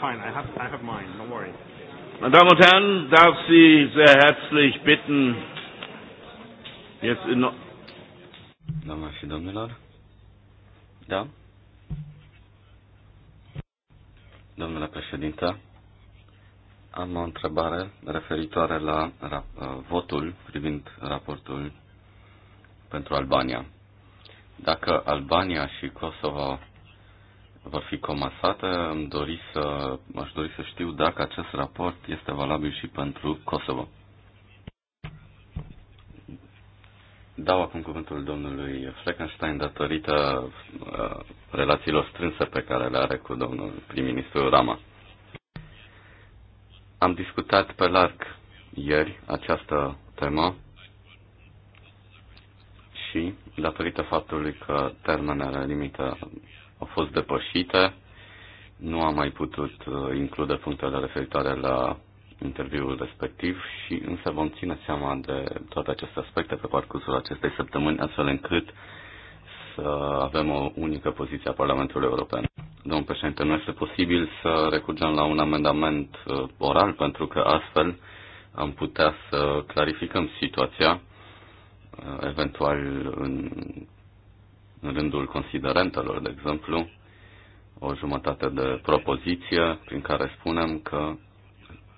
fine. I have, I have mine. Don't worry. Meine Damen und Herren, darf Sie sehr herzlich bitten, jetzt in... noch. Doamna și domnilor, da? Domnule președinte, am o întrebare referitoare la votul privind raportul pentru Albania. Dacă Albania și Kosovo vor fi comasate. Am dori să, aș dori să știu dacă acest raport este valabil și pentru Kosovo. Dau acum cuvântul domnului Fleckenstein datorită uh, relațiilor strânse pe care le are cu domnul prim-ministru Rama. Am discutat pe larg ieri această temă și datorită faptului că termenele limită au fost depășite. Nu am mai putut uh, include punctele referitoare la interviul respectiv și însă vom ține seama de toate aceste aspecte pe parcursul acestei săptămâni, astfel încât să avem o unică poziție a Parlamentului European. Domnul președinte, nu este posibil să recurgem la un amendament uh, oral, pentru că astfel am putea să clarificăm situația, uh, eventual în în rândul considerentelor, de exemplu, o jumătate de propoziție prin care spunem că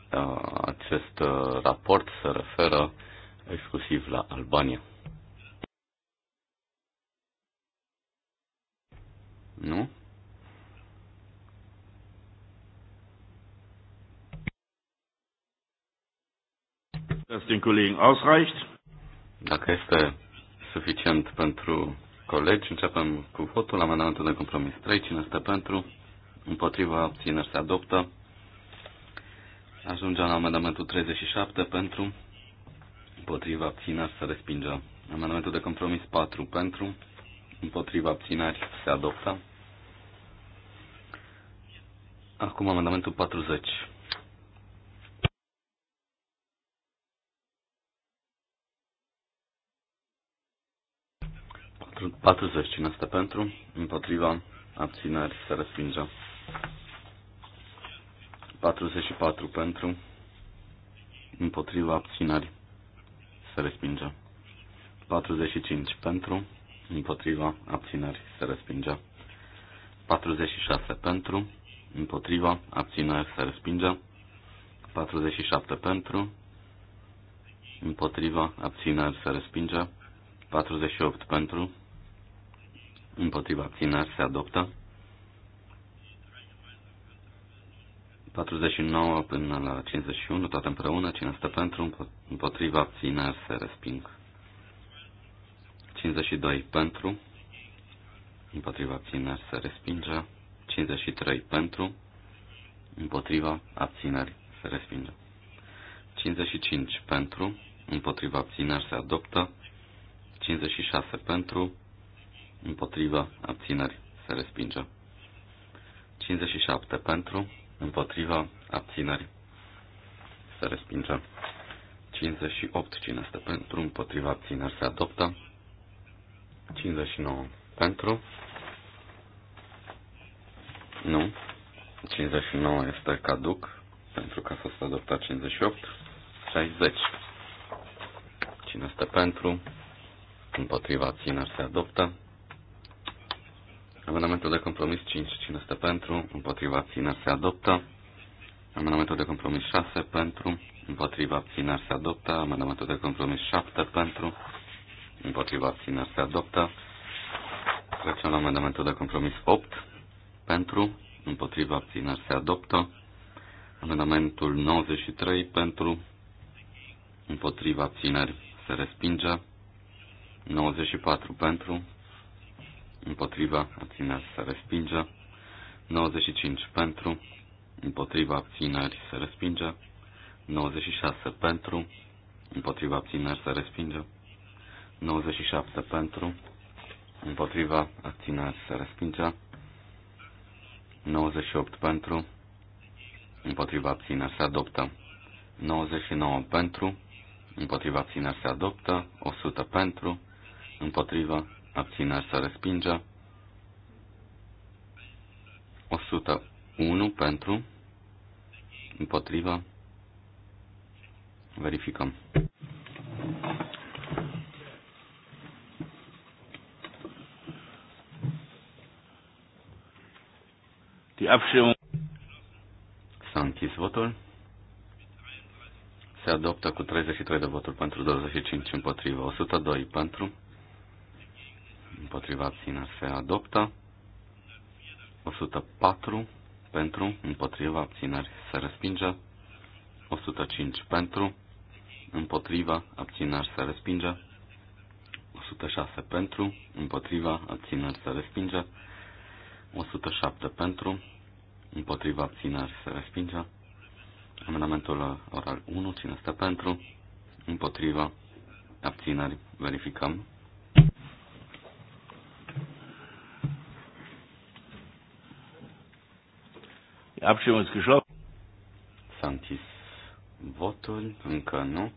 da, acest uh, raport se referă exclusiv la Albania. Nu? Dacă este suficient pentru colegi, începem cu votul. Amendamentul de compromis 3. Cine este pentru? Împotriva abțineri se adoptă. Ajungem la amendamentul 37 pentru. Împotriva abțineri se respinge. Amendamentul de compromis 4 pentru. Împotriva abțineri se adoptă. Acum amendamentul 40 40. Cine este pentru? Împotriva. Abțineri. Se respinge. 44 pentru. Împotriva. Abțineri. Se respinge. 45 pentru. Împotriva. Abțineri. Se respinge. 46 pentru. Împotriva. Abțineri. Se respinge. 47 pentru. Împotriva. Abțineri. Se respinge. 48 pentru împotriva abțineri se adoptă. 49 până la 51, toate împreună, cine stă pentru, împotriva abțineri se resping. 52 pentru, împotriva abțineri se respinge. 53 pentru, împotriva abțineri se respinge. 55 pentru, împotriva abțineri se adoptă. 56 pentru, împotriva abțineri se respinge. 57 pentru, împotriva abțineri se respinge. 58 cine este pentru, împotriva abțineri se adoptă. 59 pentru. Nu. 59 este caduc pentru că a fost adoptat 58. 60. Cine este pentru? Împotriva abțineri se adoptă. Amendamentul de compromis 5. Cine este pentru? Împotriva abțineri se adoptă. Amendamentul de compromis 6 pentru, împotriva abțineri se adoptă. Amendamentul de compromis 7 pentru, împotriva abțineri se adoptă. Trecem la amendamentul de compromis 8 pentru, împotriva abțineri se adoptă. Amendamentul 93 pentru, împotriva abțineri se respinge. 94 pentru, împotriva, abțineri se respinge. 95 pentru, împotriva abțineri se respinge. 96 pentru, împotriva abțineri se respinge. 97 pentru, împotriva abțineri se respinge. 98 pentru, împotriva abțineri se adoptă. 99 pentru, împotriva abțineri se adoptă. 100 pentru, împotriva abțineri să respingă 101 pentru, împotriva, verificăm. S-a închis votul. Se adoptă cu 33 de voturi pentru 25 împotriva, 102 pentru, împotriva abțineri se adoptă. 104 pentru, împotriva abțineri se respinge. 105 pentru, împotriva abțineri se respinge. 106 pentru, împotriva abțineri se respinge. 107 pentru, împotriva abțineri se respinge. Amendamentul oral 1, cine este pentru, împotriva abțineri verificăm. Abstimmung ist S-a închis votul, încă nu.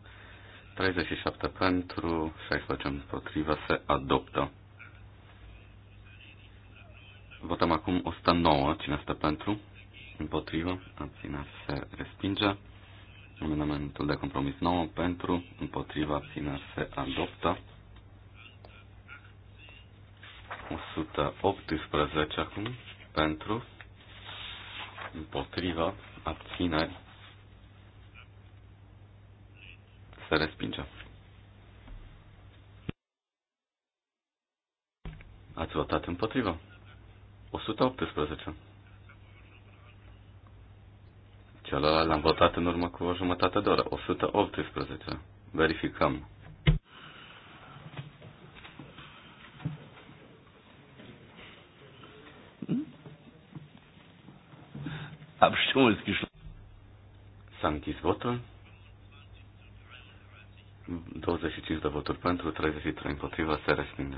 37 pentru, 16 împotriva, se adoptă. Votăm acum 109. Cine stă pentru? Împotrivă. Abținere se respinge. Amendamentul de compromis 9 pentru. Împotriva. Abținere se adoptă. 118 acum. Pentru împotrivă, abțineri, Să respinge. Ați votat împotrivă. 118. Celălalt l-am votat în urmă cu o jumătate de oră. 118. Verificăm. Abstimmung ist geschlossen. s votul. 25 de voturi pentru, 33 împotriva, se respinge.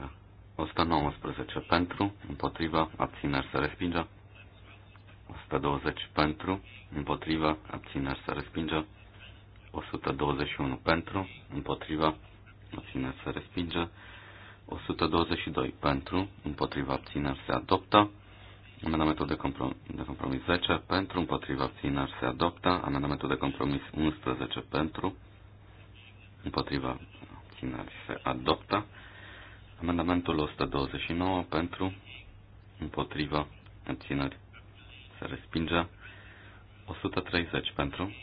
119 pentru, împotriva, abțineri, se respinge. 120 pentru, împotriva, abțineri, se respinge. 121 pentru, împotriva, abțineri, se respinge. 122 pentru, împotriva, abțineri, se adoptă. Amendamentul de, comprom- de compromis 10 pentru, împotriva abțineri se adoptă. Amendamentul de compromis 11 pentru, împotriva abțineri se adoptă. Amendamentul 129 pentru, împotriva abțineri se respinge. 130 pentru,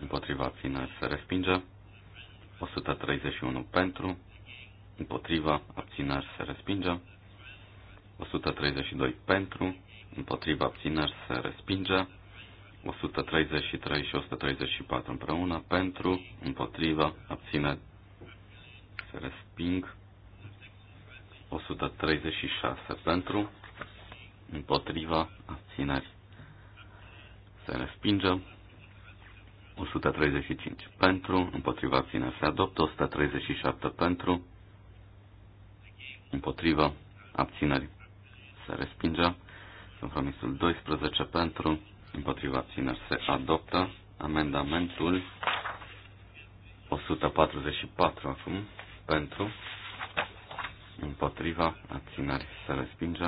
împotriva abțineri se respinge. 131 pentru, împotriva abțineri se respinge. 132 pentru, împotriva abțineri se respinge. 133 și 134 împreună pentru, împotriva, abține, se resping. 136 pentru, împotriva, abțineri, se respinge. 135 pentru, împotriva, abțineri, se adoptă. 137 pentru, împotriva, abțineri, se respinge. Compromisul 12 pentru, împotriva țineri se adoptă. Amendamentul 144 acum, pentru, împotriva abțineri se respinge.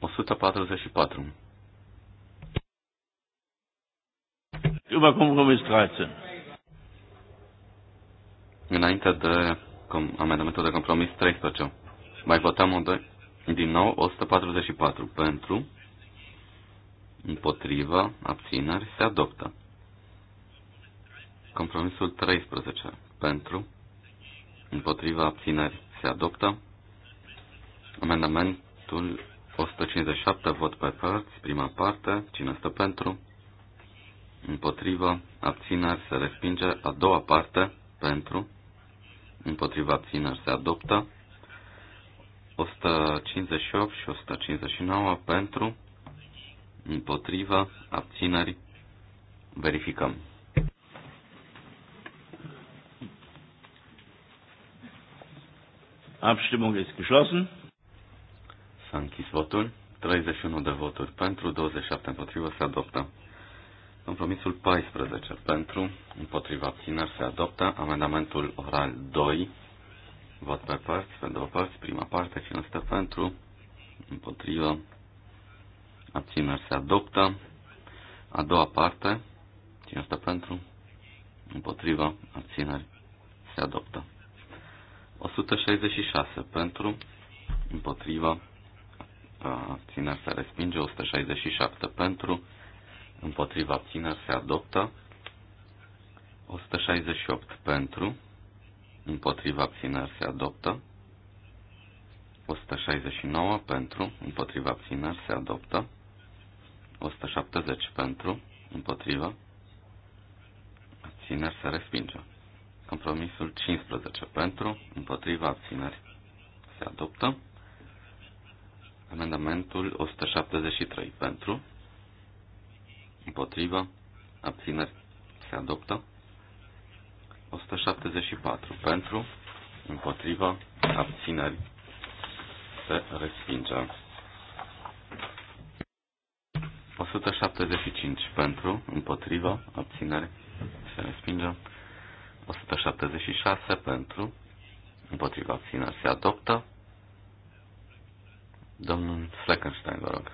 144. Über Kompromiss 13. Înainte de com, amendamentul de compromis 13. Mai votăm din nou 144 pentru, împotriva, abțineri, se adoptă. Compromisul 13 pentru, împotriva, abțineri, se adoptă. Amendamentul 157, vot pe părți, prima parte, cine stă pentru, împotriva, abțineri, se respinge, a doua parte, pentru, împotriva, abțineri, se adoptă. 158 și 159 pentru, împotriva, abțineri, verificăm. Abstimmung ist geschlossen. S-a închis votul. 31 de voturi pentru, 27 împotrivă, se adoptă. Compromisul 14 pentru, împotriva abțineri, se adoptă. Amendamentul oral 2 văd pe părți, pe două părți, prima parte, cine stă pentru, împotrivă, abțineri se adoptă. A doua parte, cine stă pentru, împotrivă, abțineri se adoptă. 166 pentru, împotrivă, abțineri se respinge, 167 pentru, împotrivă, abțineri se adoptă, 168 pentru, împotriva abțineri se adoptă. 169 pentru, împotriva abținări se adoptă. 170 pentru, împotriva abținări se respinge. Compromisul 15 pentru, împotriva abținări se adoptă. Amendamentul 173 pentru, împotriva abținări se adoptă. 174 pentru, împotriva, abțineri, se respinge. 175 pentru, împotriva, abțineri, se respinge. 176 pentru, împotriva, abțineri, se adoptă. Domnul Fleckenstein, vă rog.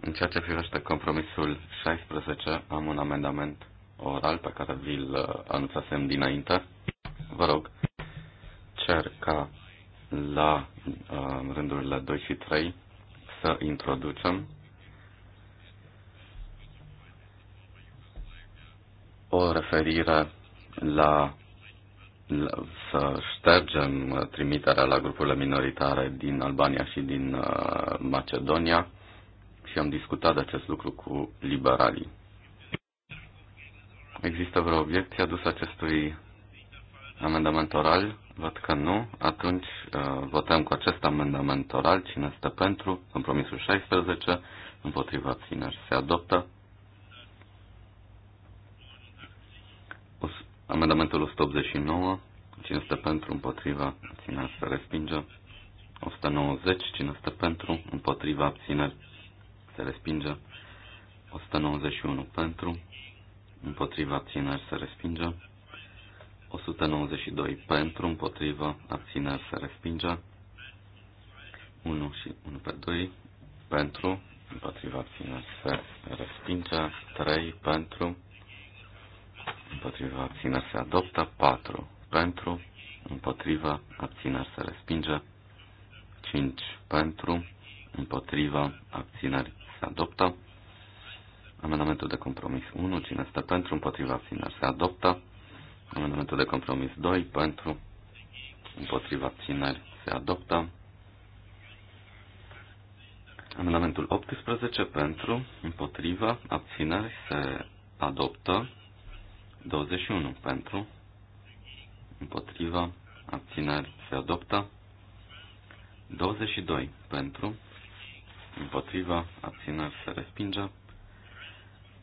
În ceea ce privește compromisul 16, am un amendament oral pe care vi-l uh, anunțasem dinainte. Vă rog, cer ca la uh, rândurile 2 și 3 să introducem o referire la, la să ștergem trimiterea la grupurile minoritare din Albania și din uh, Macedonia și am discutat acest lucru cu liberalii. Există vreo obiecție adusă acestui amendament oral? Văd că nu. Atunci uh, votăm cu acest amendament oral. Cine stă pentru? Compromisul 16. Împotriva abțineri se adoptă. Amendamentul 189. Cine stă pentru? Împotriva abțineri se respinge. 190. Cine stă pentru? Împotriva abțineri se respinge. 191 pentru, împotriva abțineri se respinge. 192 pentru, împotriva abțineri se respinge. 1 și 1 pe 2 pentru, împotriva abțineri se respinge. 3 pentru, împotriva abțineri se adoptă. 4 pentru, împotriva abțineri se respinge. 5 pentru, împotriva abțineri se adoptă. Amendamentul de compromis 1. Cine stă pentru, împotriva abțineri se adoptă. Amendamentul de compromis 2. Pentru, împotriva abțineri se adoptă. Amendamentul 18 pentru, împotriva, abțineri se adoptă. 21 pentru, împotriva, abțineri se adoptă. 22 pentru, împotriva, abțineri se respinge.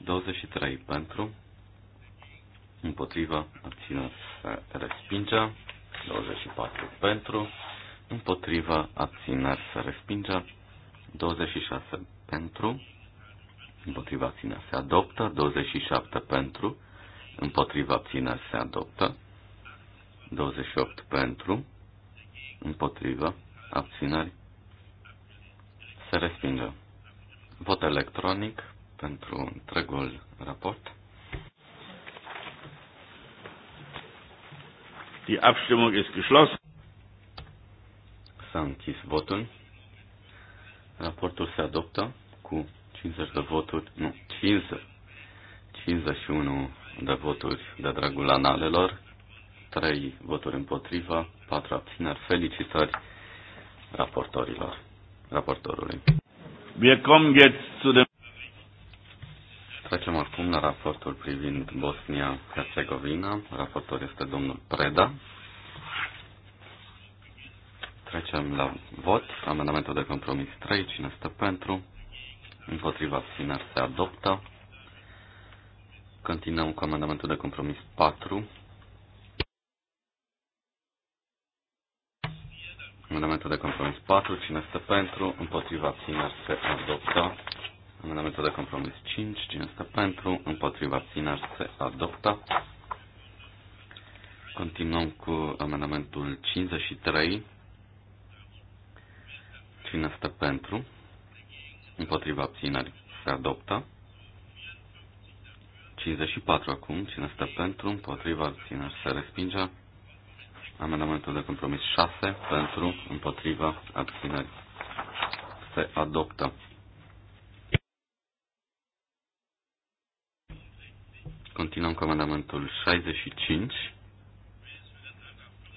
23 pentru, împotriva, abțină să respinge, 24 pentru, împotriva, abțină să respinge, 26 pentru, împotriva abțină se adoptă, 27 pentru, împotriva abțină se adoptă, 28 pentru, împotriva abținări se respingă. Vot electronic pentru întregul raport. Die Abstimmung ist geschlossen. S-a închis votul. Raportul se adoptă cu 50 de voturi, nu, 50, 51 de voturi de dragul analelor, 3 voturi împotriva, 4 abțineri. Felicitări raportorilor, raportorului. Wir kommen jetzt zu dem Trecem acum la raportul privind Bosnia-Herzegovina. Raportor este domnul Preda. Trecem la vot. Amendamentul de compromis 3. Cine stă pentru? Împotriva abțineri se adoptă. Continuăm cu amendamentul de compromis 4. Amendamentul de compromis 4. Cine stă pentru? Împotriva abțineri se adoptă. Amendamentul de compromis 5, 500 pentru, împotriva abțineri se adoptă. Continuăm cu amendamentul 53. 500 pentru? Împotriva abțineri se adoptă. 54 acum. 500 pentru? Împotriva abțineri se respinge. Amendamentul de compromis 6 pentru, împotriva abțineri se adoptă. Continuăm cu amendamentul 65.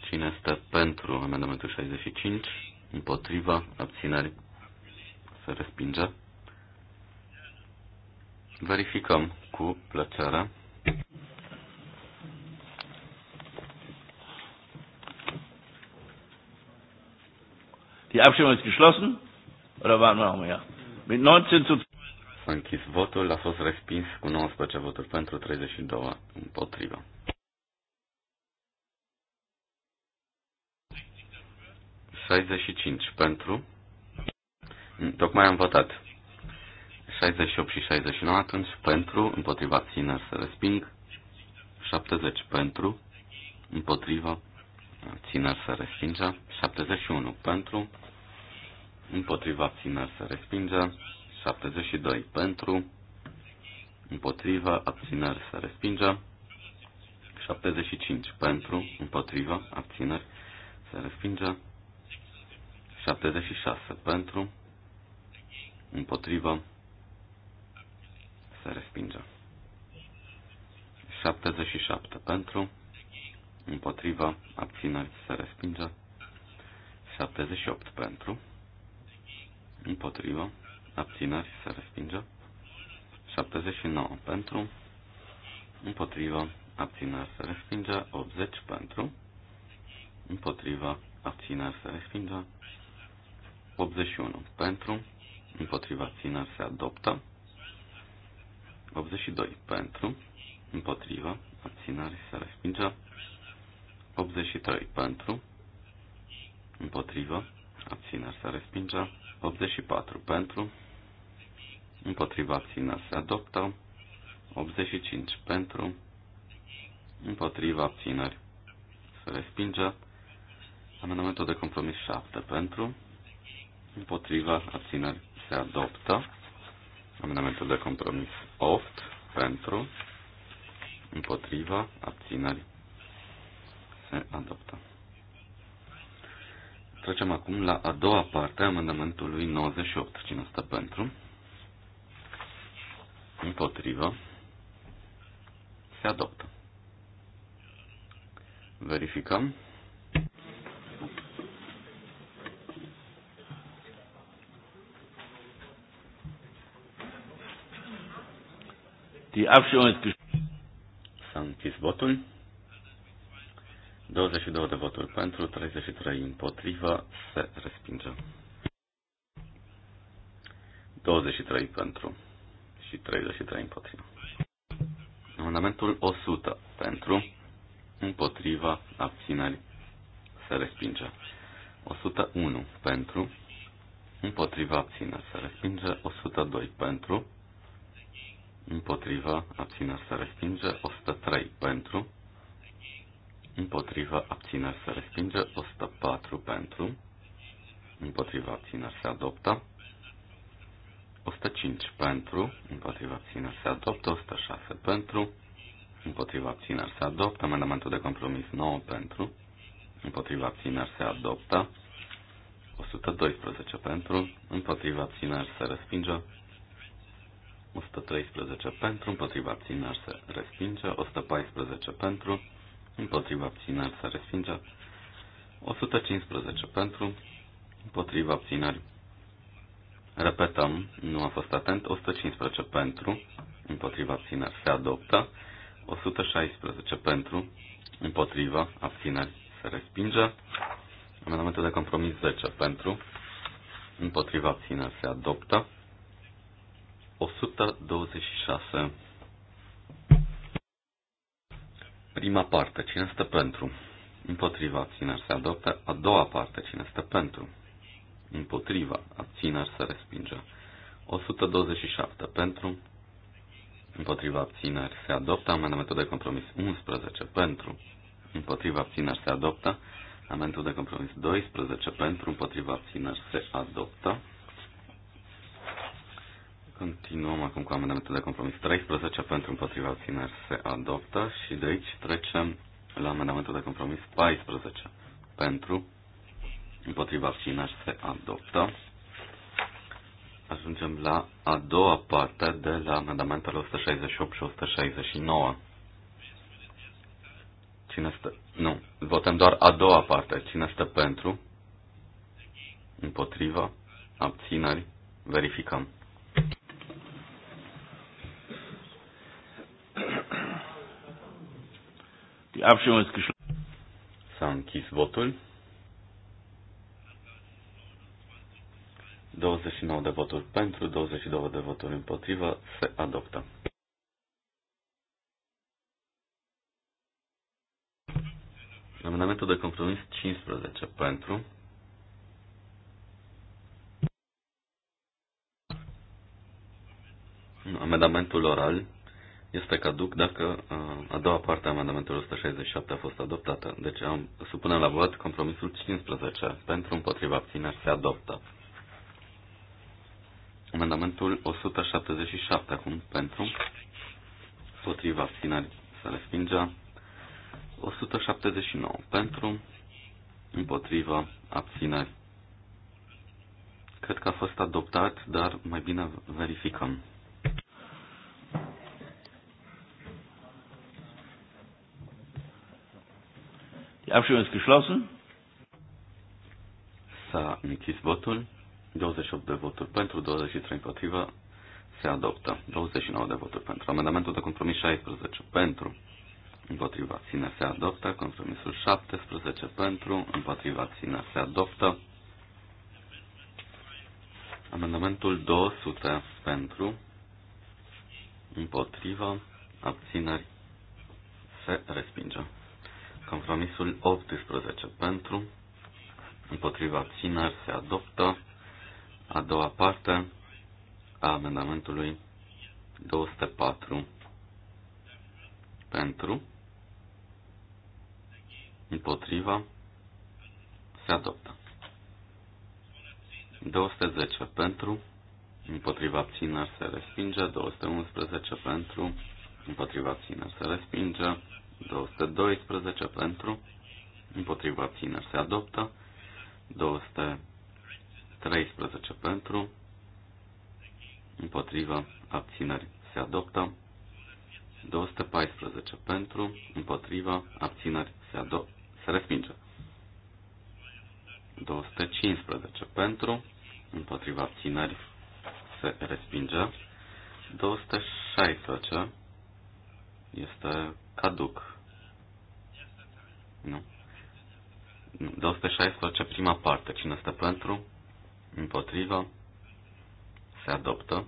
Cine este pentru amendamentul 65? Împotriva? Abțineri? să respingă. Verificăm cu plăcere. Die Abstimmung ist geschlossen? Oder warten wir noch mehr? Mit 19 zu închis votul, a fost respins cu 19 voturi pentru 32 împotrivă. cinci pentru. Tocmai am votat. 68 și 69 atunci pentru, împotriva abțineri să resping. 70 pentru, împotriva abțineri să respingă. 71 pentru, împotriva abțineri să respingă. 72 pentru, împotriva, abțineri să respingă, 75 pentru, împotriva, abțineri să respingă, 76 pentru, împotriva, să respingă, 77 pentru, împotriva, abțineri să respingă, 78 pentru, împotriva, abțineri, se respinge. 79 pentru, împotriva, abțineri, se respinge. 80 pentru, împotriva, abțineri, se respinge. 81 pentru, împotriva, abțineri, se adoptă. 82 pentru, împotriva, abținere se respinge. 83 pentru, împotriva, abținere se respinge. 84 pentru, împotriva abțineri se adoptă, 85 pentru, împotriva abțineri se respinge, amendamentul de compromis 7 pentru, împotriva abțineri se adoptă, amendamentul de compromis 8 pentru, împotriva abțineri se adoptă. Trecem acum la a doua parte a amendamentului 98. Cine stă pentru? Împotrivă. Se adoptă. Verificăm. S-a închis votul. 22 de voturi pentru, 33 împotrivă, se respinge. 23 pentru și 33 împotriva. Amendamentul 100 pentru, împotriva, abținerii, se respinge. 101 pentru, împotriva, abținerii, se respinge. 102 pentru, împotriva, abținerii, se respinge. 103 pentru, împotriva, abținerii, se respinge. 104 pentru, împotriva, abținerii, se adoptă. 105 pentru, împotriva abțineri se adoptă, 106 pentru, împotriva abțineri se adoptă, amendamentul de compromis 9 pentru, împotriva abțineri se adoptă, 112 pentru, împotriva abțineri se respinge, 113 pentru, împotriva abțineri se respinge, 114 pentru, împotriva abțineri se respinge, 115 pentru, împotriva abțineri Repetăm, nu am fost atent, 115 pentru, împotriva abțineri se adoptă, 116 pentru, împotriva abțineri se respinge, amendamentul de compromis 10 pentru, împotriva abțineri se adoptă, 126. Prima parte, cine stă pentru? Împotriva abțineri se adoptă, a doua parte, cine stă pentru? împotriva, abțineri să respinge. 127 pentru, împotriva abțineri se adoptă, amendamentul de compromis 11 pentru, împotriva abțineri se adoptă, amendamentul de compromis 12 pentru, împotriva abțineri se adoptă. Continuăm acum cu amendamentul de compromis 13 pentru împotriva abțineri se adoptă și de aici trecem la amendamentul de compromis 14 pentru împotriva abțineri se adoptă. Ajungem la a doua parte de la amendamentele 168 și 169. Cine stă? Nu. Votăm doar a doua parte. Cine stă pentru? Împotriva? Abțineri? Verificăm. Die Abstimmung S-a închis votul. 29 de voturi pentru, 22 de voturi împotrivă, se adoptă. Amendamentul de compromis 15 pentru. Amendamentul oral este caduc dacă a doua parte a amendamentului 167 a fost adoptată. Deci am, supunem la vot compromisul 15 pentru împotriva abțineri se adoptă. Amendamentul 177 acum pentru, potriva să le spingea, 179 pentru, împotriva abținere. Cred că a fost adoptat, dar mai bine verificăm. Die Abstimmung ist geschlossen. S-a închis votul. 28 de voturi pentru, 23 împotrivă, se adoptă. 29 de voturi pentru. Amendamentul de compromis 16 pentru, împotriva ține se adoptă. Compromisul 17 pentru, împotriva ține se adoptă. Amendamentul 200 pentru, împotriva, abțineri, se respinge. Compromisul 18 pentru, împotriva abțineri, se adoptă a doua parte a amendamentului 204 pentru, împotriva, se adoptă. 210 pentru, împotriva abțineri se respinge, 211 pentru, împotriva abțineri se respinge, 212 pentru, împotriva abțineri se adoptă, 200 13 pentru, împotriva abțineri se adoptă, 214 pentru, împotriva abțineri se, se respinge, 215 pentru, împotriva abțineri se respinge, 216 este caduc. Nu. 216, prima parte. Cine este pentru? împotrivă, se adoptă.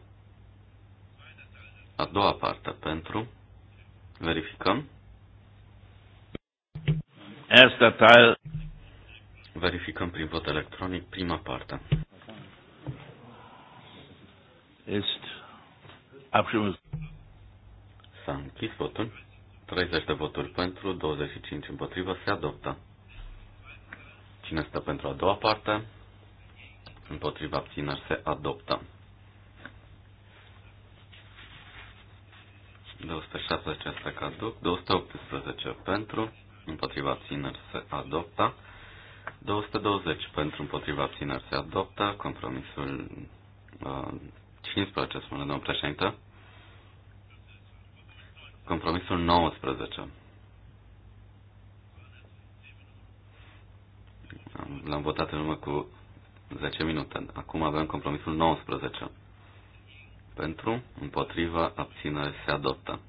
A doua parte pentru, verificăm. Erster Teil. Verificăm prin vot electronic prima parte. Ist abstimmung. S-a închis votul. 30 de voturi pentru, 25 împotrivă, se adoptă. Cine stă pentru a doua parte? împotriva abțineri se adoptă. 216 este caduc, 218 pentru, împotriva abțineri se adoptă, 220 pentru, împotriva abțineri se adoptă, compromisul uh, 15, spune domnul președinte, compromisul 19. L-am votat în urmă cu 10 minute. Acum avem compromisul 19. Pentru, împotriva, abținere se adoptă.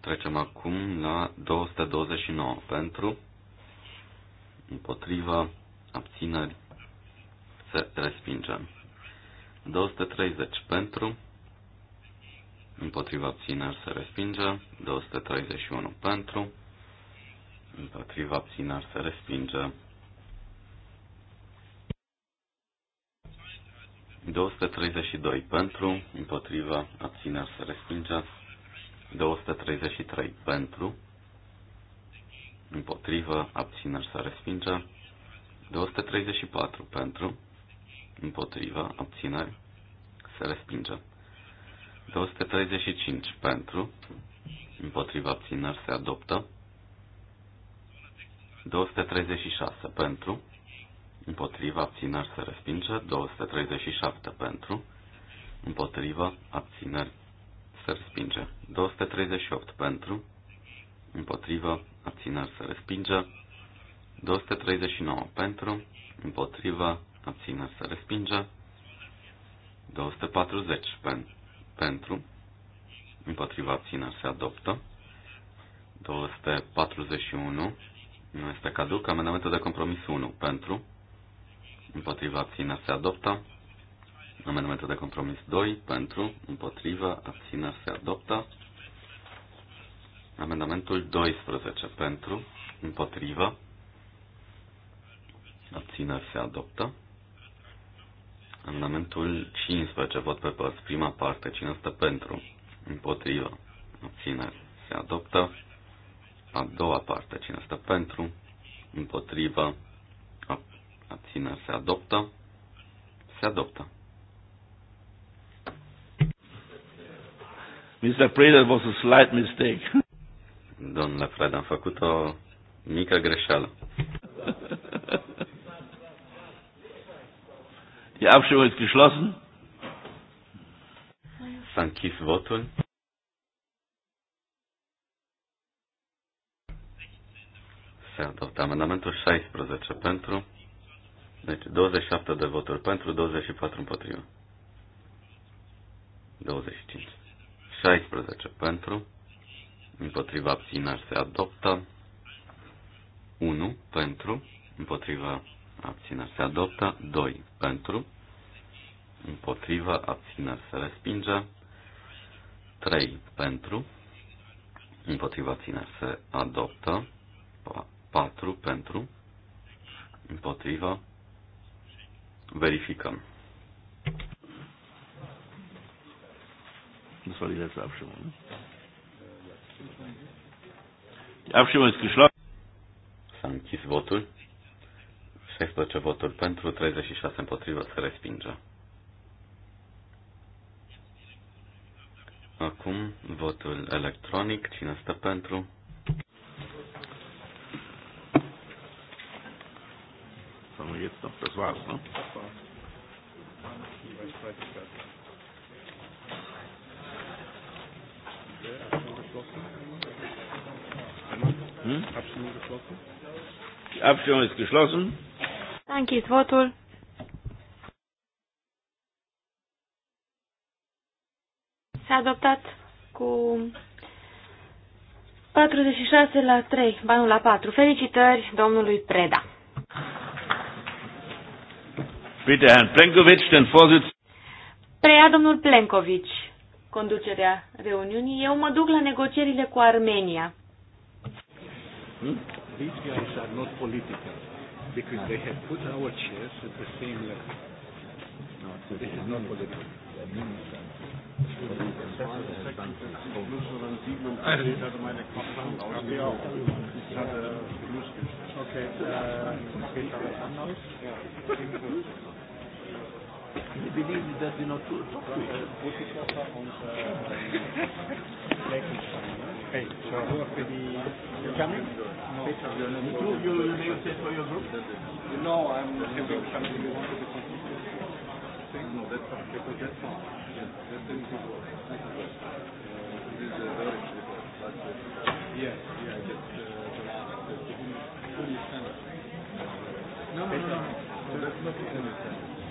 Trecem acum la 229. Pentru, împotriva, abțineri se respinge. 230 pentru, împotriva abțineri se respinge, 231 pentru, împotriva abțineri se respinge, 232 pentru, împotriva, abțineri să respingeți. 233 pentru, împotriva, abțineri să respingeți. 234 pentru, împotriva, abțineri să respingeți. 235 pentru, împotriva abțineri se adoptă. 236 pentru, împotriva abțineri se respinge, 237 pentru, împotriva abțineri se respinge, 238 pentru, împotriva abțineri se respinge, 239 pentru, împotriva abțineri se respinge, 240 pen, pentru, împotriva abțineri se adoptă, 241 nu este caduc, amendamentul de compromis 1 pentru, împotriva abțineri se adoptă. Amendamentul de compromis 2 pentru, împotriva abțineri se adoptă. Amendamentul 12 pentru, împotriva abțineri se adoptă. Amendamentul 15, vot pe părți, prima parte, cine stă pentru, împotriva, abțineri, se adoptă. A doua parte, cine stă pentru, împotriva, abțineri se adoptă, se adoptă. Mr. Preda was a slight mistake. Domnule Fred, am făcut o mică greșeală. Die Abstimmung ist geschlossen. S-a închis votul. Se adoptă amendamentul 16 pentru, deci 27 de voturi pentru, 24 împotriva. 25. 16 pentru, împotriva abținerii se adoptă. 1 pentru, împotriva abținerii se adoptă. 2 pentru, împotriva abținerii se respinge. 3 pentru, împotriva abținerii se adoptă. 4 pentru, împotriva Verificăm. Das war die letzte Abstimmung. S-a închis votul. 16 voturi pentru, 36 împotrivă, se respinge. Acum votul electronic. Cine stă pentru? haben wir jetzt noch? Das war's, Hm? Abstimmung ist geschlossen. Danke, ist votul. S-a adoptat cu 46 la 3, banul la 4. Felicitări domnului Preda. Bitte Herrn Plenkovic, den Vorsitz. Preia domnul Plenkovic conducerea reuniunii. Eu mă duc la negocierile cu Armenia. Hmm? These guys Okay, uh, uh He believes it has been not too tough. Hey, so you're coming? No. You, you, you say for your group? No, I'm coming. You want to be No, that's not. Because that's not. Yes, that's the report. This is a very report. Yes, yeah, just No, no, no. That's not the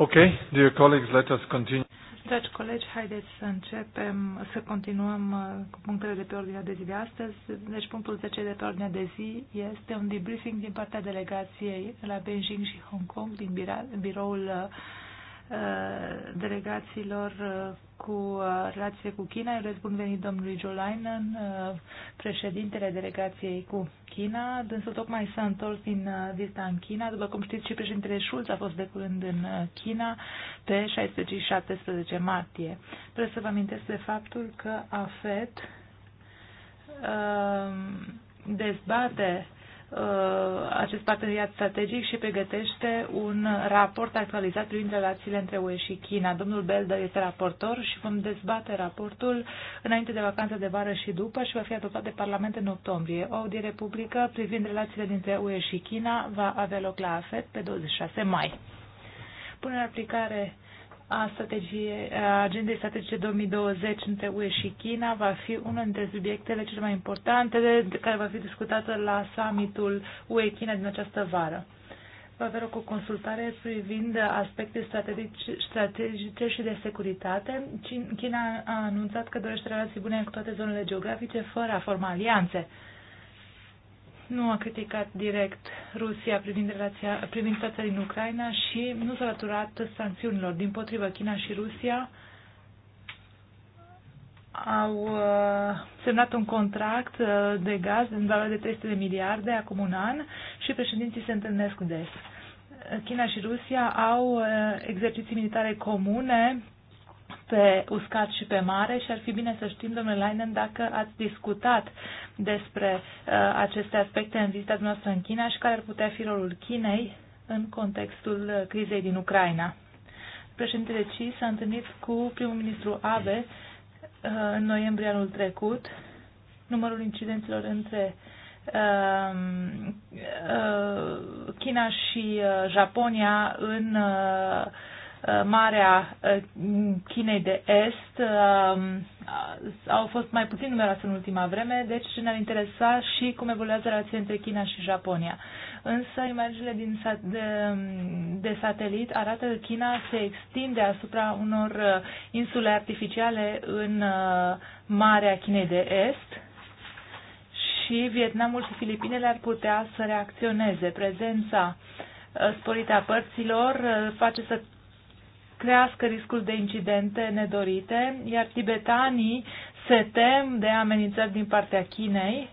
Ok, dear colleagues, let us continue. Dragi colegi, haideți să începem, să continuăm uh, cu punctele de pe ordinea de zi de astăzi. Deci punctul 10 de pe ordinea de zi este un debriefing din partea delegației la Beijing și Hong Kong din biroul uh, uh, delegațiilor cu relație cu China. Eu răspund venit domnului Joe Leinen, președintele delegației cu China. Dânsul tocmai s-a întors din uh, vizita în China. După cum știți, și președintele Schulz a fost de curând în uh, China pe 16 și 17 martie. Vreau să vă amintesc de faptul că AFET uh, dezbate uh, acest parteneriat strategic și pregătește un raport actualizat privind relațiile între UE și China. Domnul Belda este raportor și vom dezbate raportul înainte de vacanța de vară și după și va fi adoptat de Parlament în octombrie. O audiere publică privind relațiile dintre UE și China va avea loc la AFET pe 26 mai. Până în aplicare a strategie, a agendei strategice 2020 între UE și China va fi unul dintre subiectele cele mai importante care va fi discutată la summitul UE-China din această vară. Va avea o consultare privind aspecte strategice și de securitate. China a anunțat că dorește relații bune cu toate zonele geografice fără a forma alianțe nu a criticat direct Rusia privind, relația, privind situația din Ucraina și nu s-a alăturat sancțiunilor. Din potrivă, China și Rusia au uh, semnat un contract uh, de gaz în valoare de 300 de miliarde acum un an și președinții se întâlnesc des. China și Rusia au uh, exerciții militare comune pe uscat și pe mare și ar fi bine să știm, domnule Leinen, dacă ați discutat despre uh, aceste aspecte în vizita noastră în China și care ar putea fi rolul Chinei în contextul uh, crizei din Ucraina. Președintele Xi s-a întâlnit cu primul ministru Abe uh, în noiembrie anul trecut. Numărul incidenților între um, uh, China și uh, Japonia în Uh, Marea uh, Chinei de Est um, au fost mai puțin numeroase în ultima vreme, deci ne-ar interesa și cum evoluează relația între China și Japonia. Însă imaginile din sat- de, de satelit arată că China se extinde asupra unor uh, insule artificiale în Marea Chinei de Est și Vietnamul și Filipinele ar putea să reacționeze. Prezența sporită a părților face să crească riscul de incidente nedorite, iar tibetanii se tem de amenințări din partea Chinei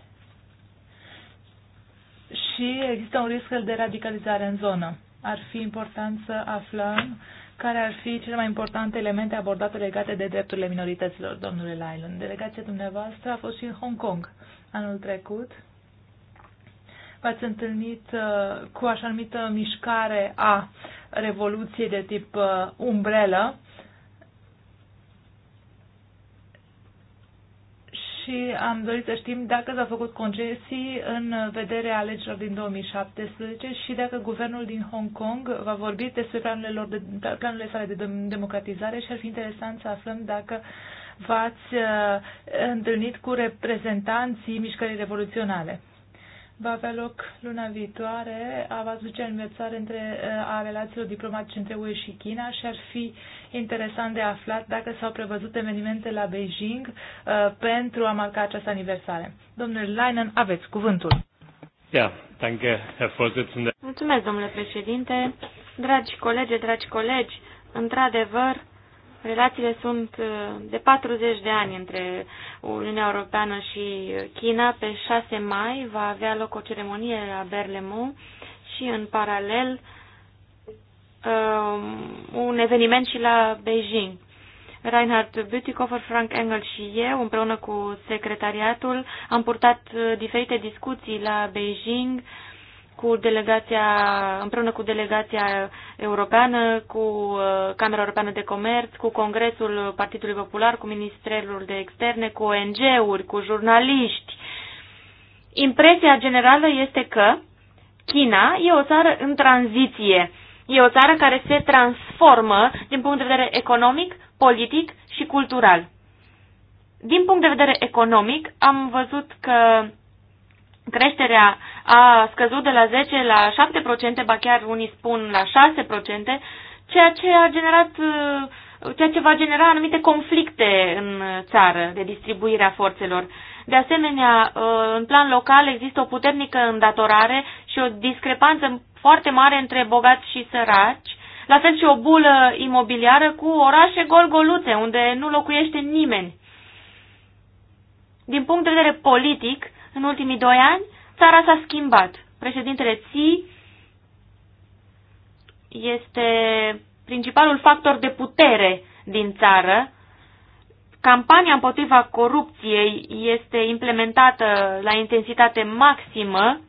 și există un risc de radicalizare în zonă. Ar fi important să aflăm care ar fi cele mai importante elemente abordate legate de drepturile minorităților, domnule Lylon. Delegația dumneavoastră a fost și în Hong Kong anul trecut. V-ați întâlnit uh, cu așa numită mișcare a uh, revoluție de tip uh, umbrelă și am dorit să știm dacă s-au făcut concesii în vederea alegerilor din 2017 și dacă guvernul din Hong Kong va vorbi despre planurile, lor de, planurile sale de democratizare și ar fi interesant să aflăm dacă v-ați uh, întâlnit cu reprezentanții mișcării revoluționale va avea loc luna viitoare, va duce învețare între, eh, a relațiilor diplomatice între UE și China și ar fi interesant de aflat dacă s-au prevăzut evenimente la Beijing uh, pentru a marca această aniversare. Domnule Leinen, aveți cuvântul. Yeah, thank you, Mulțumesc, domnule președinte. Dragi colegi, dragi colegi, într-adevăr, Relațiile sunt uh, de 40 de ani între Uniunea Europeană și China. Pe 6 mai va avea loc o ceremonie la Berlemont și în paralel um, un eveniment și la Beijing. Reinhard Bütikofer, Frank Engel și eu, împreună cu secretariatul, am purtat uh, diferite discuții la Beijing uh, cu delegația, împreună cu delegația europeană, cu uh, Camera Europeană de Comerț, cu Congresul Partidului Popular, cu Ministerul de Externe, cu ONG-uri, cu jurnaliști. Impresia generală este că China e o țară în tranziție. E o țară care se transformă din punct de vedere economic, politic și cultural. Din punct de vedere economic, am văzut că creșterea uh, a scăzut de la 10 la 7%, ba chiar unii spun la 6%, ceea ce a generat uh, ceea ce va genera anumite conflicte în țară de distribuirea forțelor. De asemenea, uh, în plan local există o puternică îndatorare și o discrepanță foarte mare între bogați și săraci, la fel și o bulă imobiliară cu orașe golgoluțe, unde nu locuiește nimeni. Din punct de vedere politic, în ultimii doi ani, țara s-a schimbat. Președintele Xi este principalul factor de putere din țară. Campania împotriva corupției este implementată la intensitate maximă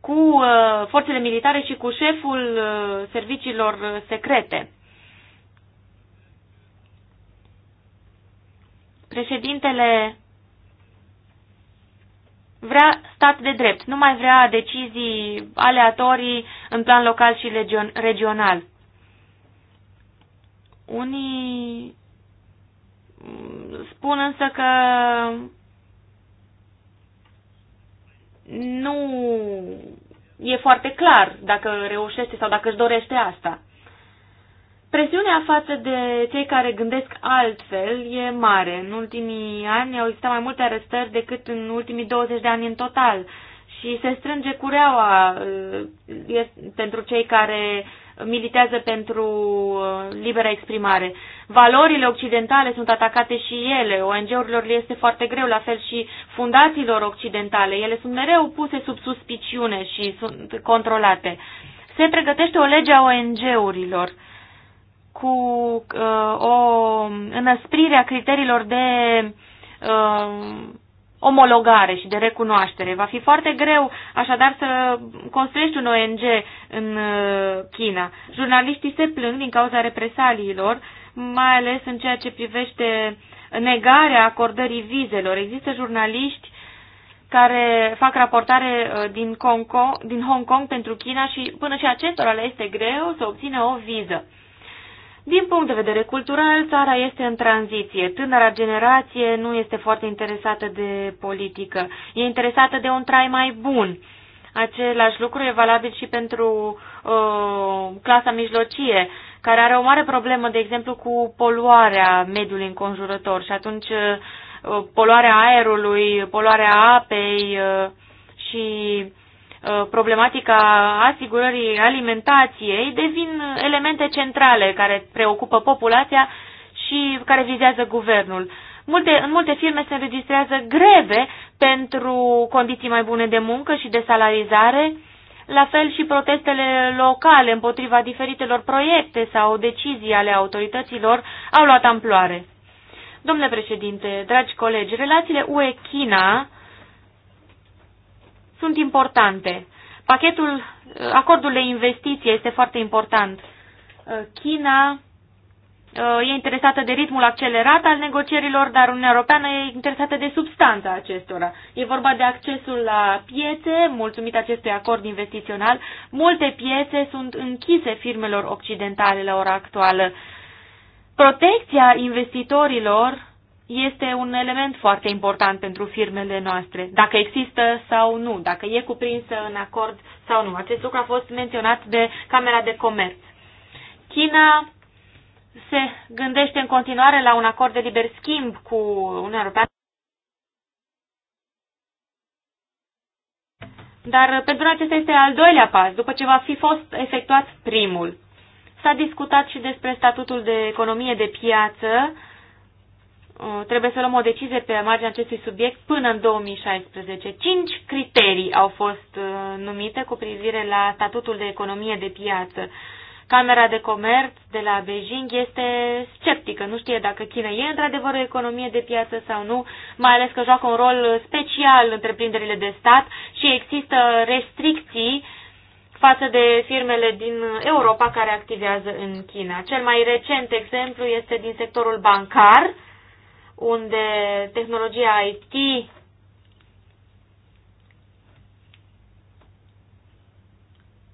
cu uh, forțele militare și cu șeful uh, serviciilor secrete. Președintele vrea stat de drept, nu mai vrea decizii aleatorii în plan local și regional. Unii spun însă că nu e foarte clar dacă reușește sau dacă își dorește asta. Presiunea față de cei care gândesc altfel e mare. În ultimii ani au existat mai multe arestări decât în ultimii 20 de ani în total și se strânge cureaua uh, pentru cei care militează pentru uh, libera exprimare. Valorile occidentale sunt atacate și ele, ONG-urilor le este foarte greu, la fel și fundațiilor occidentale. Ele sunt mereu puse sub suspiciune și sunt controlate. Se pregătește o lege a ONG-urilor cu uh, o înăsprire a criteriilor de uh, omologare și de recunoaștere. Va fi foarte greu, așadar, să construiești un ONG în uh, China. Jurnaliștii se plâng din cauza represaliilor, mai ales în ceea ce privește negarea acordării vizelor. Există jurnaliști care fac raportare uh, din, Hong Kong, din Hong Kong pentru China și până și acestora le este greu să obțină o viză. Din punct de vedere cultural, țara este în tranziție. Tânăra generație nu este foarte interesată de politică. E interesată de un trai mai bun. Același lucru e valabil și pentru uh, clasa mijlocie, care are o mare problemă, de exemplu, cu poluarea mediului înconjurător și atunci uh, poluarea aerului, poluarea apei uh, și Uh, problematica asigurării alimentației devin elemente centrale care preocupă populația și care vizează guvernul. Multe, în multe firme se înregistrează greve pentru condiții mai bune de muncă și de salarizare, la fel și protestele locale împotriva diferitelor proiecte sau decizii ale autorităților au luat amploare. Domnule președinte, dragi colegi, relațiile UE-China sunt importante. Pachetul, uh, acordul de investiție este foarte important. Uh, China uh, e interesată de ritmul accelerat al negocierilor, dar Uniunea Europeană e interesată de substanța acestora. E vorba de accesul la piețe, mulțumit acestui acord investițional. Multe piețe sunt închise firmelor occidentale la ora actuală. Protecția investitorilor este un element foarte important pentru firmele noastre, dacă există sau nu, dacă e cuprinsă în acord sau nu. Acest lucru a fost menționat de Camera de Comerț. China se gândește în continuare la un acord de liber schimb cu Uniunea Europeană. Dar pentru acesta este al doilea pas, după ce va fi fost efectuat primul. S-a discutat și despre statutul de economie de piață, Uh, trebuie să luăm o decizie pe marginea acestui subiect până în 2016. Cinci criterii au fost uh, numite cu privire la statutul de economie de piață. Camera de Comerț de la Beijing este sceptică, nu știe dacă China e într-adevăr o economie de piață sau nu, mai ales că joacă un rol special întreprinderile de stat și există restricții față de firmele din Europa care activează în China. Cel mai recent exemplu este din sectorul bancar, unde tehnologia IT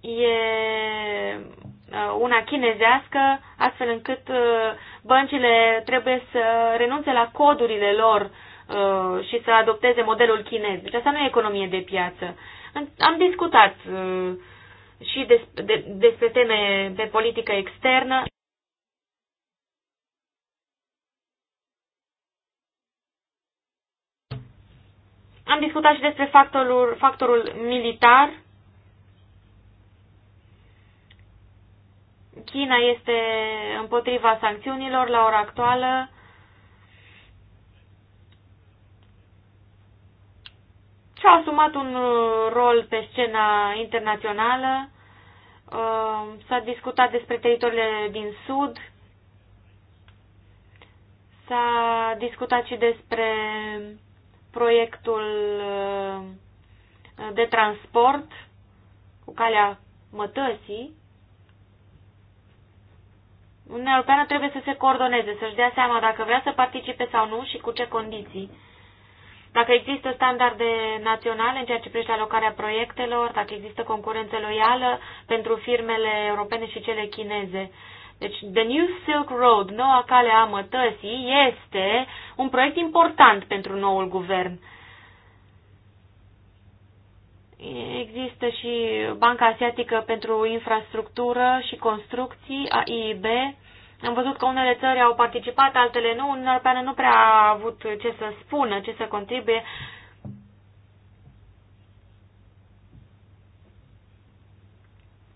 e uh, una chinezească, astfel încât uh, băncile trebuie să renunțe la codurile lor uh, și să adopteze modelul chinez. Deci asta nu e economie de piață. Am discutat și despre teme pe politică externă. Am discutat și despre factorul, factorul militar. China este împotriva sancțiunilor la ora actuală. și a asumat un rol pe scena internațională. Uh, s-a discutat despre teritoriile din sud. S-a discutat și despre proiectul de transport cu calea mătăsii, Uniunea Europeană trebuie să se coordoneze, să-și dea seama dacă vrea să participe sau nu și cu ce condiții. Dacă există standarde naționale în ceea ce privește alocarea proiectelor, dacă există concurență loială pentru firmele europene și cele chineze. Deci, The New Silk Road, noua cale a mătăsii, este un proiect important pentru noul guvern. Există și Banca Asiatică pentru Infrastructură și Construcții, AIB. Am văzut că unele țări au participat, altele nu. Uniunea Europeană nu prea a avut ce să spună, ce să contribuie.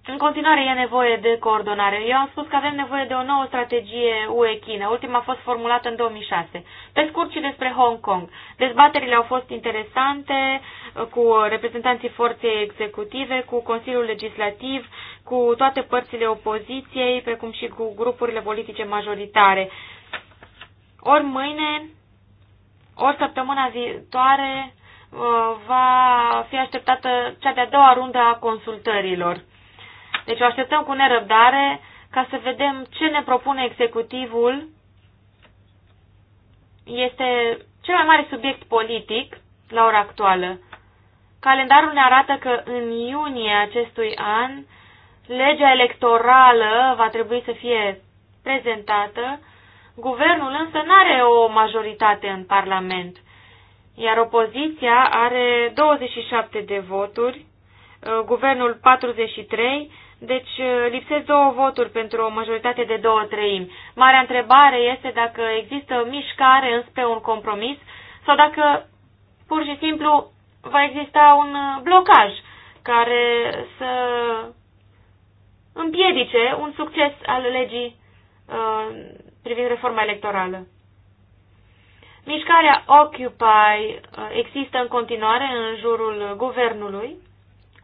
În continuare e nevoie de coordonare. Eu am spus că avem nevoie de o nouă strategie UE-China. Ultima a fost formulată în 2006. Pe scurt și despre Hong Kong. Dezbaterile au fost interesante uh, cu reprezentanții forței executive, cu Consiliul Legislativ, cu toate părțile opoziției, precum și cu grupurile politice majoritare. Ori mâine, ori săptămâna viitoare uh, va fi așteptată cea de-a doua rundă a consultărilor. Deci o așteptăm cu nerăbdare ca să vedem ce ne propune executivul. Este cel mai mare subiect politic la ora actuală. Calendarul ne arată că în iunie acestui an legea electorală va trebui să fie prezentată, guvernul însă nu are o majoritate în Parlament, iar opoziția are 27 de voturi, uh, guvernul 43, deci uh, lipsesc două voturi pentru o majoritate de două treimi. Marea întrebare este dacă există mișcare înspre un compromis sau dacă pur și simplu va exista un uh, blocaj care să împiedice un succes al legii uh, privind reforma electorală. Mișcarea Occupy există în continuare în jurul guvernului,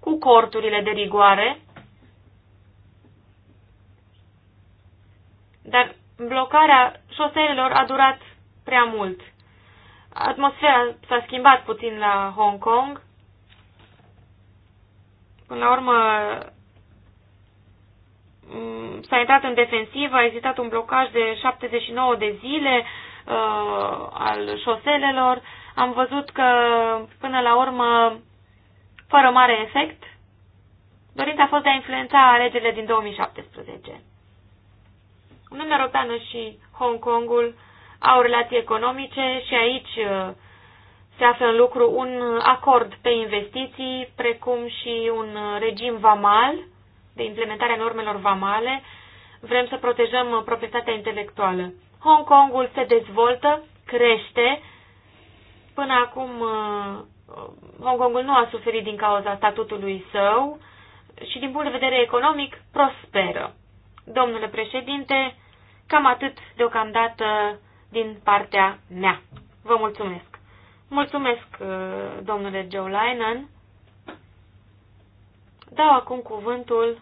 cu corturile de rigoare, Dar blocarea șoselelor a durat prea mult. Atmosfera s-a schimbat puțin la Hong Kong. Până la urmă mm, s-a intrat în defensivă, a existat un blocaj de 79 de zile uh, al șoselelor. Am văzut că până la urmă, fără mare efect, dorința a fost de a influența alegerile din 2017. Uniunea Europeană și Hong Kongul au relații economice și aici uh, se află în lucru un acord pe investiții, precum și un uh, regim vamal de implementare a normelor vamale. Vrem să protejăm uh, proprietatea intelectuală. Hong Kongul se dezvoltă, crește. Până acum Hong Kongul nu a suferit din cauza statutului său și din punct de vedere economic prosperă. Domnule președinte, cam atât deocamdată din partea mea. Vă mulțumesc. Mulțumesc, uh, domnule Joe Linen. Dau acum cuvântul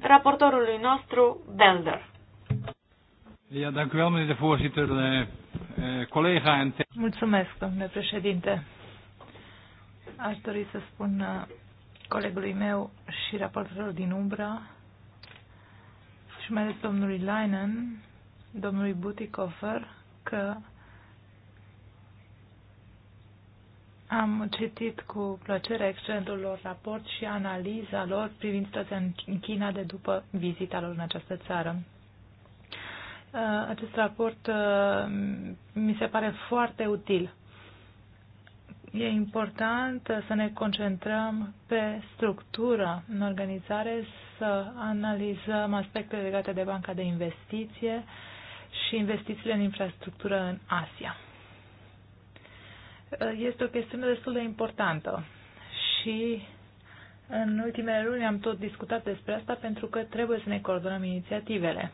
raportorului nostru, Belder. Ja, dank u wel, meneer de voorzitter. Eh, eh, collega en... Mulțumesc, domnule președinte. Aș dori să spun uh, colegului meu și raportorul din umbra și mai ales domnului Leinen, domnului Butikofer, că am citit cu plăcere excelentul lor raport și analiza lor privind situația în China de după vizita lor în această țară. Uh, acest raport uh, mi se pare foarte util E important să ne concentrăm pe structura în organizare, să analizăm aspectele legate de banca de investiție și investițiile în infrastructură în Asia. Este o chestiune destul de importantă și în ultimele luni am tot discutat despre asta pentru că trebuie să ne coordonăm inițiativele.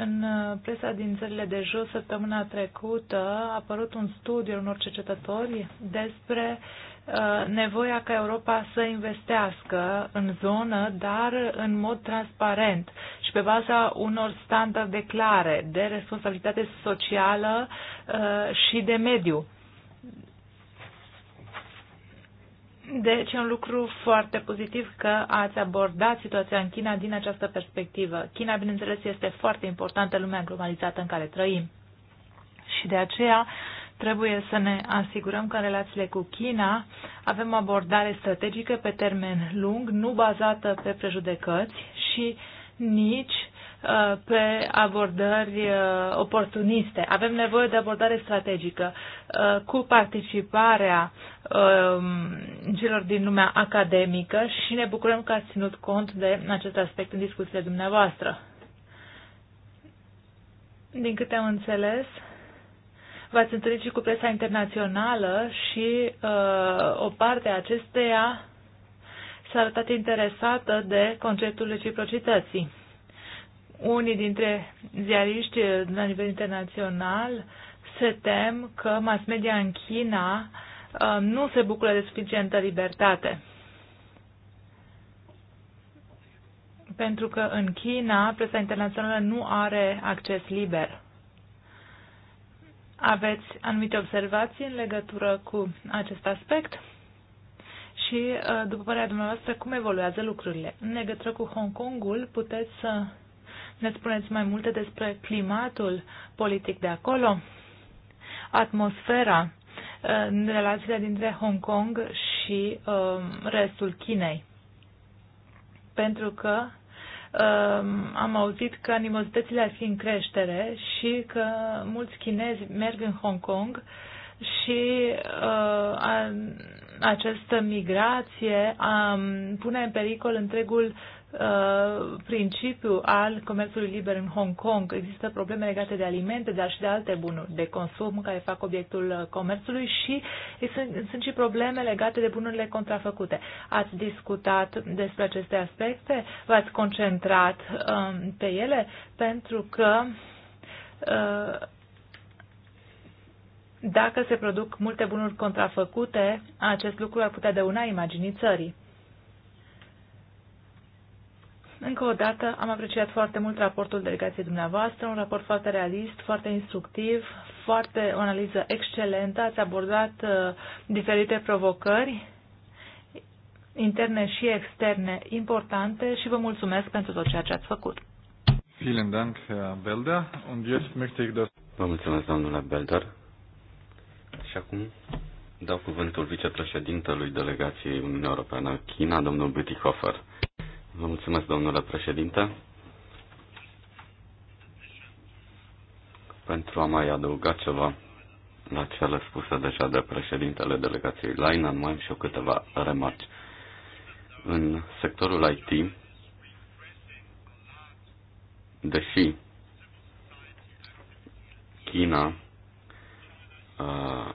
În uh, presa din țările de jos, săptămâna trecută, a apărut un studiu unor cercetători despre uh, nevoia ca Europa să investească în zonă, dar în mod transparent și pe baza unor standarde clare de responsabilitate socială uh, și de mediu. Deci e un lucru foarte pozitiv că ați abordat situația în China din această perspectivă. China, bineînțeles, este foarte importantă lumea globalizată în care trăim. Și de aceea trebuie să ne asigurăm că în relațiile cu China avem o abordare strategică pe termen lung, nu bazată pe prejudecăți și nici Uh, pe abordări uh, oportuniste. Avem nevoie de abordare strategică uh, cu participarea um, celor din lumea academică și ne bucurăm că ați ținut cont de acest aspect în discuțiile dumneavoastră. Din câte am înțeles, v-ați întâlnit și cu presa internațională și uh, o parte a acesteia s-a arătat interesată de conceptul reciprocității. Unii dintre ziariști eh, la nivel internațional se tem că mass media în China eh, nu se bucură de suficientă libertate. Pentru că în China presa internațională nu are acces liber. Aveți anumite observații în legătură cu acest aspect? Și, eh, după părerea dumneavoastră, cum evoluează lucrurile? În legătură cu Hong Kongul, puteți să ne spuneți mai multe despre climatul politic de acolo, atmosfera uh, în relațiile dintre Hong Kong și uh, restul Chinei. Pentru că uh, am auzit că animozitățile ar fi în creștere și că mulți chinezi merg în Hong Kong și uh, a, această migrație um, pune în pericol întregul Uh, principiu al comerțului liber în Hong Kong. Există probleme legate de alimente, dar și de alte bunuri de consum care fac obiectul comerțului și sunt, sunt și probleme legate de bunurile contrafăcute. Ați discutat despre aceste aspecte? V-ați concentrat um, pe ele? Pentru că uh, dacă se produc multe bunuri contrafăcute, acest lucru ar putea dăuna imaginii țării. Încă o dată am apreciat foarte mult raportul delegației dumneavoastră, un raport foarte realist, foarte instructiv, foarte o analiză excelentă. Ați abordat uh, diferite provocări interne și externe importante și vă mulțumesc pentru tot ceea ce ați făcut. Vielen Dank, Herr Belder. Und jetzt möchte ich das... Vă mulțumesc, domnule Belder. Și acum dau cuvântul vicepreședintelui delegației Uniunii Europeană China, domnul Bütikofer. Vă mulțumesc, domnule președinte. Pentru a mai adăuga ceva la cele spuse deja de președintele delegației Lainan, mai am și eu câteva remarci. În sectorul IT, deși China uh,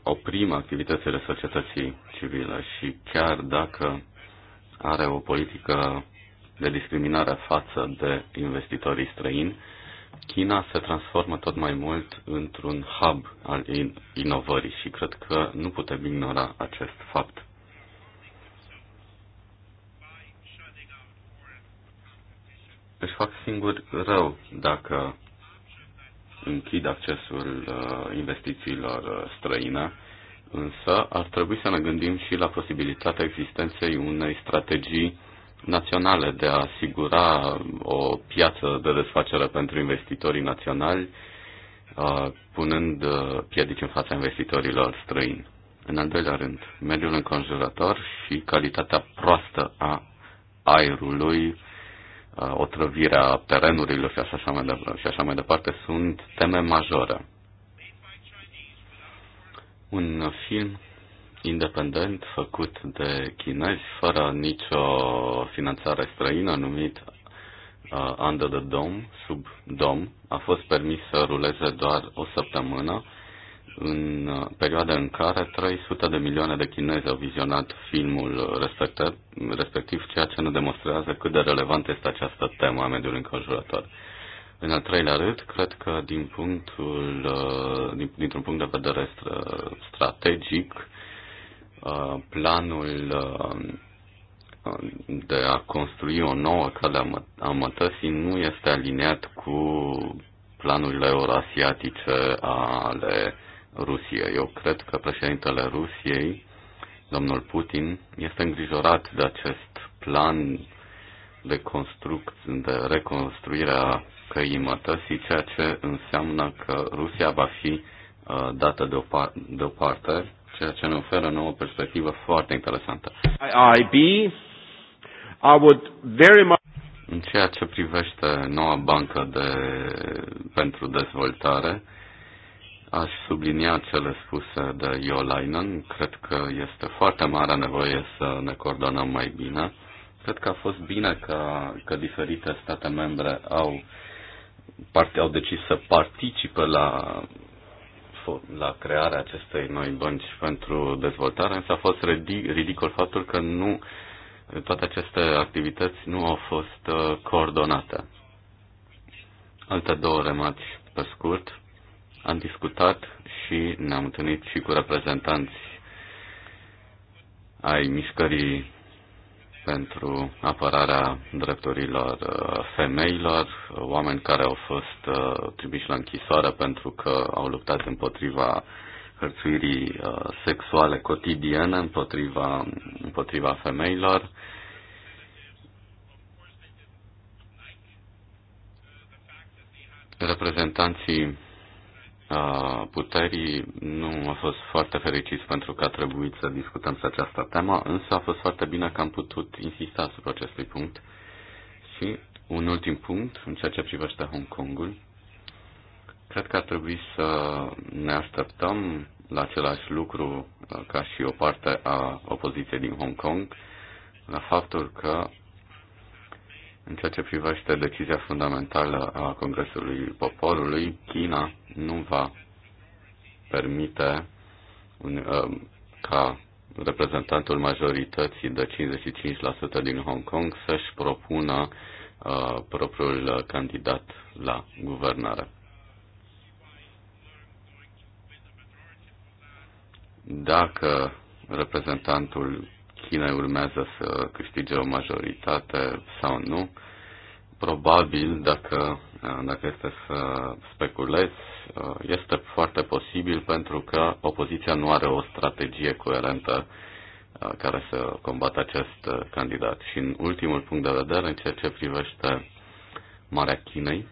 oprimă activitățile societății civile și chiar dacă are o politică de discriminare față de investitorii străini, China se transformă tot mai mult într-un hub al inovării și cred că nu putem ignora acest fapt. Își fac singur rău dacă închid accesul uh, investițiilor uh, străine, însă ar trebui să ne gândim și la posibilitatea existenței unei strategii naționale de a asigura o piață de desfacere pentru investitorii naționali, uh, punând uh, piedici în fața investitorilor străini. În al doilea rând, mediul înconjurător și calitatea proastă a aerului, uh, otrăvirea terenurilor și așa mai departe, și așa mai departe sunt teme majore. Un film independent făcut de chinezi fără nicio finanțare străină numit uh, Under the Dome, sub dom, a fost permis să ruleze doar o săptămână, în uh, perioada în care 300 de milioane de chinezi au vizionat filmul respectiv, respectiv ceea ce ne demonstrează cât de relevant este această temă a mediului înconjurător. În al treilea rând, cred că din punctul, uh, din, dintr-un punct de vedere strategic, Uh, planul uh, de a construi o nouă cale a mătăsii nu este aliniat cu planurile eurasiatice ale Rusiei. Eu cred că președintele Rusiei, domnul Putin, este îngrijorat de acest plan de, construct, de reconstruire a căii mătăsii, ceea ce înseamnă că Rusia va fi uh, dată deoparte, deoparte ceea ce ne oferă o nouă perspectivă foarte interesantă. IIB, I would very much... În ceea ce privește noua bancă de, pentru dezvoltare, aș sublinia cele spuse de Iolainen. Cred că este foarte mare nevoie să ne coordonăm mai bine. Cred că a fost bine că, că diferite state membre au, part, au decis să participe la la crearea acestei noi bănci pentru dezvoltare, însă a fost ridicol faptul că nu toate aceste activități nu au fost uh, coordonate. Alte două remarci pe scurt. Am discutat și ne-am întâlnit și cu reprezentanți ai mișcării pentru apărarea drepturilor uh, femeilor, uh, oameni care au fost uh, trimiși la închisoare pentru că au luptat împotriva hărțuirii sexuale cotidiene, împotriva, împotriva femeilor. Reprezentanții puterii nu a fost foarte fericit pentru că a trebuit să discutăm pe această temă, însă a fost foarte bine că am putut insista asupra acestui punct. Și un ultim punct, în ceea ce privește Hong Kongul, cred că ar trebui să ne așteptăm la același lucru uh, ca și o parte a opoziției din Hong Kong, la faptul că în ceea ce privește decizia fundamentală a Congresului Poporului, China nu va permite un, um, ca reprezentantul majorității de 55% din Hong Kong să-și propună uh, propriul candidat la guvernare. Dacă reprezentantul China urmează să câștige o majoritate sau nu. Probabil, dacă, dacă este să speculez, este foarte posibil pentru că opoziția nu are o strategie coerentă care să combată acest candidat. Și în ultimul punct de vedere, în ceea ce privește Marea Chinei,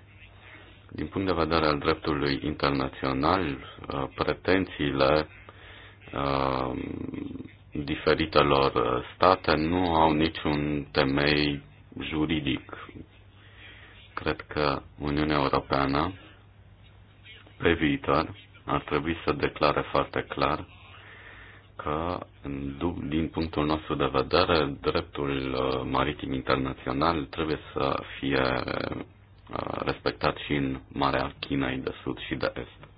din punct de vedere al dreptului internațional, pretențiile uh, diferitelor uh, state nu au niciun temei juridic. Cred că Uniunea Europeană pe viitor ar trebui să declare foarte clar că, din punctul nostru de vedere, dreptul uh, maritim internațional trebuie să fie uh, respectat și în Marea Chinei de Sud și de Est.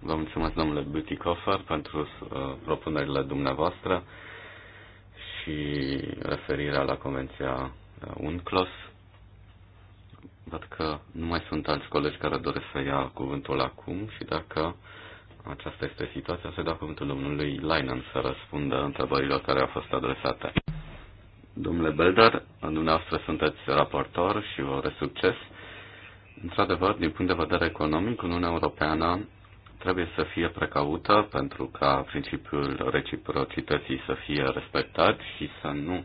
Vă mulțumesc, domnule Buticofer, pentru uh, propunerile dumneavoastră și referirea la Convenția uh, UNCLOS. Văd că nu mai sunt alți colegi care doresc să ia cuvântul acum și dacă aceasta este situația, să dau cuvântul domnului Lainan să răspundă întrebărilor care au fost adresate. Domnule Beldar, dumneavoastră sunteți raportor și vă urez succes. Într-adevăr, din punct de vedere economic, Uniunea Europeană trebuie să fie precaută pentru ca principiul reciprocității să fie respectat și să nu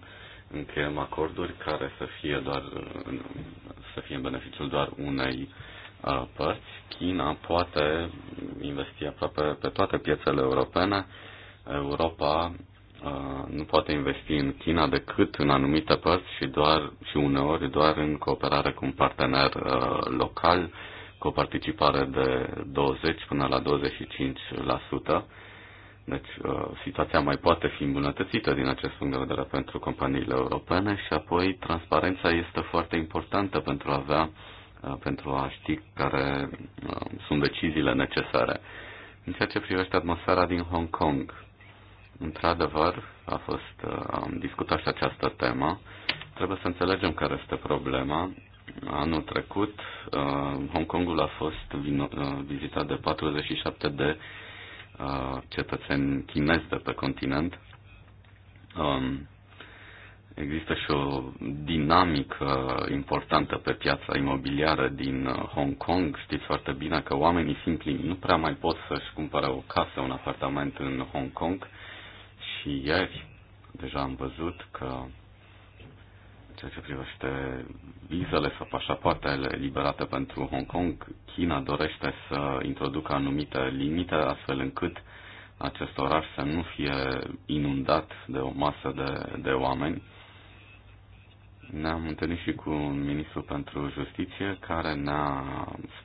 încheiem acorduri care să fie doar să fie în beneficiul doar unei uh, părți. China poate investi aproape pe toate piețele europene. Europa uh, nu poate investi în China decât în anumite părți și doar și uneori doar în cooperare cu un partener uh, local cu o participare de 20 până la 25%. Deci uh, situația mai poate fi îmbunătățită din acest punct de vedere pentru companiile europene și apoi transparența este foarte importantă pentru a avea uh, pentru a ști care uh, sunt deciziile necesare. În ceea ce privește atmosfera din Hong Kong, într-adevăr, a fost, am discutat și această temă. Trebuie să înțelegem care este problema anul trecut, uh, Hong Kongul a fost uh, vizitat de 47 de uh, cetățeni chinezi de pe continent. Um, există și o dinamică importantă pe piața imobiliară din Hong Kong. Știți foarte bine că oamenii simpli nu prea mai pot să-și cumpere o casă, un apartament în Hong Kong. Și ieri deja am văzut că ceea ce privește vizele sau pașapoartele liberate pentru Hong Kong, China dorește să introducă anumite limite astfel încât acest oraș să nu fie inundat de o masă de, de oameni. Ne-am întâlnit și cu un ministru pentru justiție care ne-a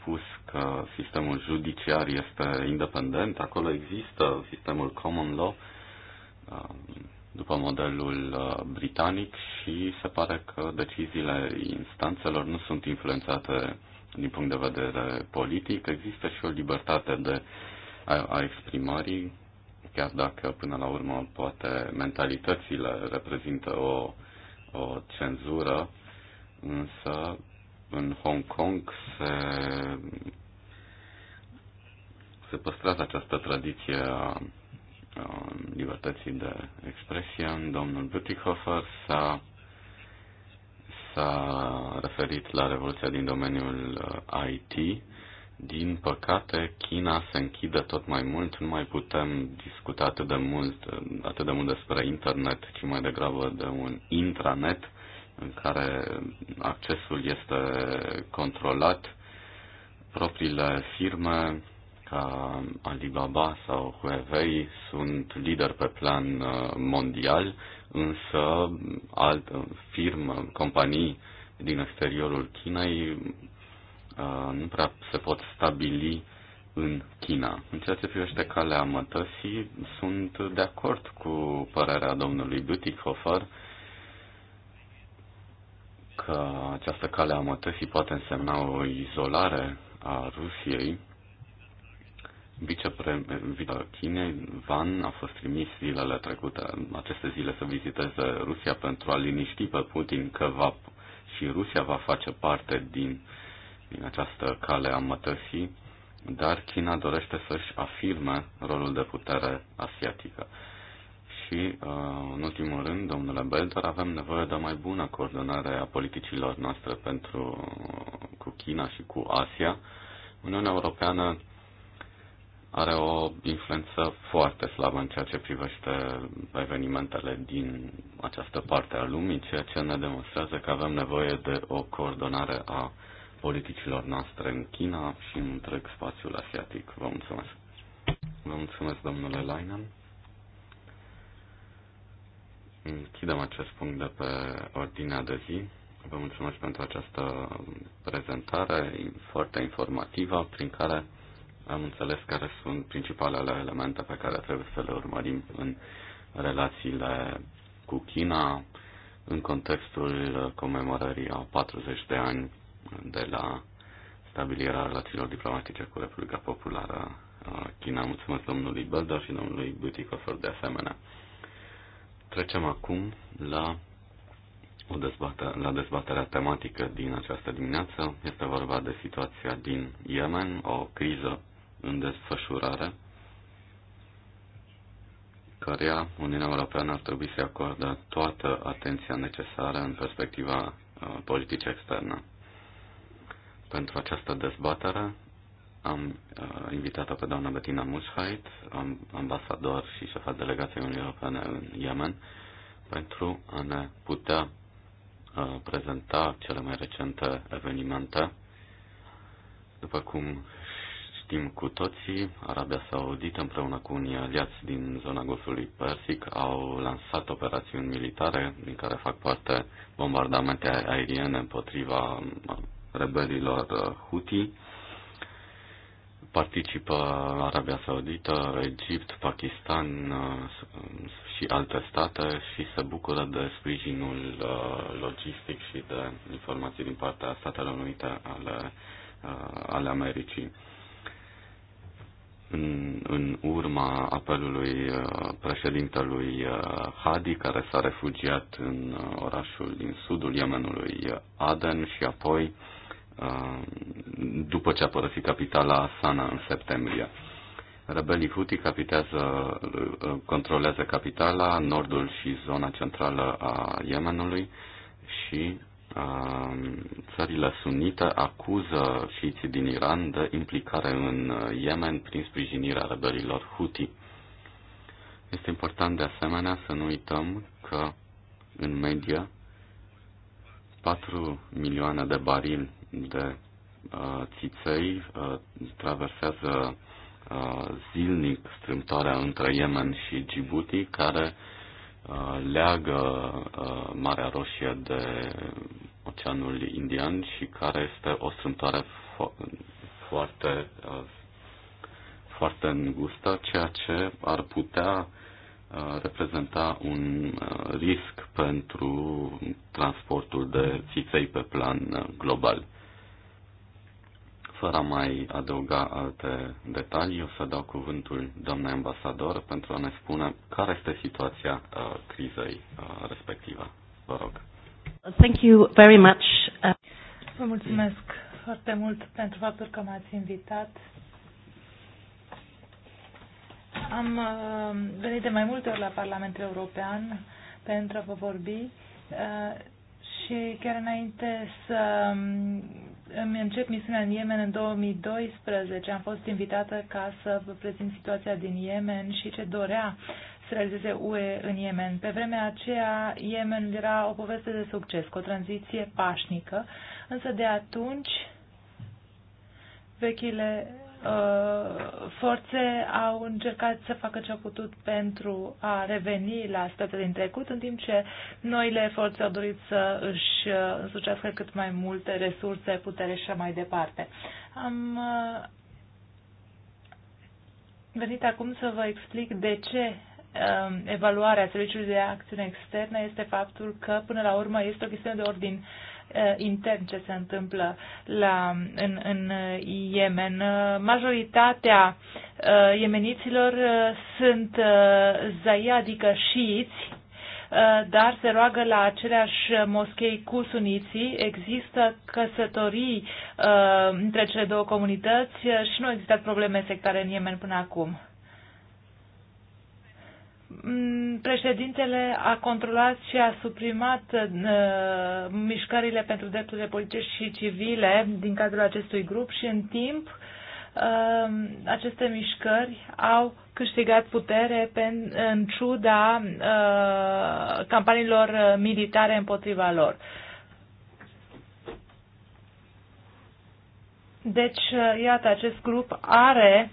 spus că sistemul judiciar este independent, acolo există sistemul common law, um, după modelul uh, britanic și se pare că deciziile instanțelor nu sunt influențate din punct de vedere politic. Există și o libertate de a, a exprimării, chiar dacă până la urmă poate mentalitățile reprezintă o, o cenzură, însă în Hong Kong se, se păstrează această tradiție a libertății de expresie, domnul Butikofer s-a, s-a referit la revoluția din domeniul uh, IT. Din păcate, China se închide tot mai mult, nu mai putem discuta atât de mult, uh, atât de mult despre internet, ci mai degrabă de un intranet în care accesul este controlat, propriile firme ca Alibaba sau Huawei sunt lideri pe plan uh, mondial, însă alt, uh, firmă, companii din exteriorul Chinei uh, nu prea se pot stabili în China. În ceea ce privește calea mătăsii, sunt de acord cu părerea domnului Butikofer că această cale a mătăsii poate însemna o izolare a Rusiei vicepremierul Chinei, Van, a fost trimis zilele trecute, aceste zile, să viziteze Rusia pentru a liniști pe Putin că va, și Rusia va face parte din, din această cale a mătăsii, dar China dorește să-și afirme rolul de putere asiatică. Și, uh, în ultimul rând, domnule Belder, avem nevoie de mai bună coordonare a politicilor noastre pentru, cu China și cu Asia. Uniunea Europeană are o influență foarte slabă în ceea ce privește evenimentele din această parte a lumii, ceea ce ne demonstrează că avem nevoie de o coordonare a politicilor noastre în China și în întreg spațiul asiatic. Vă mulțumesc. Vă mulțumesc, domnule Lainan. Închidem acest punct de pe ordinea de zi. Vă mulțumesc pentru această prezentare foarte informativă prin care am înțeles care sunt principalele elemente pe care trebuie să le urmărim în relațiile cu China în contextul comemorării a 40 de ani de la stabilirea relațiilor diplomatice cu Republica Populară uh, China. Mulțumesc domnului Bălder și domnului Butikofer de asemenea. Trecem acum la, o dezbatere, la dezbaterea tematică din această dimineață. Este vorba de situația din Yemen, o criză în desfășurare, căreia Uniunea Europeană ar trebui să-i acordă toată atenția necesară în perspectiva uh, politicii externe. Pentru această dezbatere am uh, invitat-o pe doamna Bettina Mushait, ambasador și șefa delegației Uniunii Europene în Yemen, pentru a ne putea uh, prezenta cele mai recente evenimente. După cum știm cu toții, Arabia Saudită împreună cu unii aliați din zona Golfului Persic au lansat operațiuni militare din care fac parte bombardamente aeriene împotriva rebelilor uh, Houthi. Participă Arabia Saudită, Egipt, Pakistan uh, și alte state și se bucură de sprijinul uh, logistic și de informații din partea Statelor Unite ale, ale Americii în, în urma apelului uh, președintelui uh, Hadi, care s-a refugiat în uh, orașul din sudul Yemenului, Aden, și apoi după ce a părăsit capitala Sana în septembrie. Rebelii Houthi capitează, controlează capitala, nordul și zona centrală a Yemenului și Um, țările sunite acuză șiiții din Iran de implicare în uh, Yemen prin sprijinirea rebelilor Houthi. Este important de asemenea să nu uităm că în medie 4 milioane de barili de uh, țiței uh, traversează uh, zilnic strâmtoarea între Yemen și Djibouti, care uh, leagă uh, Marea Roșie de Oceanul Indian și care este o strâmtoare fo- foarte, uh, foarte îngustă, ceea ce ar putea uh, reprezenta un risc pentru transportul de fiței pe plan global. Fără a mai adăuga alte detalii, o să dau cuvântul doamnei ambasador pentru a ne spune care este situația uh, crizei uh, respectivă. Vă rog. Thank you very much. Vă mulțumesc foarte mult pentru faptul că m-ați invitat. Am uh, venit de mai multe ori la Parlamentul European pentru a vă vorbi uh, și chiar înainte să um, îmi încep misiunea în Yemen în 2012. Am fost invitată ca să vă prezint situația din Yemen și ce dorea să realizeze UE în Yemen. Pe vremea aceea, Yemen era o poveste de succes, cu o tranziție pașnică, însă de atunci vechile Uh, forțe au încercat să facă ce au putut pentru a reveni la statele din trecut, în timp ce noile forțe au dorit să își uh, însucească cât mai multe resurse, putere și mai departe. Am uh, venit acum să vă explic de ce um, evaluarea serviciului de acțiune externă este faptul că, până la urmă, este o chestiune de ordin Eh, intern ce se întâmplă la, în, în eh, Yemen. Eh, majoritatea iemeniților sunt zaia, adică șiiți, dar se roagă la aceleași moschei cu suniții, există căsătorii uh, între cele două comunități și nu au existat probleme sectare în Yemen până acum. Mm, președintele a controlat și a suprimat uh, mișcările pentru drepturile politice și civile din cadrul acestui grup și în timp uh, aceste mișcări au câștigat putere în ciuda uh, campaniilor militare împotriva lor. Deci, uh, iată, acest grup are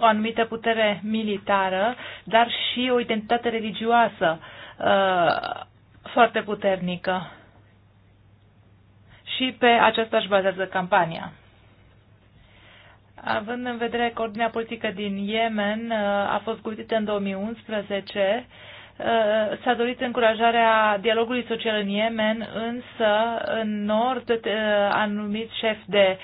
o anumită putere militară, dar și o identitate religioasă uh, foarte puternică. Și pe aceasta își bazează campania. Având în vedere că ordinea politică din Yemen uh, a fost gândită în 2011, uh, s-a dorit încurajarea dialogului social în Yemen, însă în nord uh, anumit șef de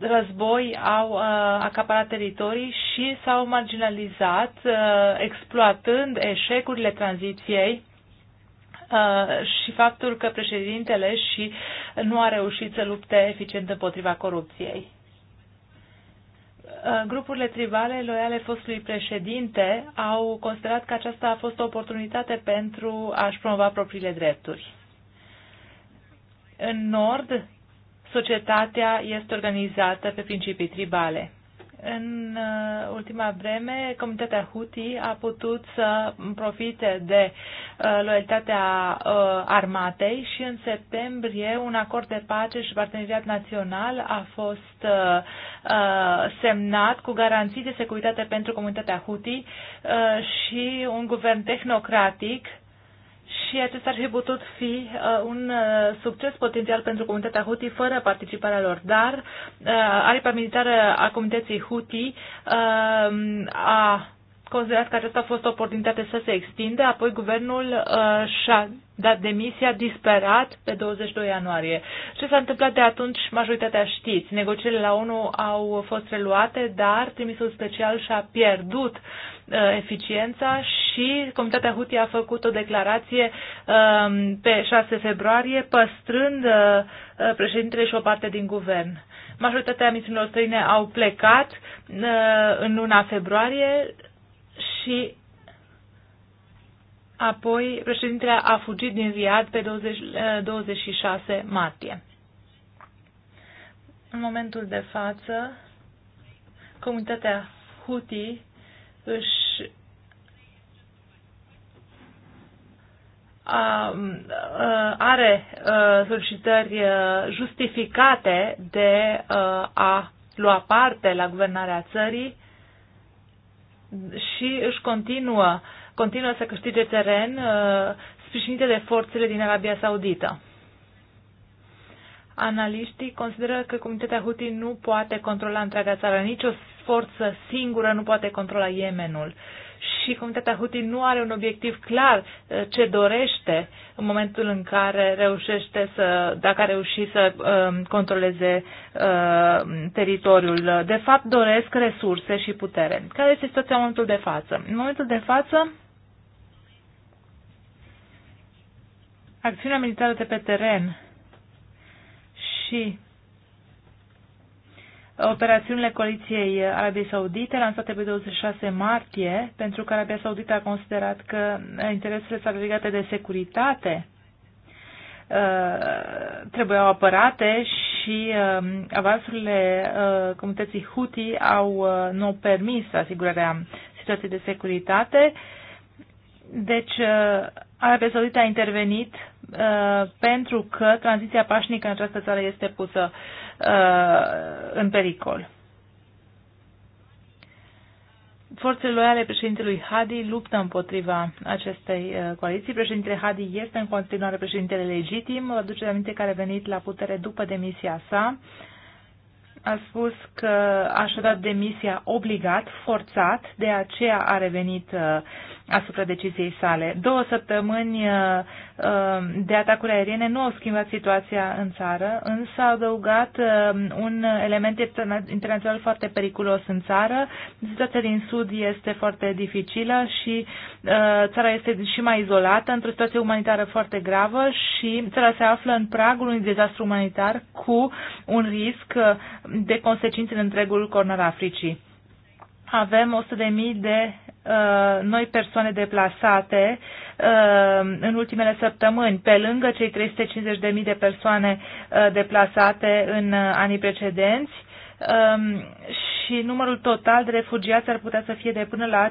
război au uh, acaparat teritorii și s-au marginalizat, uh, exploatând eșecurile tranziției uh, și faptul că președintele și nu a reușit să lupte eficient împotriva corupției. Uh, grupurile tribale loiale fostului președinte au considerat că aceasta a fost o oportunitate pentru a-și promova propriile drepturi. În nord, societatea este organizată pe principii tribale. În uh, ultima vreme, comunitatea Houthi a putut să profite de uh, loialitatea uh, armatei și în septembrie un acord de pace și parteneriat național a fost semnat cu garanții de securitate pentru comunitatea Houthi și un guvern tehnocratic și acesta ar fi putut uh, fi un uh, succes potențial pentru comunitatea Houthi fără participarea lor. Dar uh, aripa militară a comunității Houthi a considerat că aceasta a fost o oportunitate să se extindă, apoi guvernul uh, și-a dat demisia disperat pe 22 ianuarie. Ce s-a întâmplat de atunci, majoritatea știți. Negocierile la ONU au fost reluate, dar trimisul special și-a pierdut Uh, eficiența și Comitatea hutii a făcut o declarație um, pe 6 februarie păstrând uh, uh, președintele și o parte din guvern. Majoritatea misiunilor străine au plecat în luna februarie și apoi președintele a fugit din Riad pe 20, 26 martie. În momentul de față, comunitatea Houthi își are solicitări justificate de a lua parte la guvernarea țării și își continuă, continuă să câștige teren sprijinite de forțele din Arabia Saudită. Analiștii consideră că comunitatea Houthi nu poate controla întreaga țară. Nici o forță singură nu poate controla Yemenul și comunitatea Houthi nu are un obiectiv clar uh, ce dorește în momentul în care reușește să, dacă a reușit să um, controleze uh, teritoriul. De fapt, doresc resurse și putere. Care este situația în momentul de față? În momentul de față, acțiunea militară de pe teren și operațiunile coaliției Arabiei Saudite lansate pe 26 martie, pentru că Arabia Saudită a considerat că interesele sale legate de securitate uh, trebuiau apărate și uh, avansurile uh, comunității Houthi au nu permis asigurarea situației de securitate. Deci, Arabia Saudită a intervenit Uh, pentru că tranziția pașnică în această țară este pusă uh, în pericol. Forțele loiale președintelui Hadi luptă împotriva acestei uh, coaliții. Președintele Hadi este în continuare președintele legitim. Vă aduceți aminte care a venit la putere după demisia sa. A spus că a dat demisia obligat, forțat, de aceea a revenit uh, asupra deciziei sale. Două săptămâni uh, uh, de atacuri aeriene nu au schimbat situația în țară, însă au adăugat uh, un element internațional foarte periculos în țară. Situația din sud este foarte dificilă și țara este și mai izolată, într-o situație umanitară foarte gravă și țara se află în pragul unui dezastru umanitar cu un risc de consecințe în întregul corner Africii avem 100.000 de Uh, noi persoane deplasate uh, în ultimele săptămâni, pe lângă cei 350.000 de persoane uh, deplasate în anii precedenți um, și numărul total de refugiați ar putea să fie de până la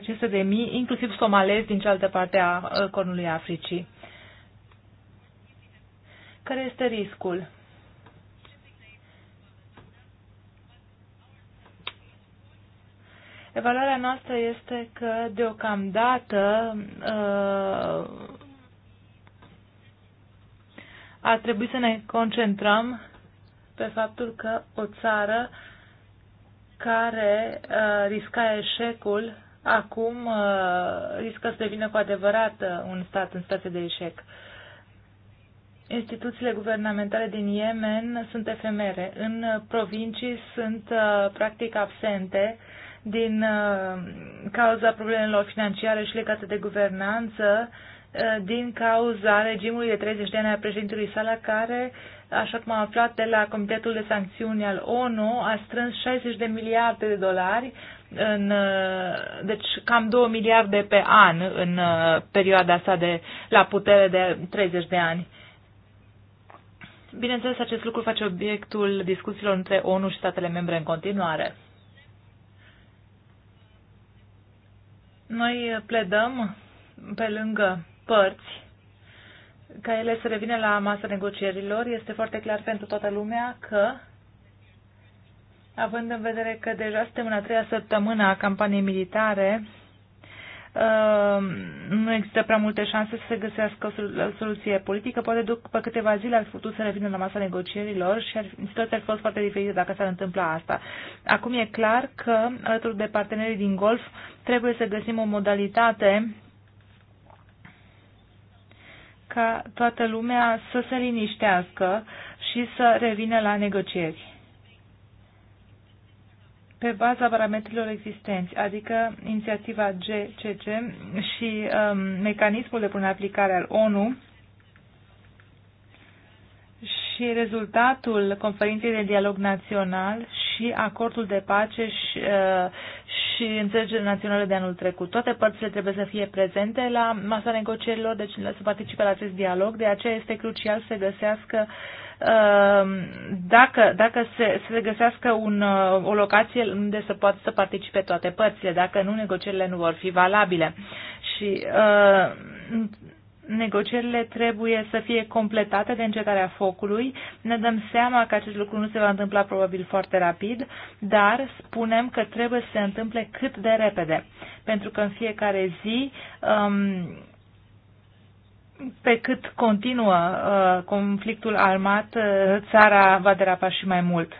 500.000, inclusiv somalezi din cealaltă parte a cornului Africii. Care este riscul? Evaluarea noastră este că deocamdată ă, ar trebui să ne concentrăm pe faptul că o țară care ă, risca eșecul acum ă, riscă să devină cu adevărat un stat în stare de eșec. Instituțiile guvernamentale din Yemen sunt efemere. În provincii sunt practic absente din uh, cauza problemelor financiare și legate de guvernanță, uh, din cauza regimului de 30 de ani a președintelui Sala, care, așa cum am aflat de la Comitetul de Sancțiuni al ONU, a strâns 60 de miliarde de dolari, în, uh, deci cam 2 miliarde pe an în perioada sa de la putere de 30 de ani. Bineînțeles, acest lucru face obiectul discuțiilor între ONU și statele membre în continuare. Noi pledăm pe lângă părți ca ele să revină la masa negocierilor. Este foarte clar pentru toată lumea că, având în vedere că deja suntem în a treia săptămână a campaniei militare, Ehm, nu există prea multe șanse să se găsească o soluție politică. Poate după câteva zile ar fi putut să revină la masa negocierilor și ar, situația ar fi fost foarte diferită dacă s-ar întâmpla asta. Acum e clar că alături de partenerii din Golf trebuie să găsim o modalitate ca toată lumea să se liniștească și să revină la negocieri pe baza parametrilor existenți, adică inițiativa GCC și um, mecanismul de punere aplicare al ONU și rezultatul conferinței de dialog național și acordul de pace și, uh, și înțelegerea națională de anul trecut. Toate părțile trebuie să fie prezente la masa negocierilor, deci să participe la acest dialog. De aceea este crucial să găsească uh, Ehm, dacă, dacă se, se găsească un, uh, o locație unde să poată să participe toate părțile. Dacă nu, negocierile nu vor fi valabile. Și uh, negocierile trebuie să fie completate de încetarea focului. Ne dăm seama că acest lucru nu se va întâmpla probabil foarte rapid, dar spunem că trebuie să se întâmple cât de repede, pentru că în fiecare zi um, pe cât continuă uh, conflictul armat, uh, țara va derapa și mai mult.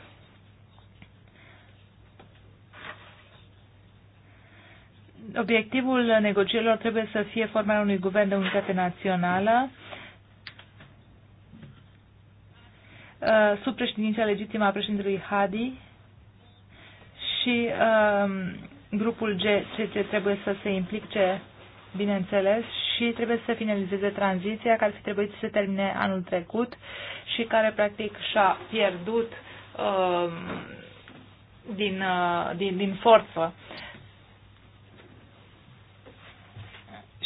Obiectivul negocierilor trebuie să fie formarea unui guvern de unitate națională uh, sub președinția legitimă a președintelui Hadi și uh, grupul G, ce, ce trebuie să se implice, bineînțeles, și trebuie să finalizeze tranziția care ar fi trebuit să se termine anul trecut și care practic și-a pierdut uh, din, uh, din, din forță.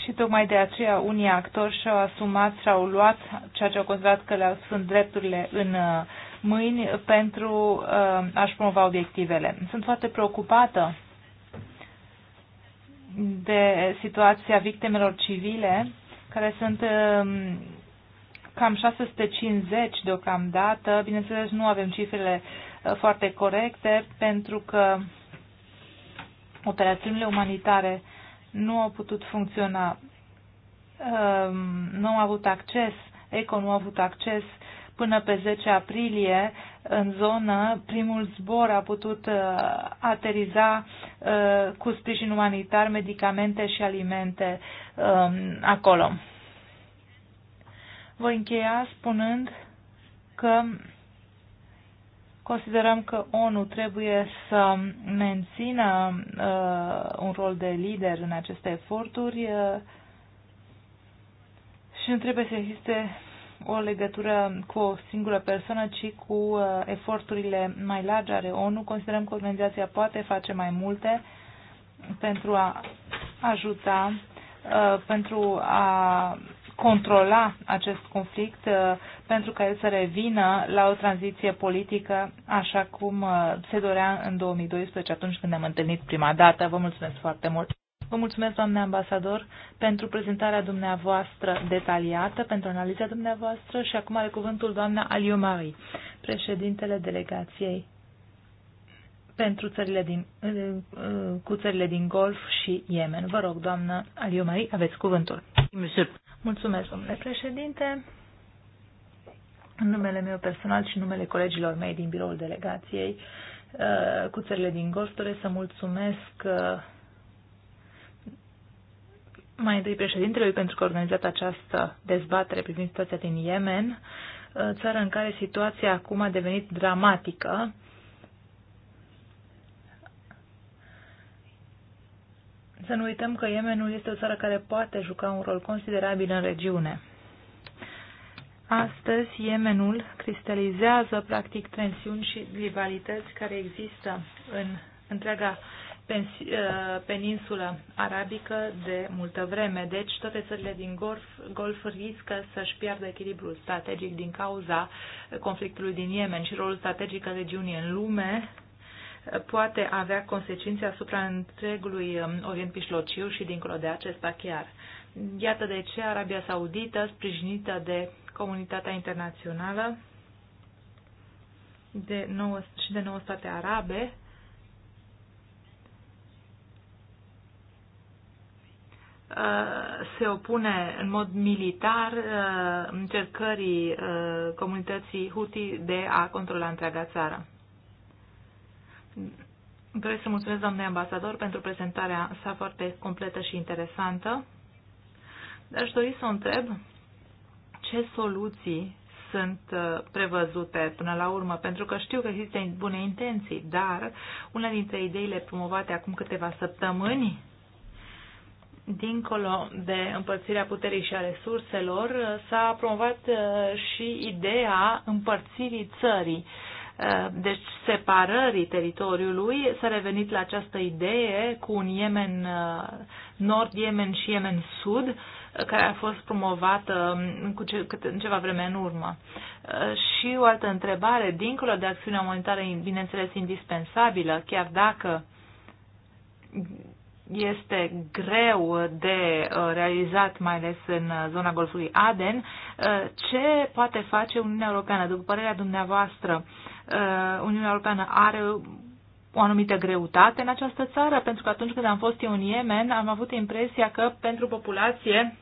Și tocmai de aceea unii actori și-au asumat și au luat ceea ce au considerat că le sunt drepturile în uh, mâini pentru uh, a-și promova obiectivele. Sunt foarte preocupată de situația victimelor civile, care sunt um, cam 650 deocamdată. Bineînțeles, nu avem cifrele uh, foarte corecte, pentru că operațiunile umanitare nu au putut funcționa, um, nu au avut acces, ECO nu a avut acces până pe 10 aprilie în zonă, primul zbor a putut uh, ateriza uh, cu sprijin umanitar medicamente și alimente um, acolo. Voi încheia spunând că considerăm că ONU trebuie să mențină uh, un rol de lider în aceste eforturi uh, și nu trebuie să existe o legătură cu o singură persoană, ci cu uh, eforturile mai largi ale ONU. Considerăm că organizația poate face mai multe pentru a ajuta, uh, pentru a controla acest conflict uh, pentru ca el să revină la o tranziție politică așa cum se dorea în 2012 atunci când ne-am întâlnit prima dată. Vă mulțumesc foarte mult! Vă mulțumesc, doamne ambasador, pentru prezentarea dumneavoastră detaliată, pentru analiza dumneavoastră și acum are cuvântul doamna Aliomari, președintele delegației pentru țările din, cu țările din Golf și Yemen. Vă rog, doamnă Aliomari, aveți cuvântul. Mulțumesc, domnule președinte. În numele meu personal și numele colegilor mei din biroul delegației uh, cu țările din Golf doresc să mulțumesc uh, mai întâi președintelui pentru că a organizat această dezbatere privind situația din Yemen, uh, țară în care situația acum a devenit dramatică. Să nu uităm că Yemenul este o țară care poate juca un rol considerabil în regiune. Astăzi, Yemenul cristalizează practic tensiuni și rivalități care există în întreaga Uh, peninsulă arabică de multă vreme. Deci toate țările din Golf, Golf riscă să-și piardă echilibrul strategic din cauza conflictului din Yemen și rolul strategic al regiunii în lume uh, poate avea consecințe asupra întregului um, Orient Pișlociu și dincolo de acesta chiar. Iată de ce Arabia Saudită, sprijinită de comunitatea internațională de nouă, și de nouă state arabe, Uh, se opune în mod militar uh, încercării uh, comunității Huti de a controla întreaga țară. Vreau să mulțumesc, doamne ambasador, pentru prezentarea sa foarte completă și interesantă. Aș dori să o întreb ce soluții sunt prevăzute până la urmă, pentru că știu că există bune intenții, dar una dintre ideile promovate acum câteva săptămâni dincolo de împărțirea puterii și a resurselor, s-a promovat uh, și ideea împărțirii țării, uh, deci separării teritoriului. S-a revenit la această idee cu un Yemen uh, Nord, Yemen și Yemen Sud, care a fost promovată um, cu ce, în ceva vreme în urmă. Și o altă întrebare, dincolo de acțiunea umanitară, bineînțeles, indispensabilă, chiar dacă este greu de uh, realizat, mai ales în uh, zona Golfului Aden, uh, ce poate face Uniunea Europeană? După părerea dumneavoastră, Uniunea Europeană are o anumită greutate în această țară, pentru că atunci când am fost eu în Yemen, am avut impresia că pentru populație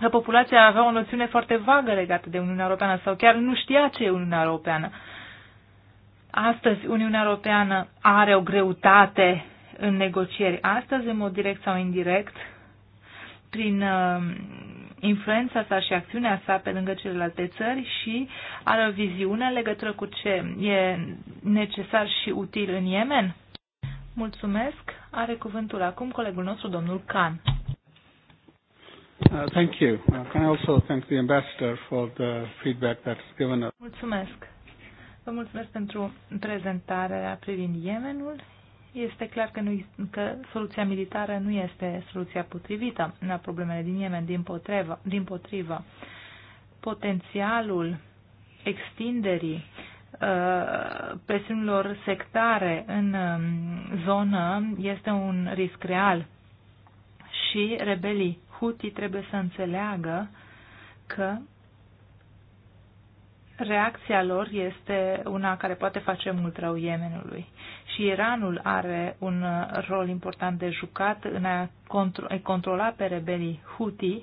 că populația avea o noțiune foarte vagă legată de Uniunea Europeană sau chiar nu știa ce e Uniunea Europeană. Astăzi, Uniunea Europeană are o greutate în negocieri astăzi, în mod direct sau indirect, prin uh, influența sa și acțiunea sa pe lângă celelalte țări și are o viziune în legătură cu ce e necesar și util în Yemen? Mulțumesc. Are cuvântul acum colegul nostru, domnul Khan. Uh, thank you. Uh, can I also thank the ambassador for the feedback that's given us? Mulțumesc. Vă mulțumesc pentru prezentarea privind Yemenul este clar că, nu, că soluția militară nu este soluția potrivită la problemele din Yemen, din potrevă, Din potrivă. Potențialul extinderii uh, presiunilor sectare în um, zonă este un risc real și rebelii Houthi trebuie să înțeleagă că reacția lor este una care poate face mult rău Yemenului și Iranul are un uh, rol important de jucat în a controla pe rebelii Houthi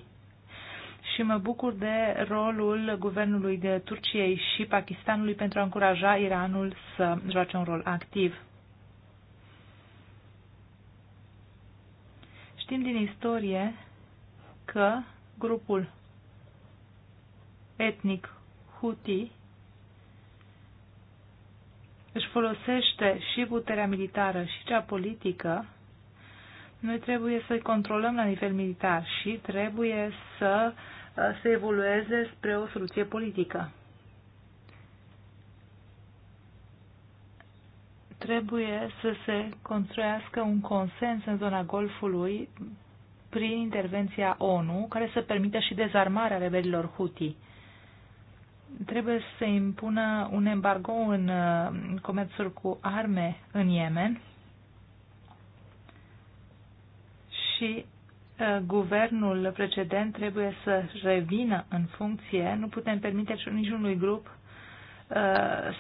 și mă bucur de rolul guvernului de Turciei și Pakistanului pentru a încuraja Iranul să joace un rol activ. Știm din istorie că grupul etnic Houthi își folosește și puterea militară și cea politică, noi trebuie să-i controlăm la nivel militar și trebuie să uh, se evolueze spre o soluție politică. Trebuie să se construiască un consens în zona Golfului prin intervenția ONU, care să permită și dezarmarea rebelilor Houthi trebuie să impună un embargo în uh, comerțul cu arme în Yemen și uh, guvernul precedent trebuie să revină în funcție. Nu putem permite niciunui grup uh,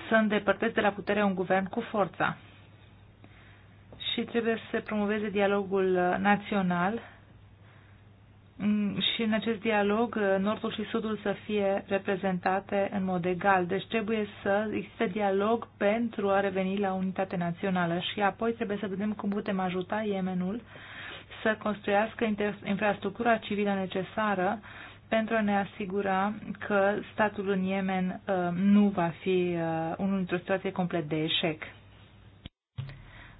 să îndepărteze de la putere un guvern cu forța. Și trebuie să se promoveze dialogul național Mm, și în acest dialog uh, nordul și sudul să fie reprezentate în mod egal. Deci trebuie să existe dialog pentru a reveni la unitate națională și apoi trebuie să vedem cum putem ajuta Yemenul să construiască infrastructura civilă necesară pentru a ne asigura că statul în Yemen uh, nu va fi uh, unul dintr-o situație complet de eșec.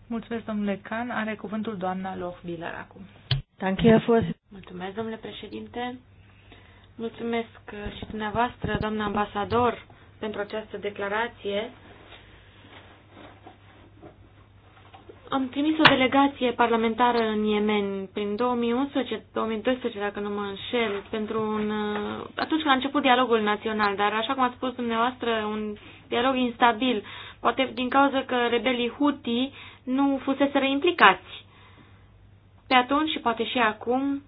Mulțumesc, domnule Can. Are cuvântul doamna Loch acum. Danke, Herr Mulțumesc, domnule președinte. Mulțumesc și dumneavoastră, doamna ambasador, pentru această declarație. Am trimis o delegație parlamentară în Yemen prin 2011-2012, dacă nu mă înșel, pentru un, uh, atunci când a început dialogul național, dar așa cum a spus dumneavoastră, un dialog instabil, poate din cauza că rebelii Houthi nu fuseseră implicați. Pe atunci și poate și acum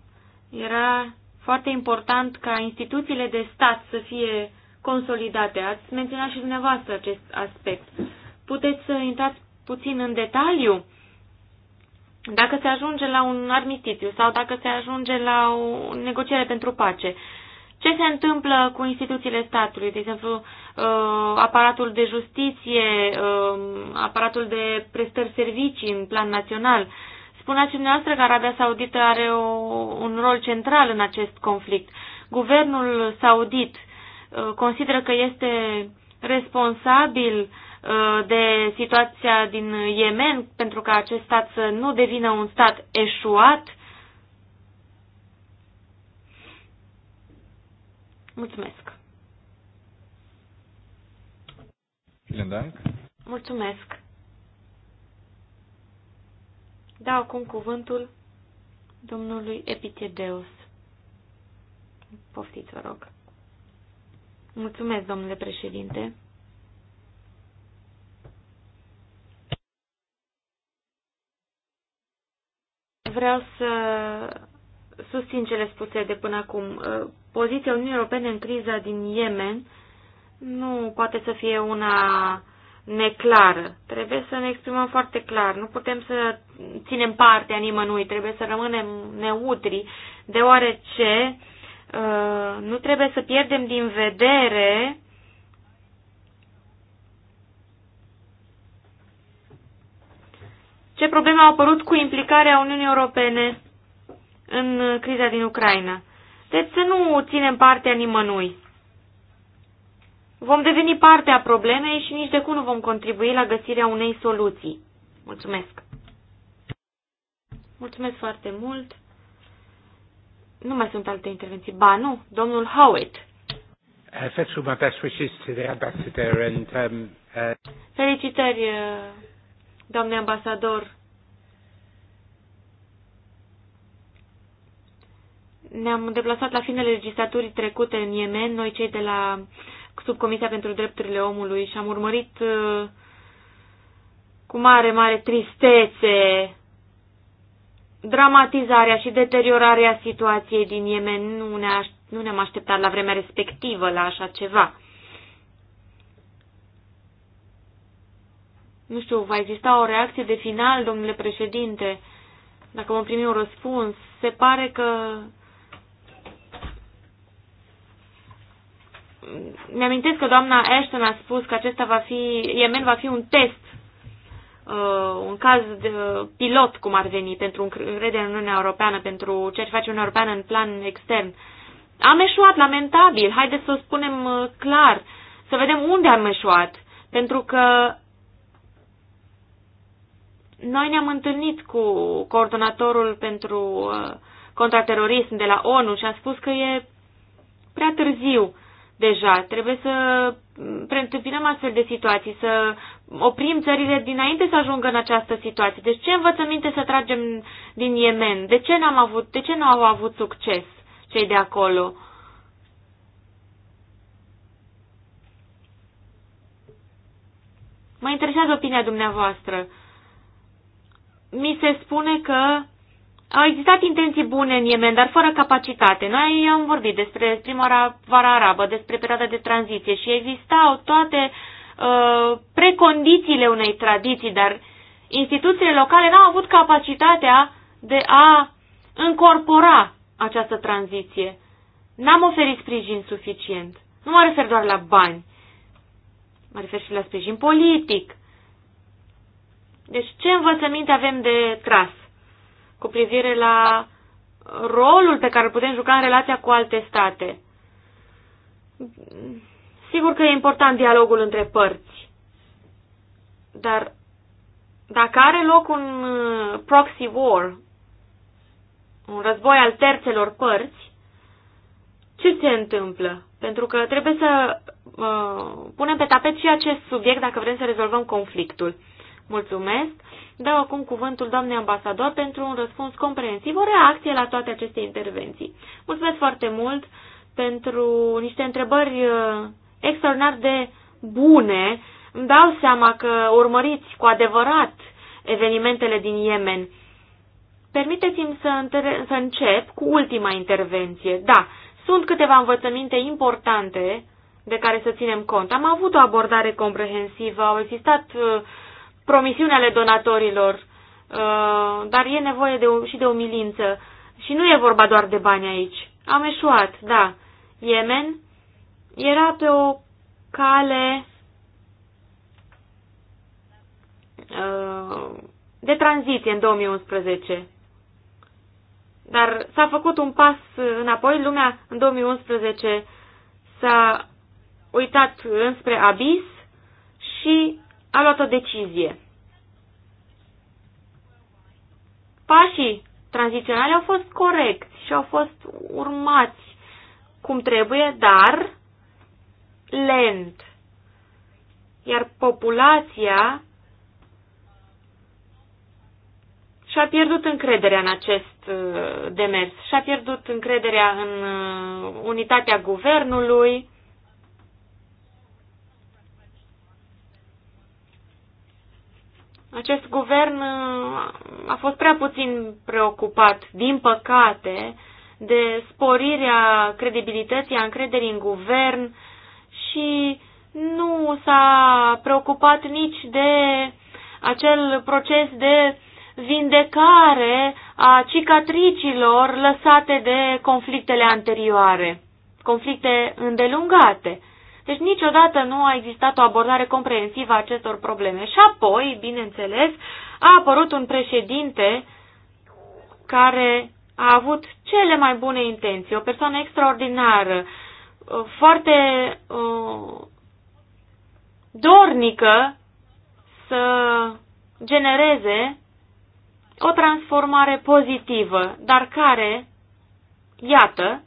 era foarte important ca instituțiile de stat să fie consolidate. Ați menționat și dumneavoastră acest aspect. Puteți să intrați puțin în detaliu? Dacă se ajunge la un armistițiu sau dacă se ajunge la o negociere pentru pace, ce se întâmplă cu instituțiile statului, de exemplu uh, aparatul de justiție, uh, aparatul de prestări servicii în plan național, Spuneați dumneavoastră că Arabia Saudită are o, un rol central în acest conflict. Guvernul saudit uh, consideră că este responsabil uh, de situația din Yemen pentru ca acest stat să nu devină un stat eșuat? Mulțumesc. Mulțumesc. Dau acum cuvântul domnului Epitedeus. Poftiți, vă rog. Mulțumesc, domnule președinte. Vreau să susțin cele spuse de până acum. Poziția Uniunii Europene în criza din Yemen nu poate să fie una neclară. Trebuie să ne exprimăm foarte clar. Nu putem să ținem a nimănui, trebuie să rămânem neutri, deoarece uh, nu trebuie să pierdem din vedere ce probleme au apărut cu implicarea Uniunii Europene în criza din Ucraina. Deci să nu ținem a nimănui vom deveni parte a problemei și nici de cum nu vom contribui la găsirea unei soluții. Mulțumesc! Mulțumesc foarte mult! Nu mai sunt alte intervenții. Ba, nu, domnul Howitt. Uh, um, uh, Felicitări, uh, domnule ambasador. Ne-am deplasat la finele legislaturii trecute în Yemen, noi cei de la uh, Comisia pentru Drepturile Omului și am urmărit uh, cu mare, mare tristețe dramatizarea și deteriorarea situației din Yemen. Nu, ne aș, nu ne-am așteptat la vremea respectivă la așa ceva. Nu știu, va exista o reacție de final, domnule președinte? Dacă vom primi un răspuns, se pare că mi-amintesc că doamna Ashton a spus că acesta va fi, Yemen va fi un test, uh, un caz de pilot, cum ar veni, pentru încredere în Uniunea Europeană, pentru ceea ce face Uniunea Europeană în plan extern. Am eșuat, lamentabil, haideți să o spunem uh, clar, să vedem unde am eșuat, pentru că noi ne-am întâlnit cu coordonatorul pentru uh, contraterorism de la ONU și a spus că e prea târziu deja. Trebuie să preîntâmpinăm astfel de situații, să oprim țările dinainte să ajungă în această situație. Deci ce învățăminte să tragem din Yemen? De ce, n-am avut, de ce nu au avut succes cei de acolo? Mă interesează opinia dumneavoastră. Mi se spune că au existat intenții bune în Yemen, dar fără capacitate. Noi am vorbit despre prima vara arabă, despre perioada de tranziție și existau toate uh, precondițiile unei tradiții, dar instituțiile locale n-au avut capacitatea de a încorpora această tranziție. N-am oferit sprijin suficient. Nu mă refer doar la bani. Mă refer și la sprijin politic. Deci ce învățăminte avem de tras? cu privire la rolul pe care îl putem juca în relația cu alte state. Sigur că e important dialogul între părți, dar dacă are loc un uh, proxy war, un război al terțelor părți, ce se întâmplă? Pentru că trebuie să uh, punem pe tapet și acest subiect dacă vrem să rezolvăm conflictul. Mulțumesc. Dau acum cuvântul doamnei ambasador pentru un răspuns comprehensiv, o reacție la toate aceste intervenții. Mulțumesc foarte mult pentru niște întrebări uh, extraordinar de bune. Îmi dau seama că urmăriți cu adevărat evenimentele din Yemen. Permiteți-mi să, să încep cu ultima intervenție. Da, sunt câteva învățăminte importante de care să ținem cont. Am avut o abordare comprehensivă, au existat uh, promisiunile ale donatorilor, uh, dar e nevoie de, și de umilință. Și nu e vorba doar de bani aici. Am eșuat, da. Yemen era pe o cale uh, de tranziție în 2011. Dar s-a făcut un pas înapoi, lumea în 2011 s-a uitat înspre abis și a luat o decizie. Pașii tranziționale au fost corecți și au fost urmați cum trebuie, dar lent. Iar populația și-a pierdut încrederea în acest uh, demers, și-a pierdut încrederea în uh, unitatea guvernului, Acest guvern uh, a fost prea puțin preocupat, din păcate, de sporirea credibilității, a încrederii în guvern și nu s-a preocupat nici de acel proces de vindecare a cicatricilor lăsate de conflictele anterioare, conflicte îndelungate. Deci niciodată nu a existat o abordare comprehensivă a acestor probleme. Și apoi, bineînțeles, a apărut un președinte care a avut cele mai bune intenții, o persoană extraordinară, foarte uh, dornică să genereze o transformare pozitivă, dar care, iată,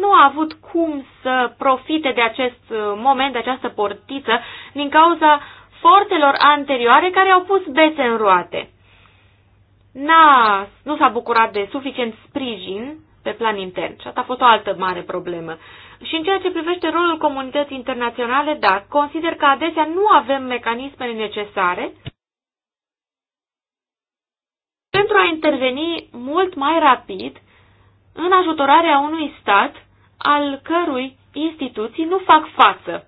nu a avut cum să profite de acest uh, moment, de această portiță, din cauza forțelor anterioare care au pus bețe în roate. N-a, nu s-a bucurat de suficient sprijin pe plan intern și asta a fost o altă mare problemă. Și în ceea ce privește rolul comunității internaționale, da, consider că adesea nu avem mecanismele necesare pentru a interveni mult mai rapid în ajutorarea unui stat al cărui instituții nu fac față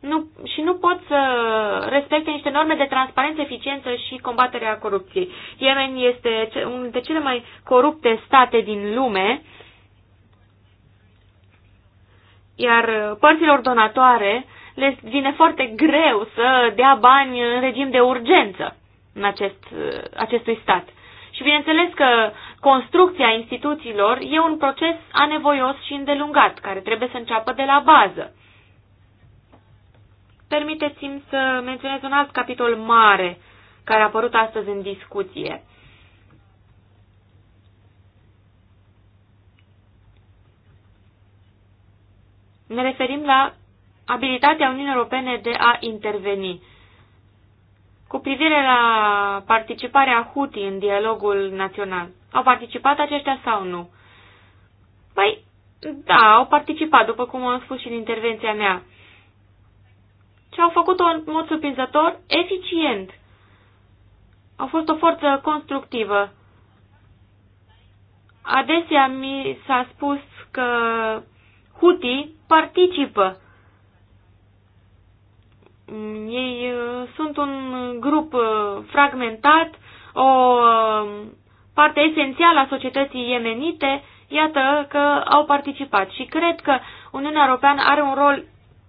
nu, și nu pot să respecte niște norme de transparență, eficiență și combaterea corupției. Yemen este unul dintre cele mai corupte state din lume, iar părților donatoare le vine foarte greu să dea bani în regim de urgență în acest, acestui stat. Și bineînțeles că construcția instituțiilor e un proces anevoios și îndelungat, care trebuie să înceapă de la bază. Permiteți-mi să menționez un alt capitol mare care a apărut astăzi în discuție. Ne referim la abilitatea Uniunii Europene de a interveni cu privire la participarea Huti în dialogul național. Au participat aceștia sau nu? Păi, da, au participat, după cum am spus și în intervenția mea. Și au făcut-o în mod surprinzător eficient. Au fost o forță constructivă. Adesea mi s-a spus că Huti participă ei uh, sunt un grup uh, fragmentat, o uh, parte esențială a societății iemenite, iată că au participat și cred că Uniunea Europeană are un rol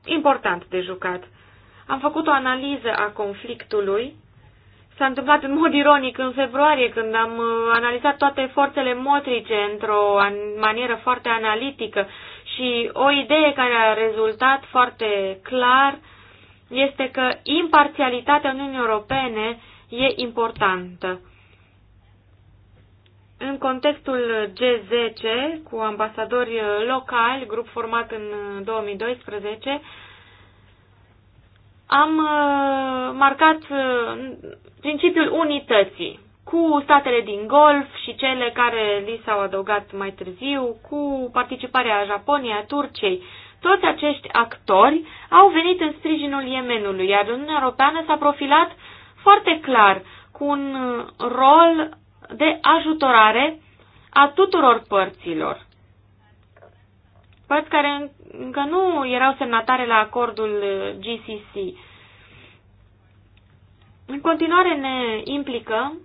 important de jucat. Am făcut o analiză a conflictului. S-a întâmplat în mod ironic în februarie, când am analizat toate forțele motrice într-o manieră foarte analitică și o idee care a rezultat foarte clar uh, este că imparțialitatea Uniunii Europene e importantă. În contextul G10, cu ambasadori locali, grup format în 2012, am uh, marcat uh, principiul unității cu statele din Golf și cele care li s-au adăugat mai târziu, cu participarea Japoniei, a Turciei, toți acești actori au venit în sprijinul Yemenului, iar Uniunea Europeană s-a profilat foarte clar cu un uh, rol de ajutorare a tuturor părților. Părți care încă nu erau semnatare la acordul uh, GCC. În continuare ne implicăm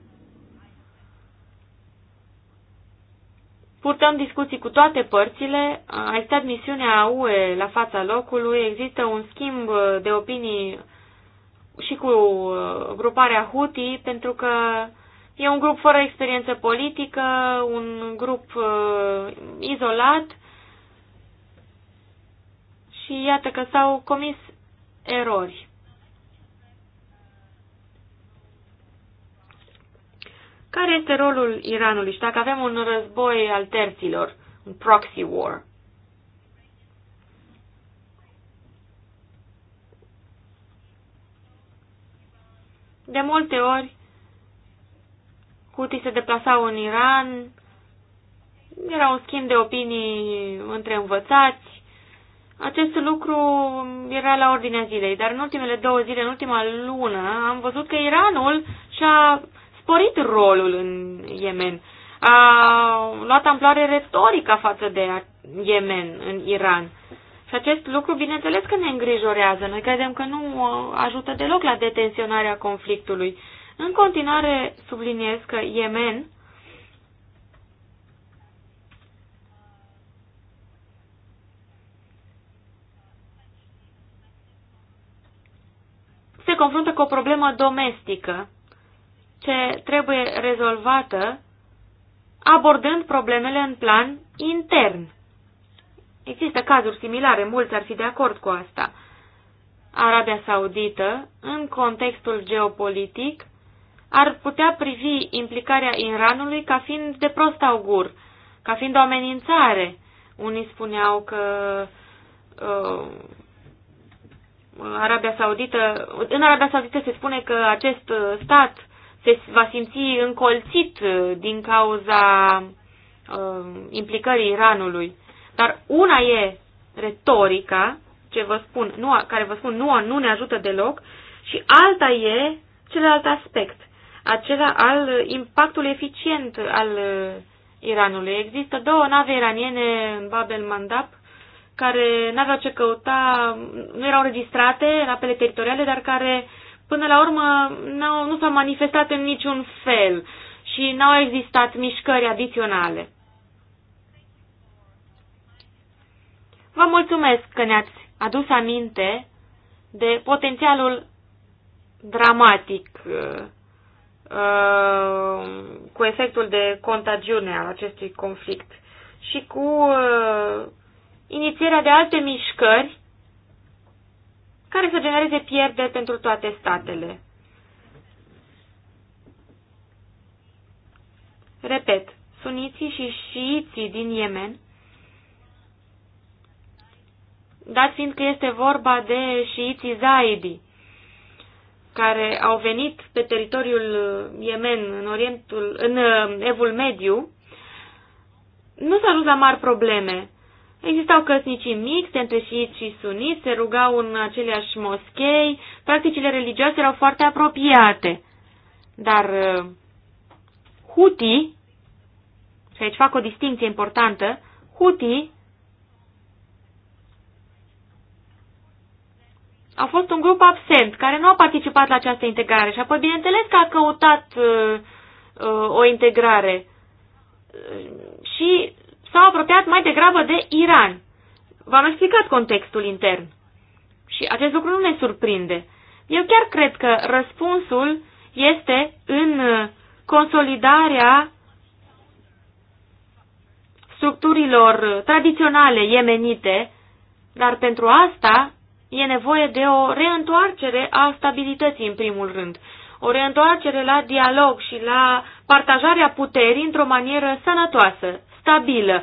Purtăm discuții cu toate părțile, a existat misiunea UE la fața locului, există un schimb de opinii și cu uh, gruparea Huti, pentru că e un grup fără experiență politică, un grup uh, izolat și iată că s-au comis erori. Care este rolul Iranului și dacă avem un război al terților, un proxy war? De multe ori, Huti se deplasau în Iran, era un schimb de opinii între învățați. Acest lucru era la ordinea zilei, dar în ultimele două zile, în ultima lună, am văzut că Iranul și-a sporit rolul în Yemen. A luat amploare retorica față de Yemen în Iran. Și acest lucru, bineînțeles că ne îngrijorează. Noi credem că nu ajută deloc la detenționarea conflictului. În continuare, subliniez că Yemen se confruntă cu o problemă domestică ce trebuie rezolvată abordând problemele în plan intern. Există cazuri similare, mulți ar fi de acord cu asta. Arabia Saudită, în contextul geopolitic, ar putea privi implicarea Iranului ca fiind de prost augur, ca fiind o amenințare. Unii spuneau că uh, Arabia Saudită, în Arabia Saudită se spune că acest stat te va simți încolțit uh, din cauza uh, implicării Iranului. Dar una e retorica, ce vă spun, nu, care vă spun nu, nu ne ajută deloc, și alta e celălalt aspect, acela al uh, impactului eficient al uh, Iranului. Există două nave iraniene în Babel Mandap care n-aveau ce căuta, nu erau registrate în apele teritoriale, dar care uh, până la urmă nu s-a manifestat în niciun fel și n-au existat mișcări adiționale. Vă mulțumesc că ne-ați adus aminte de potențialul dramatic uh, uh, cu efectul de contagiune al acestui conflict și cu uh, inițierea de alte mișcări care să genereze pierderi pentru toate statele. Repet, suniții și șiiții din Yemen, dat fiind că este vorba de șiiții zaidi, care au venit pe teritoriul Yemen, în, orientul, în uh, Evul Mediu, nu s-a dus la mari probleme Existau căsnicii mixte între șiiți și suniți, se rugau în aceleași moschei, practicile religioase erau foarte apropiate. Dar uh, Huti, și aici fac o distinție importantă, Huti a fost un grup absent care nu a participat la această integrare și apoi bineînțeles că a căutat uh, uh, o integrare. Uh, și s-au apropiat mai degrabă de Iran. V-am explicat contextul intern. Și acest lucru nu ne surprinde. Eu chiar cred că răspunsul este în uh, consolidarea structurilor uh, tradiționale iemenite, dar pentru asta e nevoie de o reîntoarcere a stabilității în primul rând, o reîntoarcere la dialog și la partajarea puterii într-o manieră sănătoasă, stabilă.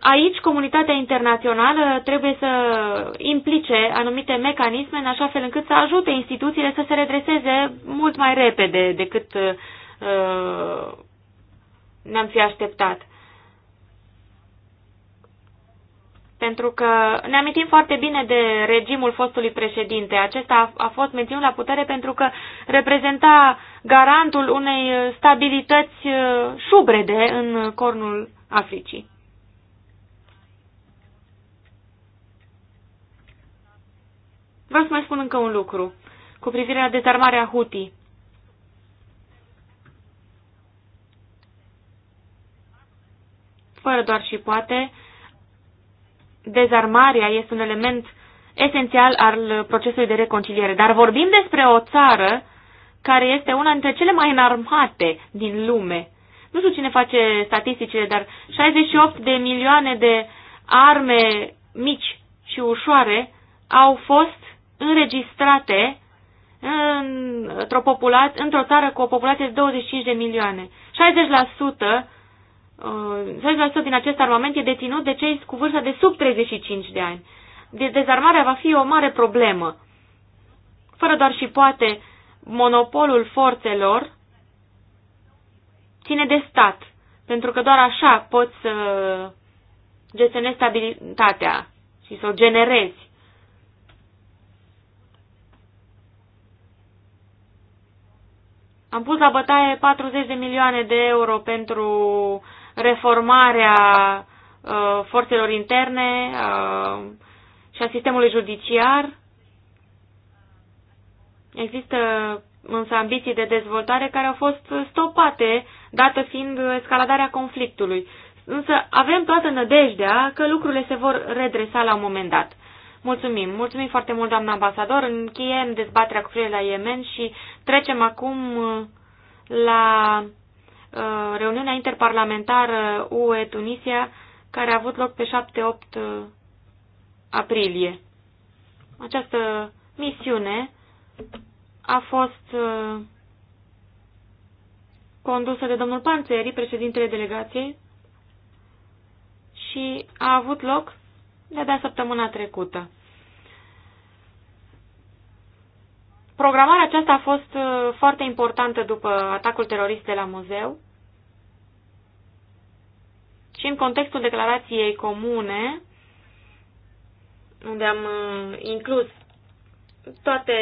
Aici, comunitatea internațională trebuie să implice anumite mecanisme în așa fel încât să ajute instituțiile să se redreseze mult mai repede decât uh, ne-am fi așteptat. pentru că ne amintim foarte bine de regimul fostului președinte. Acesta a, a fost menținut la putere pentru că reprezenta garantul unei stabilități uh, șubrede în cornul Africii. Vreau să mai spun încă un lucru cu privire la dezarmarea Huti. Fără doar și poate, dezarmarea este un element esențial al procesului de reconciliere. Dar vorbim despre o țară care este una dintre cele mai înarmate din lume. Nu știu cine face statisticile, dar 68 de milioane de arme mici și ușoare au fost înregistrate într-o într țară cu o populație de 25 de milioane. 60% 60% uh, din acest armament e deținut de cei cu vârsta de sub 35 de ani. De dezarmarea va fi o mare problemă. Fără doar și poate, monopolul forțelor ține de stat, pentru că doar așa poți să gestionezi stabilitatea și să o generezi. Am pus la bătaie 40 de milioane de euro pentru reformarea uh, forțelor interne uh, și a sistemului judiciar. Există însă ambiții de dezvoltare care au fost stopate, dată fiind escaladarea conflictului. Însă avem toată nădejdea că lucrurile se vor redresa la un moment dat. Mulțumim. Mulțumim foarte mult, doamna ambasador. Încheiem dezbaterea cu frile la Yemen și trecem acum uh, la Uh, reuniunea interparlamentară UE-Tunisia care a avut loc pe 7-8 uh, aprilie. Această misiune a fost uh, condusă de domnul Panțeri, președintele delegației, și a avut loc de de săptămâna trecută. Programarea aceasta a fost foarte importantă după atacul terorist de la muzeu și în contextul declarației comune, unde am uh, inclus toate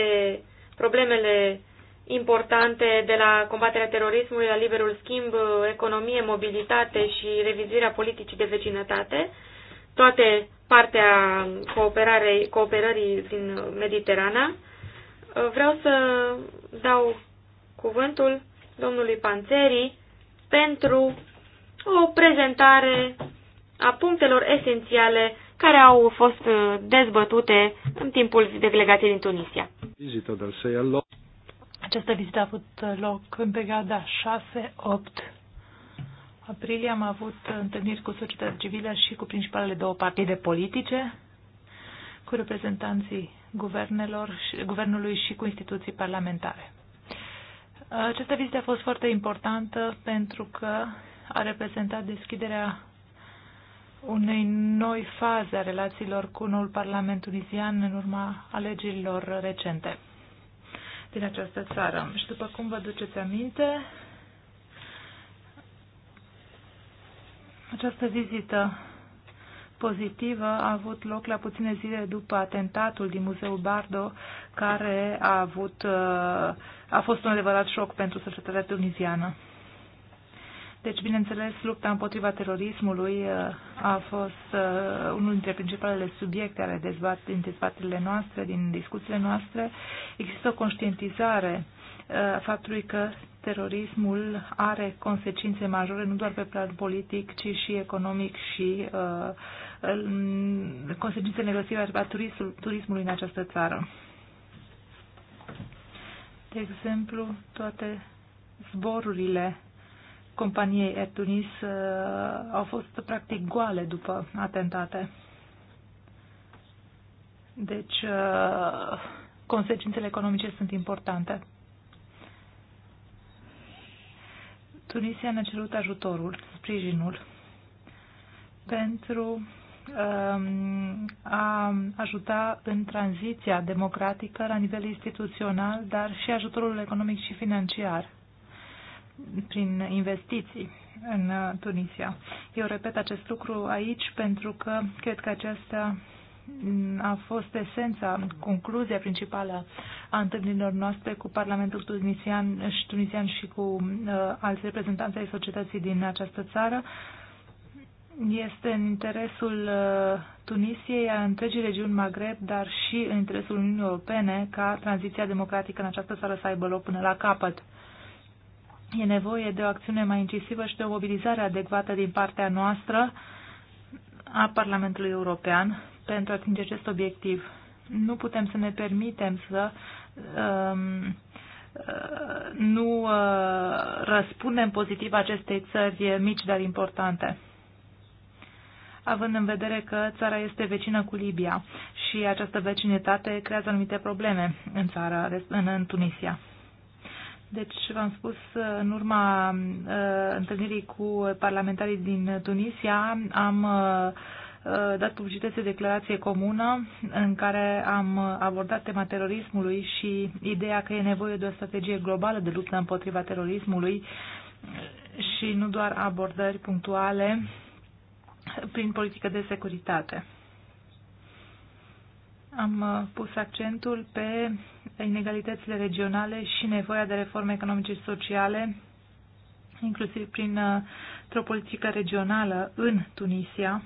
problemele importante de la combaterea terorismului la liberul schimb, economie, mobilitate și revizuirea politicii de vecinătate, toate partea cooperării din Mediterana. Uh, vreau să dau cuvântul domnului Panțeri pentru o prezentare a punctelor esențiale care au fost uh, dezbătute în timpul delegației din Tunisia. Această vizită a avut uh, loc în perioada 6-8 aprilie. Am avut uh, întâlniri cu societatea civilă și cu principalele două partide politice, cu reprezentanții guvernelor, guvernului și cu instituții parlamentare. Această vizită a fost foarte importantă pentru că a reprezentat deschiderea unei noi faze a relațiilor cu noul Parlament tunisian în urma alegerilor recente din această țară. Și după cum vă duceți aminte, această vizită pozitivă a avut loc la puține zile după atentatul din Muzeul Bardo, care a, avut, uh, a fost un adevărat șoc pentru societatea tunisiană. Deci, bineînțeles, lupta împotriva terorismului uh, a fost uh, unul dintre principalele subiecte ale dezbat, din dezbaterile noastre, din discuțiile noastre. Există o conștientizare a uh, faptului că terorismul are consecințe majore nu doar pe plan politic, ci și economic și consecințe negative a turismului în această țară. De exemplu, toate zborurile companiei Air Tunis uh, au fost practic goale după atentate. Deci, uh, consecințele economice sunt importante. Tunisia ne-a cerut ajutorul, sprijinul pentru um, a ajuta în tranziția democratică la nivel instituțional, dar și ajutorul economic și financiar prin investiții în uh, Tunisia. Eu repet acest lucru aici pentru că cred că aceasta mm, a fost esența, concluzia principală a întâlnirilor noastre cu Parlamentul tunisian și, tunisian și cu uh, alți reprezentanți ai societății din această țară. Este în interesul uh, Tunisiei, a întregii regiuni Maghreb, dar și în interesul Uniunii Europene ca tranziția democratică în această țară să aibă loc până la capăt. E nevoie de o acțiune mai incisivă și de o mobilizare adecvată din partea noastră a Parlamentului European pentru a atinge acest obiectiv. Nu putem să ne permitem să um, uh, nu uh, răspundem pozitiv acestei țări mici, dar importante având în vedere că țara este vecină cu Libia și această vecinătate creează anumite probleme în țara, în, în Tunisia. Deci, v-am spus, în urma uh, întâlnirii cu parlamentarii din Tunisia, am uh, uh dat publicității declarație comună în care am abordat tema terorismului și ideea că e nevoie de o strategie globală de luptă împotriva terorismului și nu doar abordări punctuale prin politică de securitate. Am uh, pus accentul pe inegalitățile regionale și nevoia de reforme economice și sociale, inclusiv prin uh, o politică regională în Tunisia.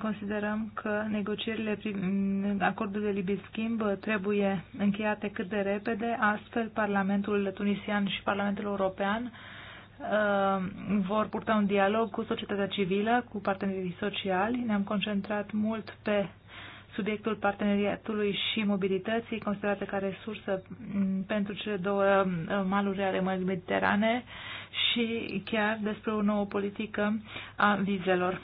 Considerăm că negocierile prin acordul de liber schimb trebuie încheiate cât de repede, astfel Parlamentul tunisian și Parlamentul european Uh, vor purta un dialog cu societatea civilă, cu partenerii sociali. Ne-am concentrat mult pe subiectul parteneriatului și mobilității, considerate ca resursă pentru cele două uh, maluri ale Mării Mediterane și chiar despre o nouă politică a vizelor.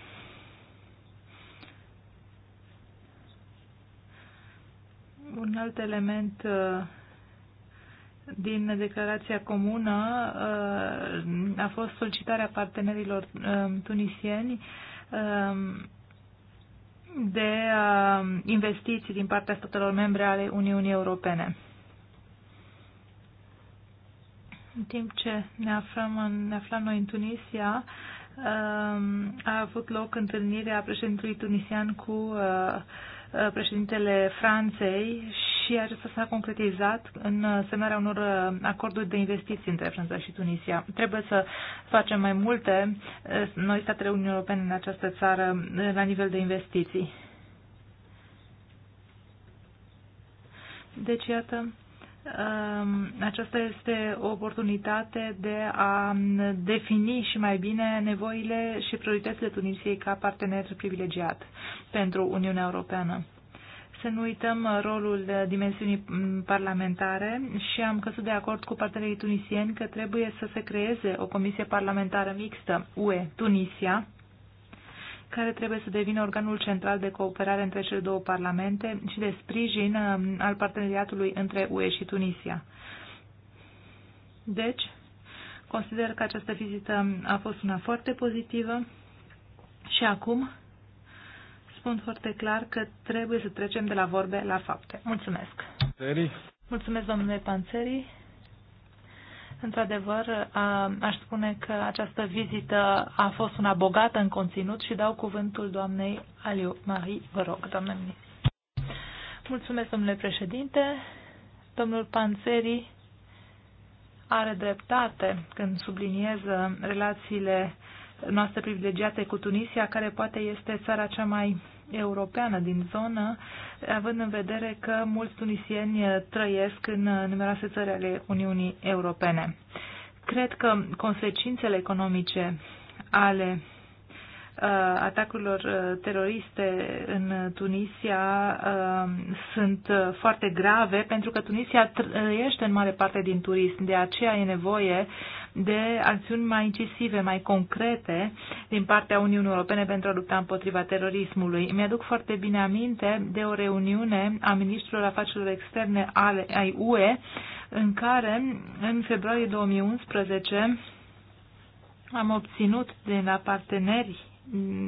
Un alt element uh, din declarația comună uh, a fost solicitarea partenerilor um, tunisieni um, de um, investiții din partea statelor membre ale Uniunii Europene. În timp ce ne aflăm, în, ne aflăm noi în Tunisia, a avut loc întâlnirea președintelui tunisian cu uh, uh, președintele Franței și acesta s-a concretizat în semnarea unor uh, acorduri de investiții între Franța și Tunisia. Trebuie să facem mai multe uh, noi, statele Uniunii Europene, în această țară, uh, la nivel de investiții. Deci, iată, um, aceasta este o oportunitate de a um, defini și mai bine nevoile și prioritățile Tunisiei ca partener privilegiat pentru Uniunea Europeană să nu uităm uh, rolul uh, dimensiunii mm, parlamentare și am căzut de acord cu partenerii tunisieni că trebuie să se creeze o comisie parlamentară mixtă UE-Tunisia, care trebuie să devină organul central de cooperare între cele două parlamente și de sprijin um, al parteneriatului între UE și Tunisia. Deci, consider că această vizită um, a fost una foarte pozitivă și acum spun foarte clar că trebuie să trecem de la vorbe la fapte. Mulțumesc! Panțeri. Mulțumesc, domnule Panțeri! Într-adevăr, aș spune că această vizită a fost una bogată în conținut și dau cuvântul doamnei Aliu Marie, vă rog, doamne Mulțumesc, domnule președinte. Domnul Panțeri are dreptate când subliniez relațiile noastră privilegiate cu Tunisia, care poate este țara cea mai europeană din zonă, având în vedere că mulți tunisieni trăiesc în numeroase țări ale Uniunii Europene. Cred că consecințele economice ale uh, atacurilor uh, teroriste în Tunisia uh, sunt foarte grave pentru că Tunisia trăiește în mare parte din turism, de aceea e nevoie de acțiuni mai incisive, mai concrete din partea Uniunii Europene pentru a lupta împotriva terorismului. Mi-aduc foarte bine aminte de o reuniune a ministrilor afacerilor externe ale, ai UE în care în februarie 2011 am obținut de la parteneri,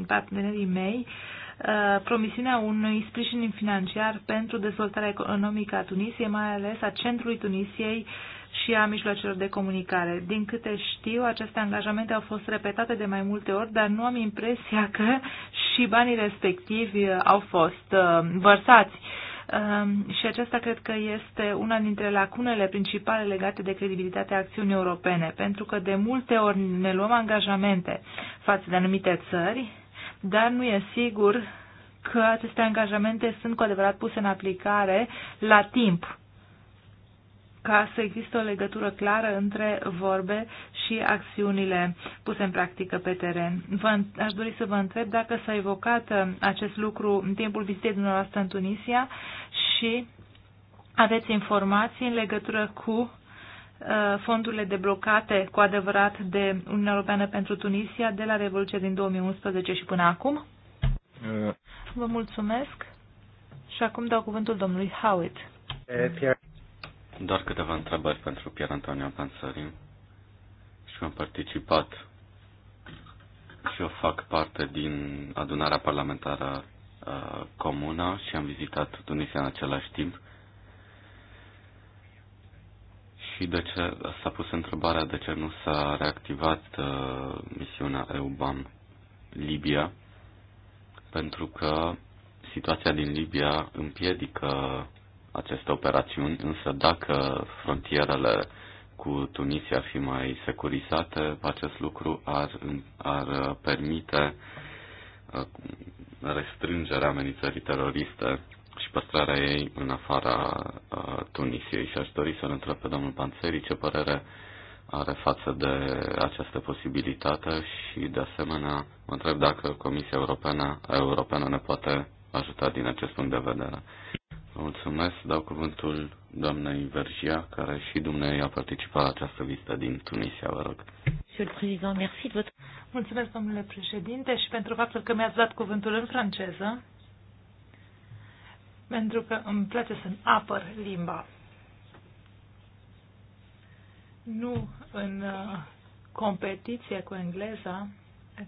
partenerii mei uh, promisiunea unui sprijin financiar pentru dezvoltarea economică a Tunisiei, mai ales a centrului Tunisiei și a mijloacelor de comunicare. Din câte știu, aceste angajamente au fost repetate de mai multe ori, dar nu am impresia că și banii respectivi uh, au fost uh, vărsați. Um, și aceasta cred că este una dintre lacunele principale legate de credibilitatea acțiunii europene, pentru că de multe ori ne luăm angajamente față de anumite țări, dar nu e sigur că aceste angajamente sunt cu adevărat puse în aplicare la timp ca să există o legătură clară între vorbe și acțiunile puse în practică pe teren. Vă, aș dori să vă întreb dacă s-a evocat uh, acest lucru în timpul vizitei dumneavoastră în Tunisia și aveți informații în legătură cu uh, fondurile deblocate cu adevărat de Uniunea Europeană pentru Tunisia de la Revoluția din 2011 și până acum? Uh. Vă mulțumesc și acum dau cuvântul domnului Howitt. Pierre. Doar câteva întrebări pentru Pier Antonio Pansărin. Și am participat și eu fac parte din adunarea parlamentară uh, comună și am vizitat Tunisia în același timp. Și de ce s-a pus întrebarea de ce nu s-a reactivat uh, misiunea EUBAM Libia, pentru că situația din Libia împiedică aceste operațiuni, însă dacă frontierele cu Tunisia ar fi mai securizate, acest lucru ar, ar permite uh, restrângerea amenințării teroriste și păstrarea ei în afara uh, Tunisiei. Și aș dori să-l întreb pe domnul Panțeri ce părere are față de această posibilitate și, de asemenea, mă întreb dacă Comisia Europeană, Europeană ne poate ajuta din acest punct de vedere. Mulțumesc. Dau cuvântul doamnei Vergia, care și dumneavoastră a participat la această vizită din Tunisia, vă rog. Mulțumesc, domnule președinte, și pentru faptul că mi-ați dat cuvântul în franceză, pentru că îmi place să-mi apăr limba. Nu în uh, competiție cu engleza,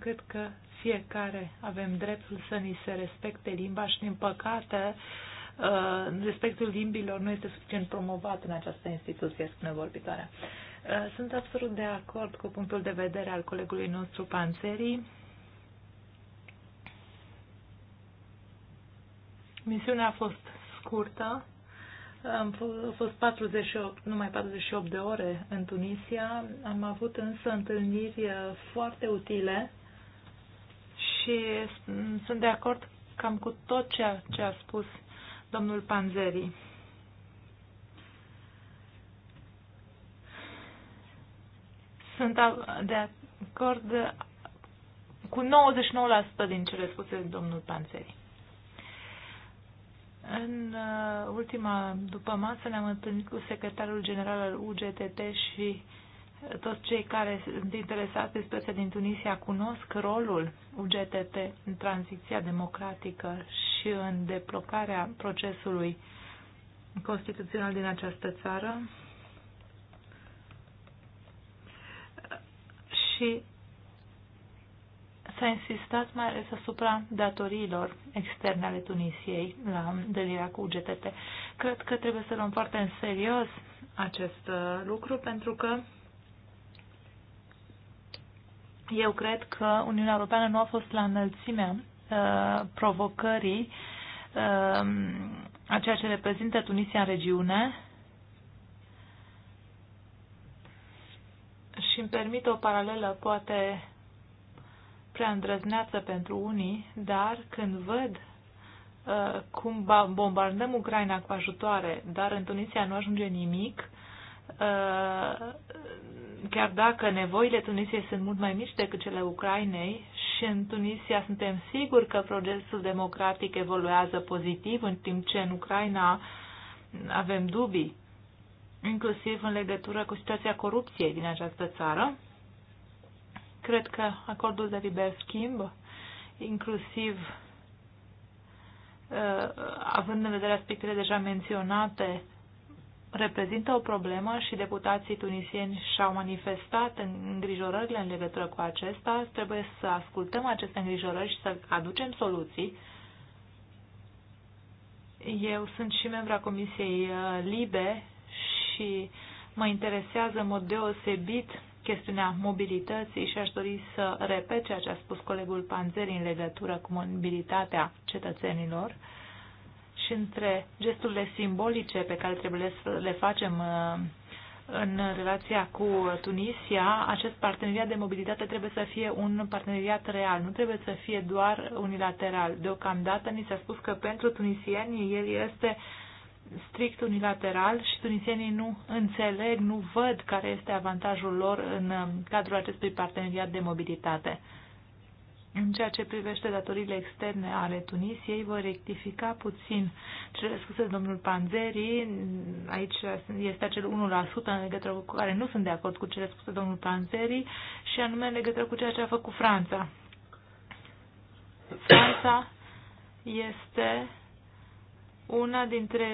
cred că fiecare avem dreptul să ni se respecte limba și, din păcate, uh, Uh, respectul limbilor nu este suficient promovat în această instituție, spune vorbitoarea. Uh, sunt absolut de acord cu punctul de vedere al colegului nostru Panțeri. Misiunea a fost scurtă, am fost 48, numai 48 de ore în Tunisia, am avut însă întâlniri uh, foarte utile și mm, sunt de acord cam cu tot ceea ce a spus domnul Panzeri. Sunt de acord cu 99% din cele spuse de domnul Panzeri. În uh, ultima după masă ne-am întâlnit cu secretarul general al UGTT și uh, toți cei care sunt interesați de situația din Tunisia cunosc rolul UGTT în tranziția democratică și în deblocarea procesului constituțional din această țară. Și s-a insistat mai ales asupra datoriilor externe ale Tunisiei la delirea cu UGTT. Cred că trebuie să luăm foarte în serios acest uh, lucru pentru că eu cred că Uniunea Europeană nu a fost la înălțimea uh, provocării uh, a ceea ce reprezintă Tunisia în regiune și îmi permit o paralelă poate prea îndrăzneață pentru unii, dar când văd uh, cum bombardăm Ucraina cu ajutoare, dar în Tunisia nu ajunge nimic, uh, chiar dacă nevoile Tunisiei sunt mult mai mici decât cele Ucrainei și în Tunisia suntem siguri că procesul democratic evoluează pozitiv, în timp ce în Ucraina avem dubii, inclusiv în legătură cu situația corupției din această țară. Cred că acordul de liber schimb, inclusiv uh, având în vedere aspectele deja menționate, reprezintă o problemă și deputații tunisieni și-au manifestat îngrijorările în legătură cu acesta. Trebuie să ascultăm aceste îngrijorări și să aducem soluții. Eu sunt și membra Comisiei uh, Libe și mă interesează în mod deosebit chestiunea mobilității și aș dori să repet ceea ce a spus colegul Panzeri în legătură cu mobilitatea cetățenilor. Uh, și între gesturile simbolice pe care trebuie să le facem uh, în relația cu Tunisia, acest parteneriat de mobilitate trebuie să fie un parteneriat real, nu trebuie să fie doar unilateral. Deocamdată ni s-a spus că pentru tunisieni el este strict unilateral și tunisienii nu înțeleg, nu văd care este avantajul lor în uh, cadrul acestui parteneriat de mobilitate. În ceea ce privește datorile externe ale Tunisiei, voi rectifica puțin cele spuse domnul Panzeri. Aici este acel 1% în legătură cu care nu sunt de acord cu cele spuse domnul Panzeri și anume în legătură cu ceea ce a făcut Franța. Franța este una dintre,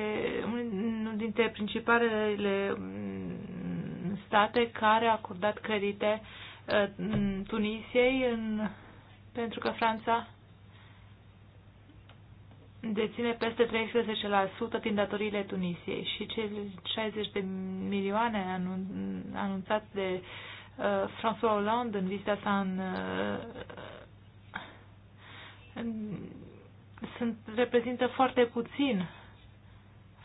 unul dintre principalele state care a acordat credite uh, Tunisiei în pentru că Franța deține peste 13% din datoriile Tunisiei și cei 60 de milioane anun de uh, François Hollande în vizita sa în, uh, în, sunt, reprezintă foarte puțin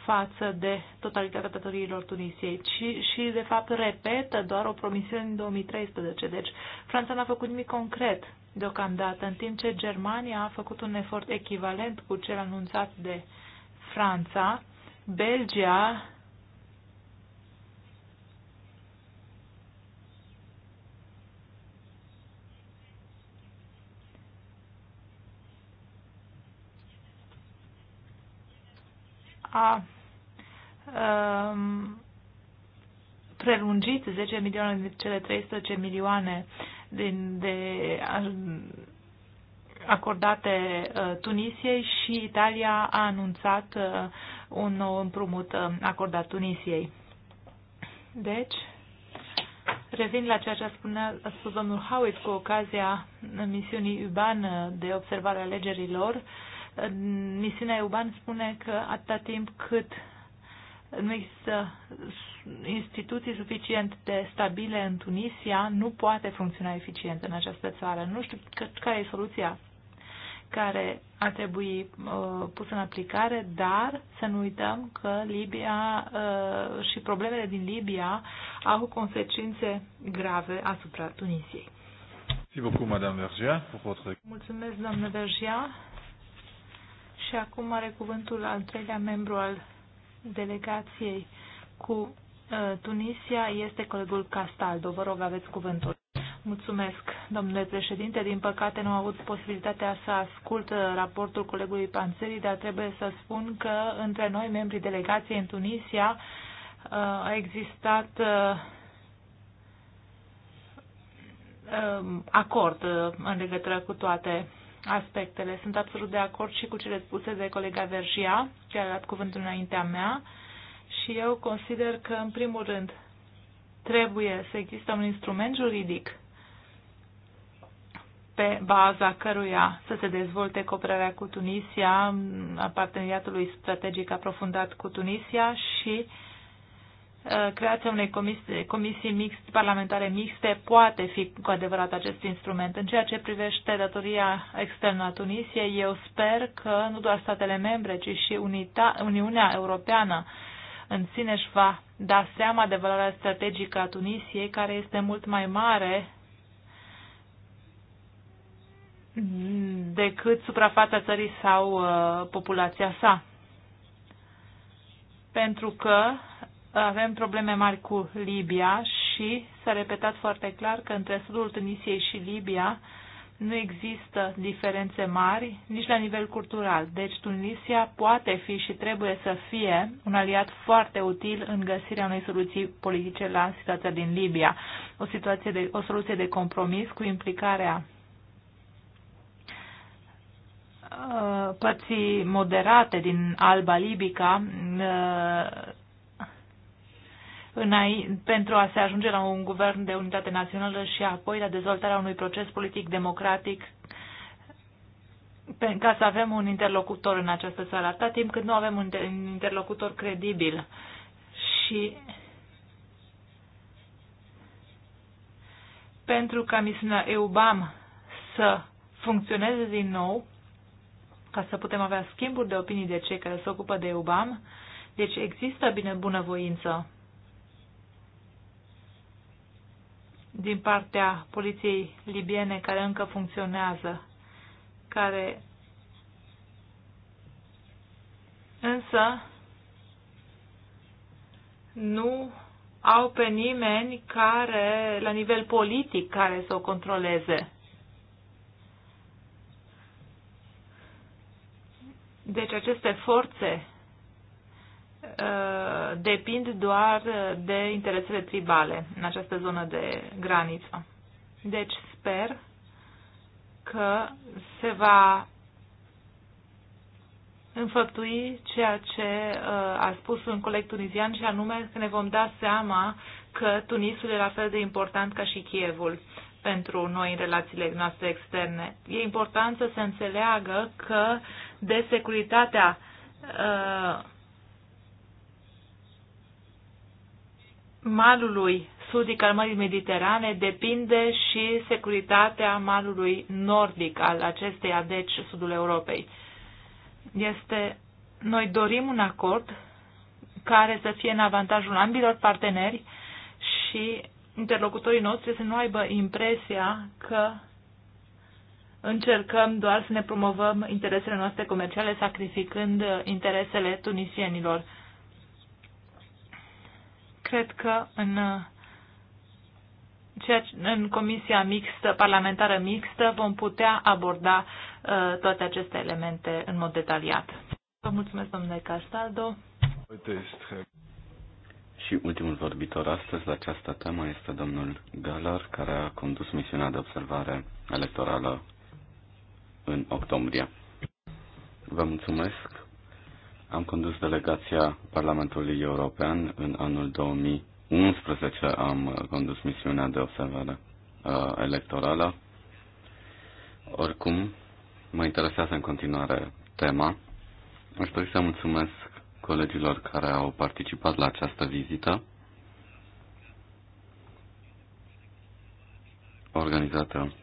față de totalitatea datoriilor Tunisiei și, și, de fapt, repetă doar o promisiune din 2013. Deci, Franța n-a făcut nimic concret deocamdată, în timp ce Germania a făcut un efort echivalent cu cel anunțat de Franța, Belgia a um, prelungit 10 milioane de cele 13 milioane uh, din, de acordate uh, Tunisiei și Italia a anunțat uh, un nou împrumut uh, acordat Tunisiei. Deci, revin la ceea ce a, spunea, a spus domnul Howitt cu ocazia misiunii UBAN de observare a alegerilor. Misiunea UBAN spune că atâta timp cât nu există instituții suficient de stabile în Tunisia, nu poate funcționa eficient în această țară. Nu știu care e soluția care ar trebui uh, pusă în aplicare, dar să nu uităm că Libia uh, și problemele din Libia au consecințe grave asupra Tunisiei. Mulțumesc, doamnă Vergia. Și acum are cuvântul al treilea membru al delegației cu uh, Tunisia este colegul Castaldo. Vă rog, aveți cuvântul. Mulțumesc, domnule președinte. Din păcate nu am avut posibilitatea să ascult uh, raportul colegului Panțeri, dar trebuie să spun că între noi, membrii delegației în Tunisia, uh, a existat um, acord în legătură cu toate aspectele. Sunt absolut de acord și cu cele spuse de colega Vergia, care a dat cuvântul înaintea mea, și eu consider că, în primul rând, trebuie să există un instrument juridic pe baza căruia să se dezvolte cooperarea cu Tunisia, a parteneriatului strategic aprofundat cu Tunisia și uh, Uh, creația unei comisii, comisii mixte, parlamentare mixte poate fi cu adevărat acest instrument. În ceea ce privește datoria externă a Tunisiei, eu sper că nu doar statele membre, ci și Unita, Uniunea Europeană în sine își va da seama de valoarea strategică a Tunisiei, care este mult mai mare decât suprafața țării sau uh, populația sa. Pentru că avem probleme mari cu Libia și s-a repetat foarte clar că între sudul Tunisiei și Libia nu există diferențe mari nici la nivel cultural. Deci Tunisia poate fi și trebuie să fie un aliat foarte util în găsirea unei soluții politice la situația din Libia. O, situație de, o soluție de compromis cu implicarea uh, părții moderate din Alba Libica uh, pentru a se ajunge la un guvern de unitate națională și apoi la dezvoltarea unui proces politic democratic ca să avem un interlocutor în această țară, atâta timp cât nu avem un interlocutor credibil. Și pentru ca misiunea EUBAM să funcționeze din nou, ca să putem avea schimburi de opinii de cei care se ocupă de EUBAM, deci există bine bunăvoință din partea poliției libiene care încă funcționează, care însă nu au pe nimeni care, la nivel politic, care să o controleze. Deci aceste forțe Uh, depind doar de interesele tribale în această zonă de graniță. Deci sper că se va înfăptui ceea ce uh, a spus un coleg tunisian și anume că ne vom da seama că Tunisul e la fel de important ca și Chievul pentru noi în relațiile noastre externe. E important să se înțeleagă că de securitatea uh, malului sudic al Mării Mediterane depinde și securitatea malului nordic al acesteia, deci sudul Europei. Este, noi dorim un acord care să fie în avantajul ambilor parteneri și interlocutorii noștri să nu aibă impresia că încercăm doar să ne promovăm interesele noastre comerciale, sacrificând interesele tunisienilor. Cred că în, uh, ceea ce, în comisia mixtă, parlamentară mixtă, vom putea aborda uh, toate aceste elemente în mod detaliat. Vă mulțumesc, domnule Castaldo. Și ultimul vorbitor astăzi la această temă este domnul Galar, care a condus misiunea de observare electorală în octombrie. Vă mulțumesc am condus delegația Parlamentului European în anul 2011. Am condus misiunea de observare uh, electorală. Oricum, mă interesează în continuare tema. Aș dori să mulțumesc colegilor care au participat la această vizită organizată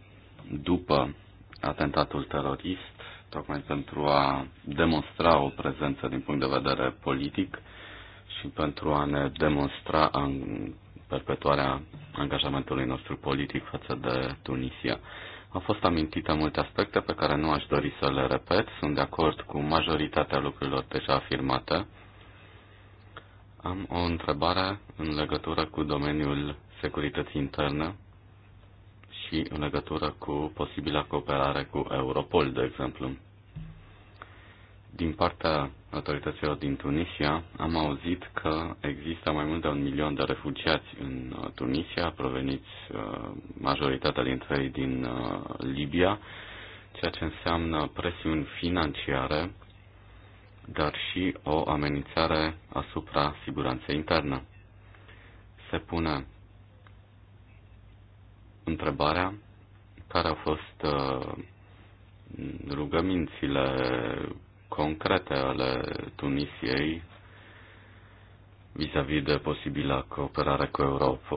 după atentatul terorist tocmai pentru a demonstra o prezență din punct de vedere politic și pentru a ne demonstra perpetuarea angajamentului nostru politic față de Tunisia. Au fost amintite multe aspecte pe care nu aș dori să le repet. Sunt de acord cu majoritatea lucrurilor deja afirmate. Am o întrebare în legătură cu domeniul securității interne și în legătură cu posibila cooperare cu Europol, de exemplu. Din partea autorităților din Tunisia am auzit că există mai mult de un milion de refugiați în uh, Tunisia, proveniți uh, majoritatea dintre ei din uh, Libia, ceea ce înseamnă presiuni financiare, dar și o amenințare asupra siguranței interne. Se pune întrebarea care au fost uh, rugămințile concrete ale Tunisiei vis-a-vis -vis de posibilă cooperare cu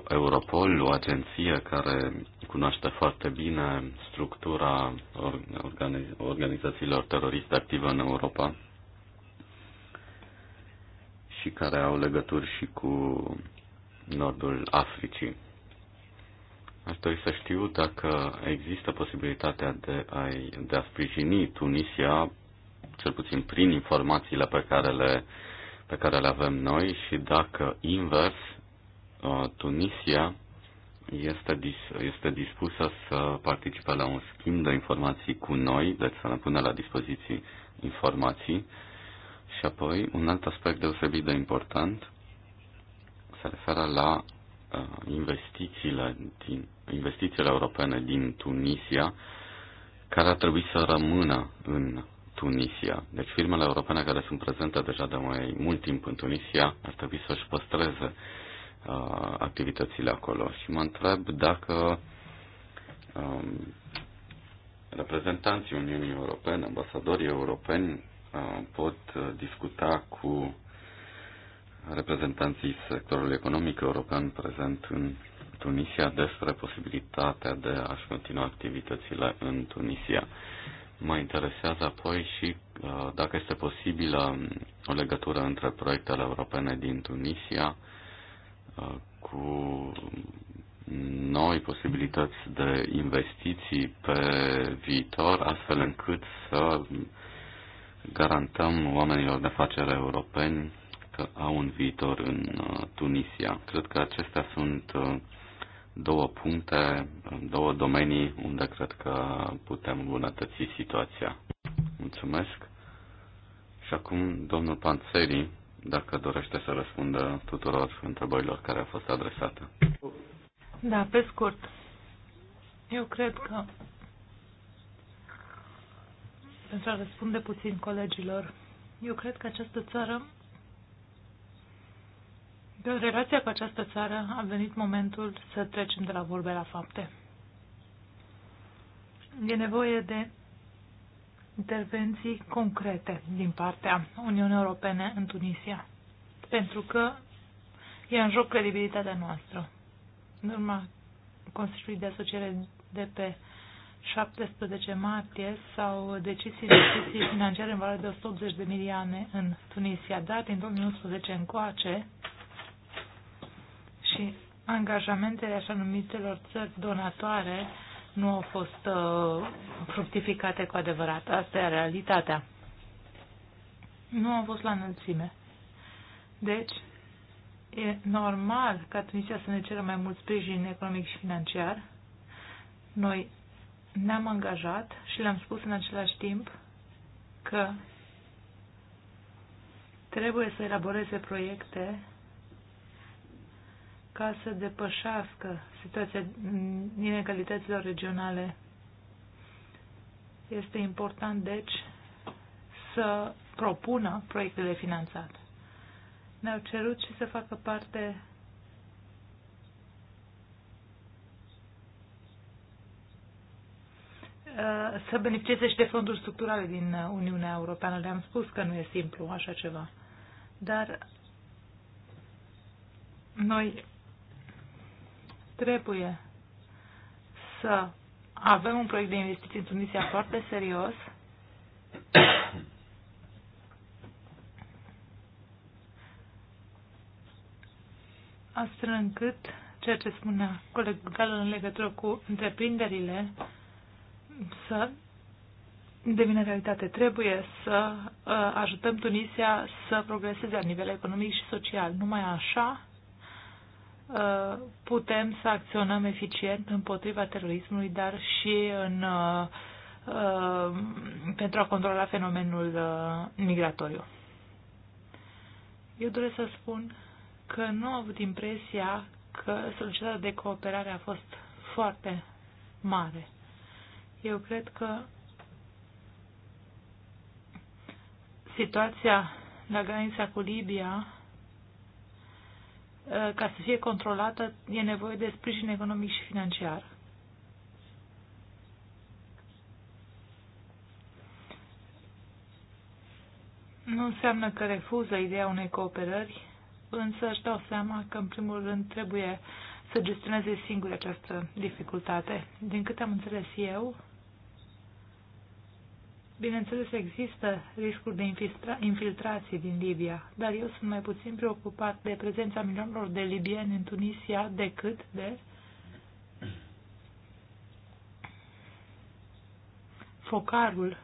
Europol, o agenție care cunoaște foarte bine structura organizațiilor teroriste active în Europa și care au legături și cu nordul Africii. Aș dori să știu dacă există posibilitatea de a, de a sprijini Tunisia, cel puțin prin informațiile pe care le, pe care le avem noi, și dacă invers, uh, Tunisia este, dis, este dispusă să participe la un schimb de informații cu noi, deci să ne pună la dispoziție informații. Și apoi, un alt aspect deosebit de important se referă la Uh, investițiile, din, investițiile europene din Tunisia, care ar trebui să rămână în Tunisia. Deci firmele europene care sunt prezente deja de mai mult timp în Tunisia ar trebui să-și păstreze uh, activitățile acolo. Și mă întreb dacă um, reprezentanții Uniunii Europene, ambasadorii europeni, uh, pot uh, discuta cu reprezentanții sectorului economic european prezent în Tunisia despre posibilitatea de a-și continua activitățile în Tunisia. Mă interesează apoi și uh, dacă este posibilă o legătură între proiectele europene din Tunisia uh, cu noi posibilități de investiții pe viitor, astfel încât să garantăm oamenilor de afaceri europeni că au un viitor în uh, Tunisia. Cred că acestea sunt uh, două puncte, uh, două domenii unde cred că putem îmbunătăți situația. Mulțumesc. Și acum domnul Panțeri, dacă dorește să răspundă tuturor întrebărilor care au fost adresate. Da, pe scurt. Eu cred că pentru a răspunde puțin colegilor, eu cred că această țară în relația cu această țară a venit momentul să trecem de la vorbe la fapte. E nevoie de intervenții concrete din partea Uniunii Europene în Tunisia, pentru că e în joc credibilitatea noastră. În urma Consiliului de Asociere de pe 17 martie s-au decis investiții financiare în valoare de 180 de milioane în Tunisia, dar din 2011 încoace și angajamentele așa numitelor țări donatoare nu au fost uh, fructificate cu adevărat. Asta e realitatea. Nu au fost la înălțime. Deci, e normal ca Tunisia să ne ceră mai mult sprijin economic și financiar. Noi ne-am angajat și le-am spus în același timp că trebuie să elaboreze proiecte ca să depășească situația inegalităților regionale. Este important, deci, să propună proiectele finanțate. Ne-au cerut și să facă parte să beneficieze și de fonduri structurale din Uniunea Europeană. Le-am spus că nu e simplu așa ceva. Dar noi Trebuie să avem un proiect de investiții în Tunisia foarte serios. astfel încât ceea ce spunea colegul Gală în legătură cu întreprinderile să devină realitate. Trebuie să uh, ajutăm Tunisia să progreseze la nivel economic și social. Numai așa Uh, putem să acționăm eficient împotriva terorismului, dar și în, uh, uh, pentru a controla fenomenul migratoriu. Eu doresc să spun că nu am avut impresia că solicitarea de cooperare a fost foarte mare. Eu cred că situația la granița cu Libia Uh, ca să fie controlată, e nevoie de sprijin economic și financiar. Nu înseamnă că refuză ideea unei cooperări, însă își dau seama că, în primul rând, trebuie să gestioneze singur această dificultate. Din câte am înțeles eu, Bineînțeles, există riscuri de infiltrație din Libia, dar eu sunt mai puțin preocupat de prezența milioanelor de libieni în Tunisia decât de focarul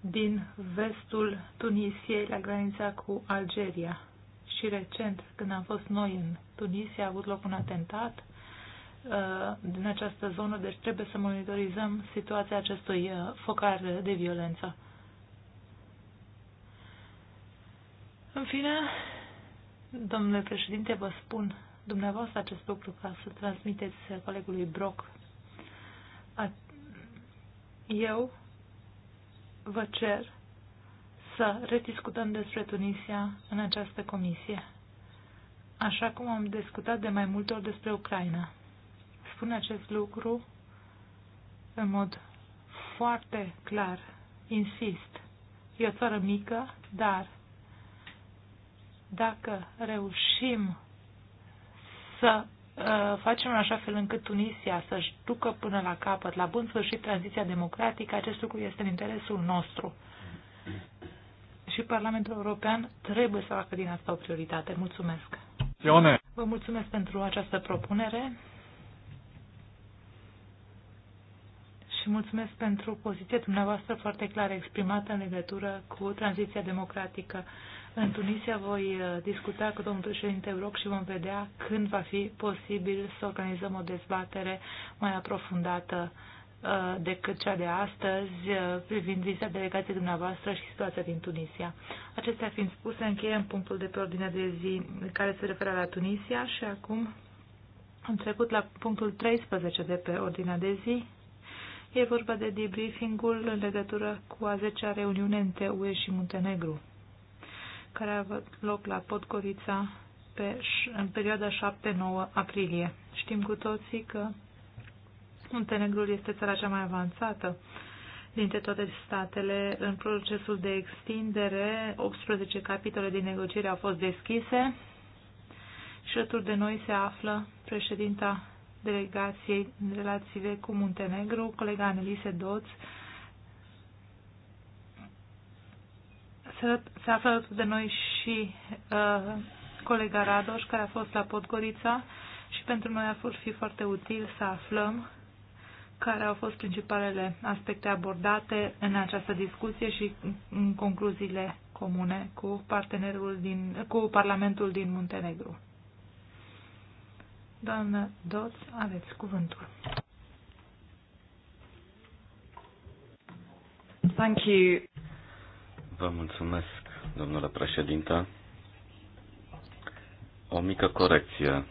din vestul Tunisiei la granița cu Algeria. Și recent, când am fost noi în Tunisia, a avut loc un atentat Uh, din această zonă, deci trebuie să monitorizăm situația acestui uh, focar de violență. În fine, domnule președinte, vă spun dumneavoastră acest lucru ca să transmiteți colegului Brock. Eu vă cer să rediscutăm despre Tunisia în această comisie, așa cum am discutat de mai multe ori despre Ucraina spun acest lucru în mod foarte clar. Insist. E o țară mică, dar dacă reușim să uh, facem în așa fel încât Tunisia să-și ducă până la capăt, la bun sfârșit, tranziția democratică, acest lucru este în interesul nostru. Și Parlamentul European trebuie să facă din asta o prioritate. Mulțumesc! Vă mulțumesc pentru această propunere. și mulțumesc pentru poziția dumneavoastră foarte clară exprimată în legătură cu tranziția democratică. În Tunisia voi uh, discuta cu domnul președinte Euroc și vom vedea când va fi posibil să organizăm o dezbatere mai aprofundată uh, decât cea de astăzi uh, privind vizita delegației dumneavoastră și situația din Tunisia. Acestea fiind spuse, încheiem punctul de pe ordinea de zi care se referă la Tunisia și acum am trecut la punctul 13 de pe ordinea de zi, E vorba de debriefingul în legătură cu a 10-a reuniune între UE și Muntenegru, care a avut loc la Podgorița pe, în perioada 7-9 aprilie. Știm cu toții că Muntenegrul este țara cea mai avansată dintre toate statele în procesul de extindere. 18 capitole din negociere au fost deschise și alături de noi se află președinta delegației în relațiile cu Muntenegru, colega Anelise Doț, se, află de noi și uh, colega Radoș, care a fost la Podgorița și pentru noi a fost fi foarte util să aflăm care au fost principalele aspecte abordate în această discuție și în concluziile comune cu, partenerul din, cu Parlamentul din Muntenegru. Doamnă Doț, aveți cuvântul. Thank you. Vă mulțumesc, domnule președinte. O mică corecție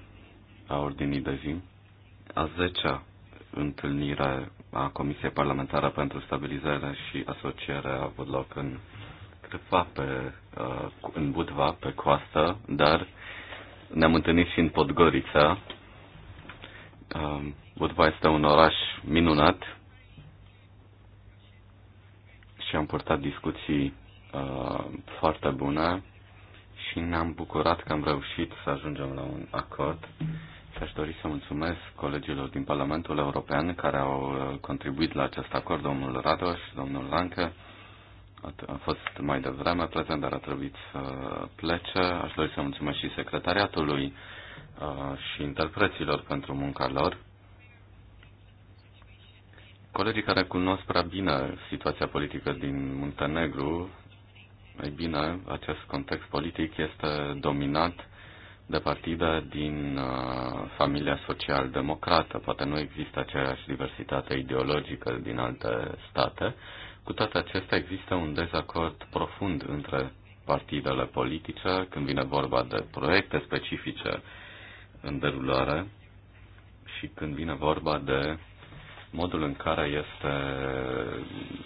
a ordinii de zi. A zecea întâlnire a Comisiei parlamentare pentru Stabilizare și Asociere a avut loc în Crefa, pe, uh, în Budva, pe coastă, dar ne-am întâlnit și în Podgorița, Um, Budva este un oraș minunat și am purtat discuții uh, foarte bune și ne-am bucurat că am reușit să ajungem la un acord și aș dori să mulțumesc colegilor din Parlamentul European care au uh, contribuit la acest acord, domnul Radoș, domnul Lancă. A fost mai devreme prezent, dar a trebuit să plece. Aș dori să mulțumesc și secretariatului și interpreților pentru munca lor. Colegii care cunosc prea bine situația politică din Muntenegru, mai bine, acest context politic este dominat de partide din uh, familia social-democrată. Poate nu există aceeași diversitate ideologică din alte state. Cu toate acestea, există un dezacord profund între partidele politice când vine vorba de proiecte specifice uh, în derulare și când vine vorba de modul în care este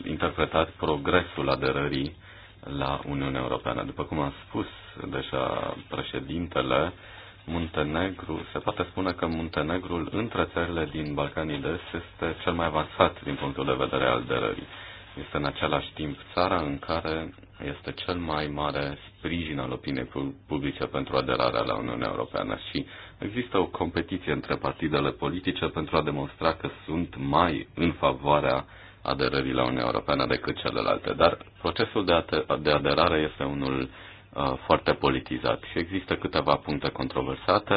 interpretat progresul aderării la Uniunea Europeană. După cum am spus deja președintele, Muntenegru, se poate spune că Muntenegrul între țările din Balcanii de Est este cel mai avansat din punctul de vedere al derării. Este în același timp țara în care este cel mai mare sprijin al opiniei publice pentru aderarea la Uniunea Europeană și Există o competiție între partidele politice pentru a demonstra că sunt mai în favoarea aderării la Uniunea Europeană decât celelalte, dar procesul de, de aderare este unul uh, foarte politizat și există câteva puncte controversate.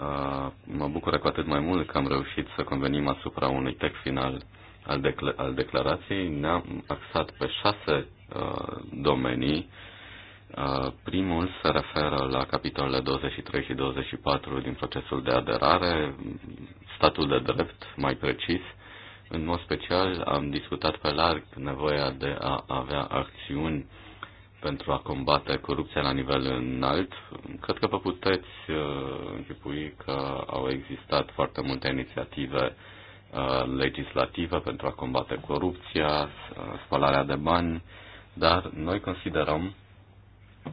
Uh, mă bucură cu atât mai mult că am reușit să convenim asupra unui text final al, decla- al declarației. Ne-am axat pe șase uh, domenii uh, Uh, primul se referă la capitolele 23 și 24 din procesul de aderare, statul de drept, mai precis. În mod special, am discutat pe larg nevoia de a avea acțiuni pentru a combate corupția la nivel înalt. Cred că vă puteți uh, închipui că au existat foarte multe inițiative uh, legislative pentru a combate corupția, spălarea de bani, dar noi considerăm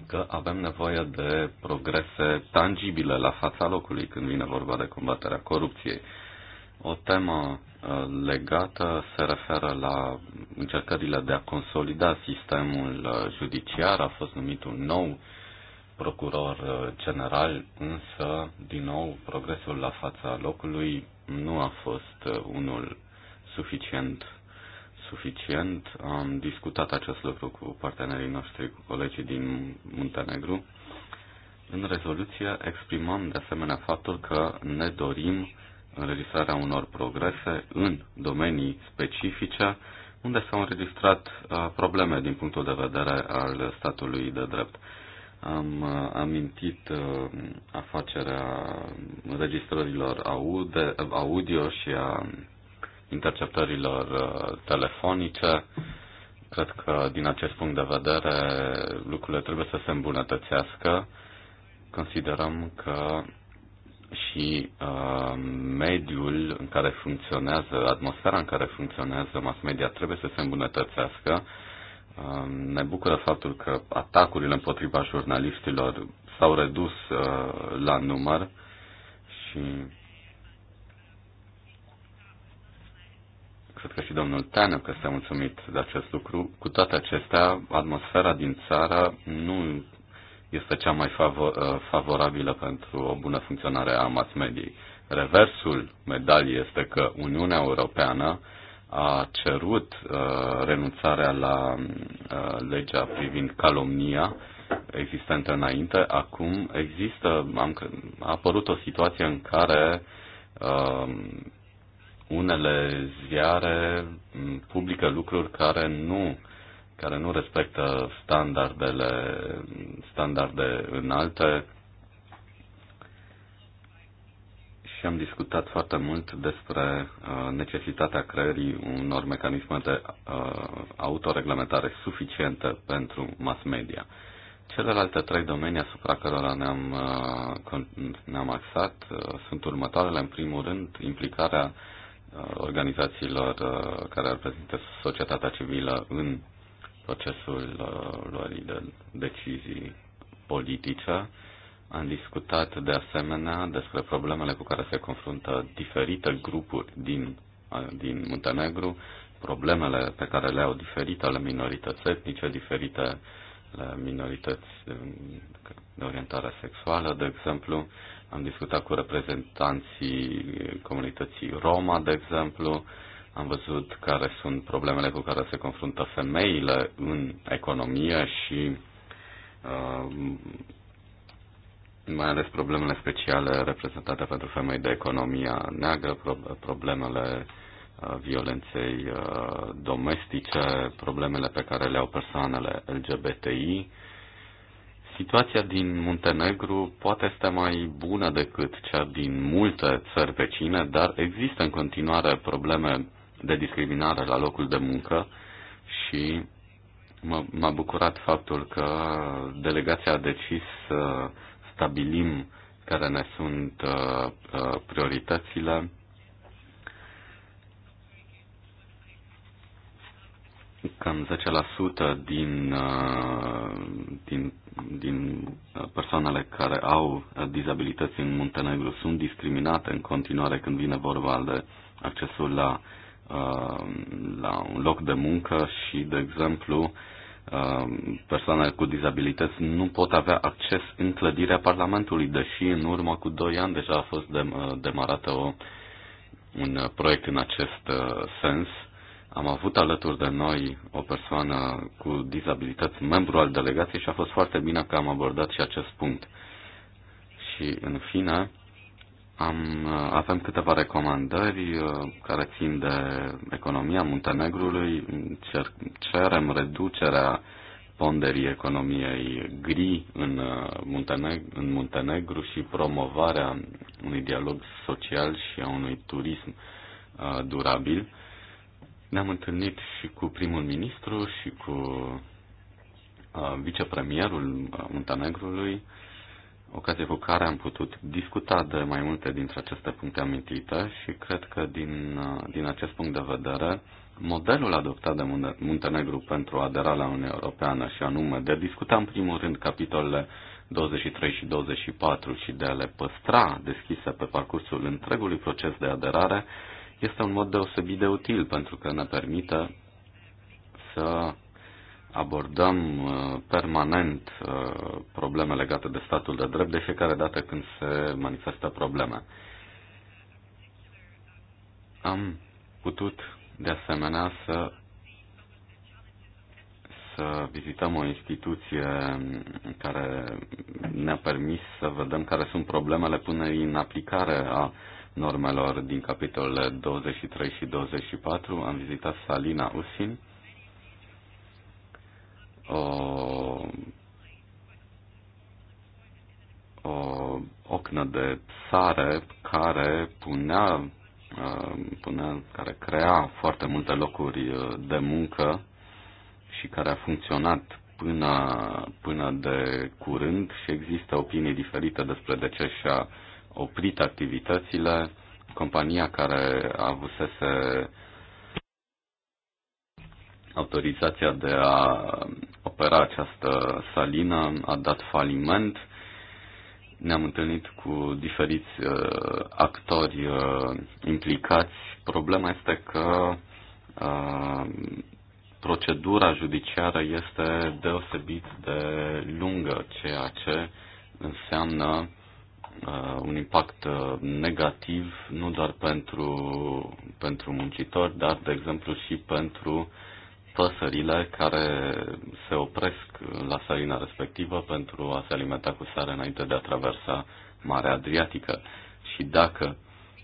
că avem nevoie de progrese tangibile la fața locului când vine vorba de combaterea corupției. O temă uh, legată se referă la încercările de a consolida sistemul uh, judiciar. A fost numit un nou procuror uh, general, însă, din nou, progresul la fața locului nu a fost unul suficient suficient. Am discutat acest lucru cu partenerii noștri, cu colegii din Muntenegru. În rezoluție exprimăm de asemenea faptul că ne dorim înregistrarea unor progrese în domenii specifice unde s-au înregistrat uh, probleme din punctul de vedere al statului de drept. Am uh, amintit uh, afacerea înregistrărilor audio și a interceptărilor uh, telefonice. Cred că din acest punct de vedere lucrurile trebuie să se îmbunătățească. Considerăm că și uh, mediul în care funcționează, atmosfera în care funcționează mass media trebuie să se îmbunătățească. Uh, ne bucură faptul că atacurile împotriva jurnalistilor s-au redus uh, la număr și cred că și domnul Teană că s-a mulțumit de acest lucru. Cu toate acestea, atmosfera din țară nu este cea mai favor- uh, favorabilă pentru o bună funcționare a mass mediei. Reversul medaliei este că Uniunea Europeană a cerut uh, renunțarea la uh, legea privind calomnia existentă înainte. Acum există, am, a apărut o situație în care uh, unele ziare publică lucruri care nu care nu respectă standardele standarde înalte și am discutat foarte mult despre uh, necesitatea creării unor mecanisme de uh, autoreglementare suficiente pentru mass media. Celelalte trei domenii asupra cărora ne-am, uh, ne-am axat uh, sunt următoarele. În primul rând, implicarea uh, Uh, organizațiilor uh, care reprezintă societatea civilă în procesul uh, lor de decizii politice. Am discutat de asemenea despre problemele cu care se confruntă diferite grupuri din, din Muntenegru, problemele pe care le au ale minorități etnice, diferite minorități um, de orientare sexuală, de exemplu, am discutat cu reprezentanții comunității Roma, de exemplu. Am văzut care sunt problemele cu care se confruntă femeile în economie și uh, mai ales problemele speciale reprezentate pentru femei de economia neagră, problemele uh, violenței uh, domestice, problemele pe care le au persoanele LGBTI Situația din Muntenegru poate este mai bună decât cea din multe țări vecine, dar există în continuare probleme de discriminare la locul de muncă și m-a bucurat faptul că delegația a decis să stabilim care ne sunt uh, uh, prioritățile cam 10% uh, din, din, din uh, persoanele care au uh, dizabilități în Muntenegru sunt discriminate în continuare când vine vorba de accesul la, la un loc de muncă și, de exemplu, persoanele cu dizabilități nu pot avea acces în clădirea Parlamentului, deși în urmă cu 2 ani deja a fost demarată o, un proiect în acest sens am avut alături de noi o persoană cu dizabilități, membru al delegației, și a fost foarte bine că am abordat și acest punct. Și, în fine, am, avem câteva recomandări uh, care țin de economia Muntenegrului. Cer, cerem reducerea ponderii economiei gri în, uh, Munteneg- în Muntenegru și promovarea unui dialog social și a unui turism uh, durabil. Ne-am întâlnit și cu primul ministru și cu uh, vicepremierul uh, Muntanegrului, ocazie cu care am putut discuta de mai multe dintre aceste puncte amintite și cred că din, uh, din acest punct de vedere modelul adoptat de Muntenegru pentru a adera la Uniunea Europeană și anume de a discuta în primul rând capitolele 23 și 24 și de a le păstra deschise pe parcursul întregului proces de aderare este un mod deosebit de util pentru că ne permite să abordăm uh, permanent uh, probleme legate de statul de drept de fiecare dată când se manifestă probleme. Am putut de asemenea să să vizităm o instituție care ne-a permis să vedem care sunt problemele punerii în aplicare a normelor din capitolele 23 și 24. Am vizitat Salina Usin, o, o ocnă de sare care punea, uh, punea, care crea foarte multe locuri uh, de muncă și care a funcționat până, până de curând și există opinii diferite despre de ce și-a oprit activitățile. Compania care avusese autorizația de a opera această salină a dat faliment. Ne-am întâlnit cu diferiți uh, actori uh, implicați. Problema este că uh, procedura judiciară este deosebit de lungă, ceea ce înseamnă Uh, un impact uh, negativ nu doar pentru, pentru muncitori, dar, de exemplu, și pentru păsările care se opresc la salina respectivă pentru a se alimenta cu sare înainte de a traversa Marea Adriatică. Și dacă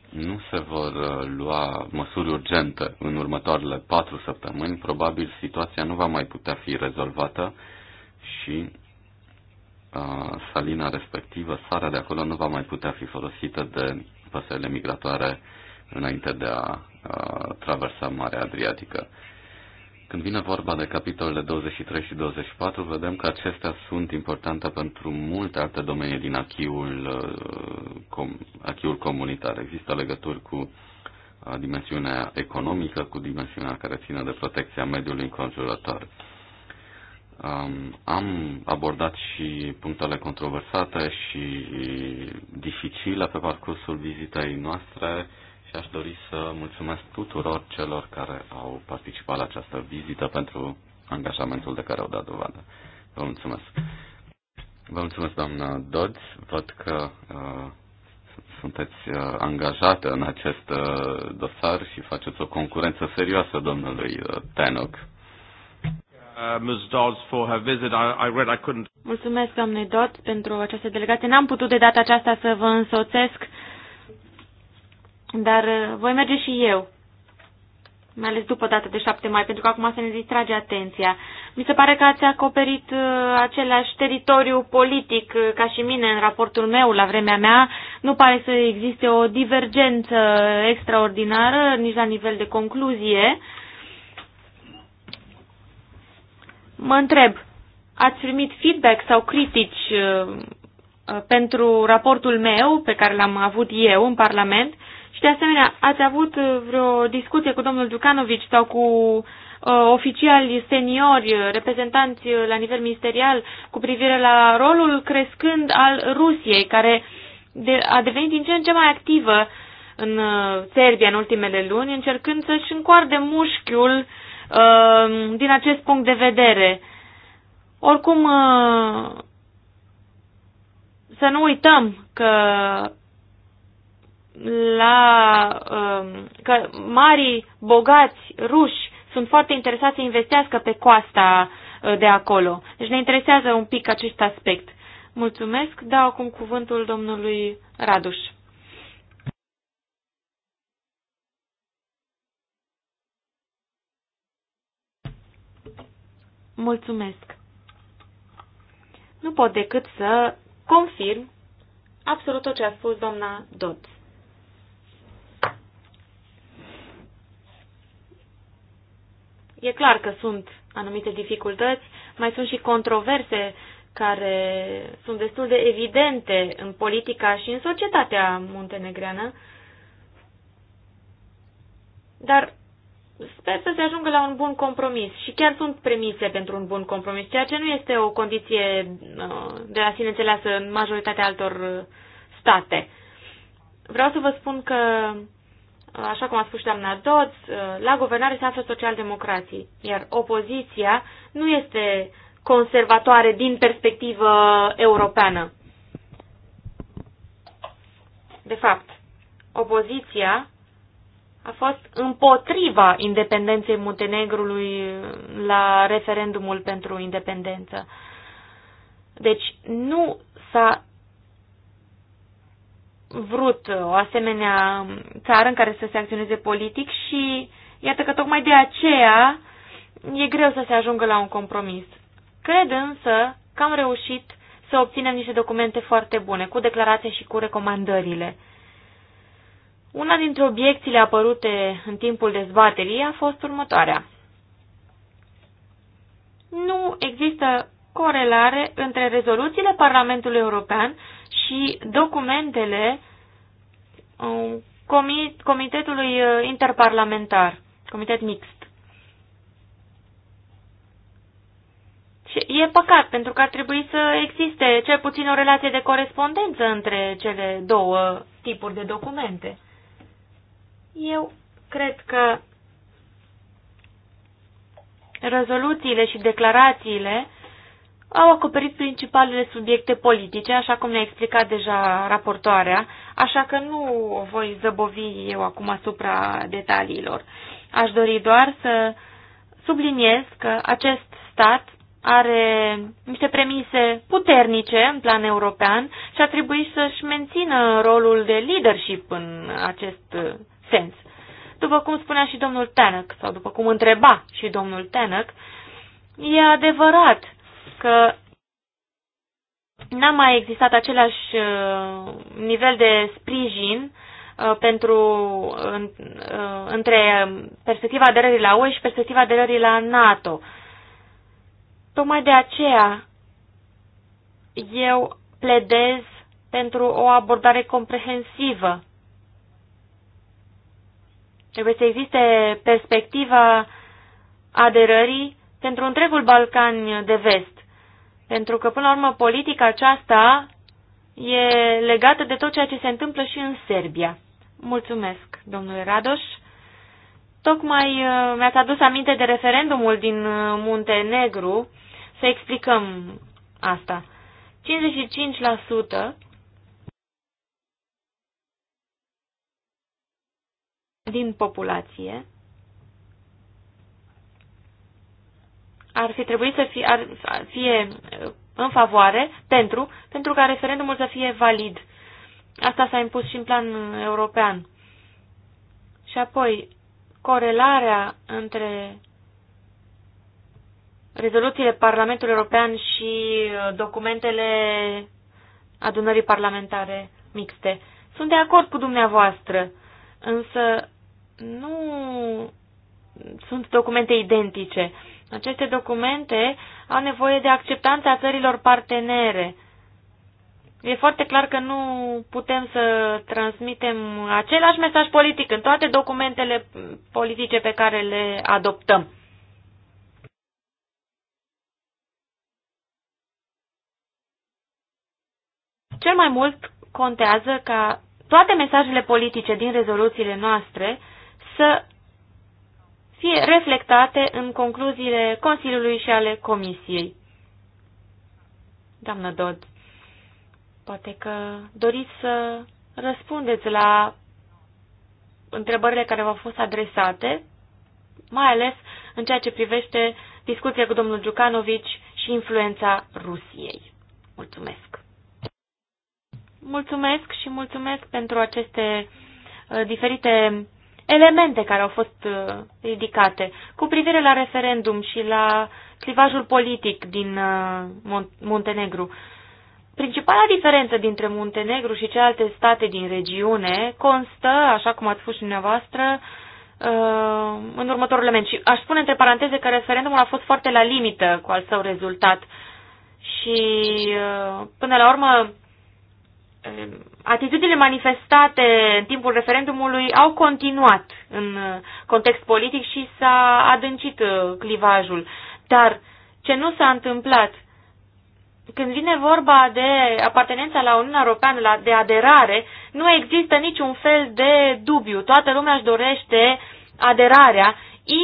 nu se vor uh, lua măsuri urgente în următoarele patru săptămâni, probabil situația nu va mai putea fi rezolvată și salina respectivă, sarea de acolo nu va mai putea fi folosită de păsările migratoare înainte de a, a traversa Marea Adriatică. Când vine vorba de capitolele 23 și 24, vedem că acestea sunt importante pentru multe alte domenii din achiul, com, achiul comunitar. Există legături cu dimensiunea economică, cu dimensiunea care ține de protecția mediului înconjurător am abordat și punctele controversate și dificile pe parcursul vizitei noastre și aș dori să mulțumesc tuturor celor care au participat la această vizită pentru angajamentul de care au dat dovadă. Vă mulțumesc. Vă mulțumesc, doamnă Dodds. Văd că uh, sunteți uh, angajată în acest uh, dosar și faceți o concurență serioasă domnului uh, Tenoc. Uh, Ms. Dodds for her visit. I, I read I couldn't. Mulțumesc, doamne Dodds, pentru această delegație. N-am putut de data aceasta să vă însoțesc, dar uh, voi merge și eu, mai ales după data de 7 mai, pentru că acum se ne distrage atenția. Mi se pare că ați acoperit uh, același teritoriu politic ca și mine în raportul meu la vremea mea. Nu pare să existe o divergență extraordinară, nici la nivel de concluzie. Mă întreb, ați primit feedback sau critici uh, uh, pentru raportul meu pe care l-am avut eu în Parlament și de asemenea ați avut uh, vreo discuție cu domnul Dukanovic sau cu oficiali seniori, reprezentanți la nivel ministerial cu privire la rolul crescând al Rusiei care a devenit din ce în ce mai activă în Serbia în ultimele luni, încercând să-și încoarde mușchiul uh, Ehm, din acest punct de vedere. Oricum, eh, să nu uităm că la ehm, că marii bogați ruși sunt foarte interesați să investească pe coasta eh, de acolo. Deci ne interesează un pic acest aspect. Mulțumesc. Dau acum cuvântul domnului Raduș. Mulțumesc. Nu pot decât să confirm absolut tot ce a spus doamna Dodds. E clar că sunt anumite dificultăți, mai sunt și controverse care sunt destul de evidente în politica și în societatea muntenegreană, dar Sper să se ajungă la un bun compromis și chiar sunt premise pentru un bun compromis, ceea ce nu este o condiție uh, de la sine înțeleasă în majoritatea altor uh, state. Vreau să vă spun că, uh, așa cum a spus și doamna Dodds, la guvernare se află social-democrații, iar opoziția nu este conservatoare din perspectivă europeană. De fapt, opoziția a fost împotriva independenței Muntenegrului la referendumul pentru independență. Deci nu s-a vrut o asemenea țară în care să se acționeze politic și iată că tocmai de aceea e greu să se ajungă la un compromis. Cred însă că am reușit să obținem niște documente foarte bune, cu declarații și cu recomandările. Una dintre obiecțiile apărute în timpul dezbaterii a fost următoarea. Nu există corelare între rezoluțiile Parlamentului European și documentele uh, Comitetului uh, Interparlamentar, Comitet Mixt. Și e păcat, pentru că ar trebui să existe cel puțin o relație de corespondență între cele două tipuri de documente. Eu cred că rezoluțiile și declarațiile au acoperit principalele subiecte politice, așa cum ne-a explicat deja raportoarea, așa că nu voi zăbovi eu acum asupra detaliilor. Aș dori doar să subliniez că acest stat are niște premise puternice în plan european și a trebuit să-și mențină rolul de leadership în acest sens. După cum spunea și domnul Tenek sau după cum întreba și domnul Tenek, e adevărat că n-a mai existat același uh, nivel de sprijin uh, pentru uh, între perspectiva aderării la UE și perspectiva aderării la NATO. Tocmai de aceea eu pledez pentru o abordare comprehensivă Trebuie să existe perspectiva aderării pentru întregul Balcan de vest. Pentru că, până la urmă, politica aceasta e legată de tot ceea ce se întâmplă și în Serbia. Mulțumesc, domnule Radoș. Tocmai uh, mi-ați adus aminte de referendumul din uh, Muntenegru. Să explicăm asta. 55% din populație ar fi trebuit să fie, ar, fie uh, în favoare pentru, pentru ca referendumul să fie valid. Asta s-a impus și în plan uh, european. Și apoi, corelarea între rezoluțiile Parlamentului European și uh, documentele adunării parlamentare mixte. Sunt de acord cu dumneavoastră, însă nu sunt documente identice. Aceste documente au nevoie de acceptanța țărilor partenere. E foarte clar că nu putem să transmitem același mesaj politic în toate documentele politice pe care le adoptăm. Cel mai mult contează ca toate mesajele politice din rezoluțiile noastre să fie reflectate în concluziile Consiliului și ale Comisiei. Doamnă Dod, poate că doriți să răspundeți la întrebările care v-au fost adresate, mai ales în ceea ce privește discuția cu domnul Giucanovici și influența Rusiei. Mulțumesc! Mulțumesc și mulțumesc pentru aceste uh, diferite elemente care au fost uh, ridicate cu privire la referendum și la clivajul politic din uh, Muntenegru. Principala diferență dintre Muntenegru și celelalte state din regiune constă, așa cum ați spus și dumneavoastră, uh, în următorul element. Și aș spune între paranteze că referendumul a fost foarte la limită cu al său rezultat. Și până la urmă Atitudinile manifestate în timpul referendumului au continuat în uh, context politic și s-a adâncit uh, clivajul. Dar ce nu s-a întâmplat când vine vorba de apartenența la Uniunea Europeană, la, de aderare, nu există niciun fel de dubiu. Toată lumea își dorește aderarea,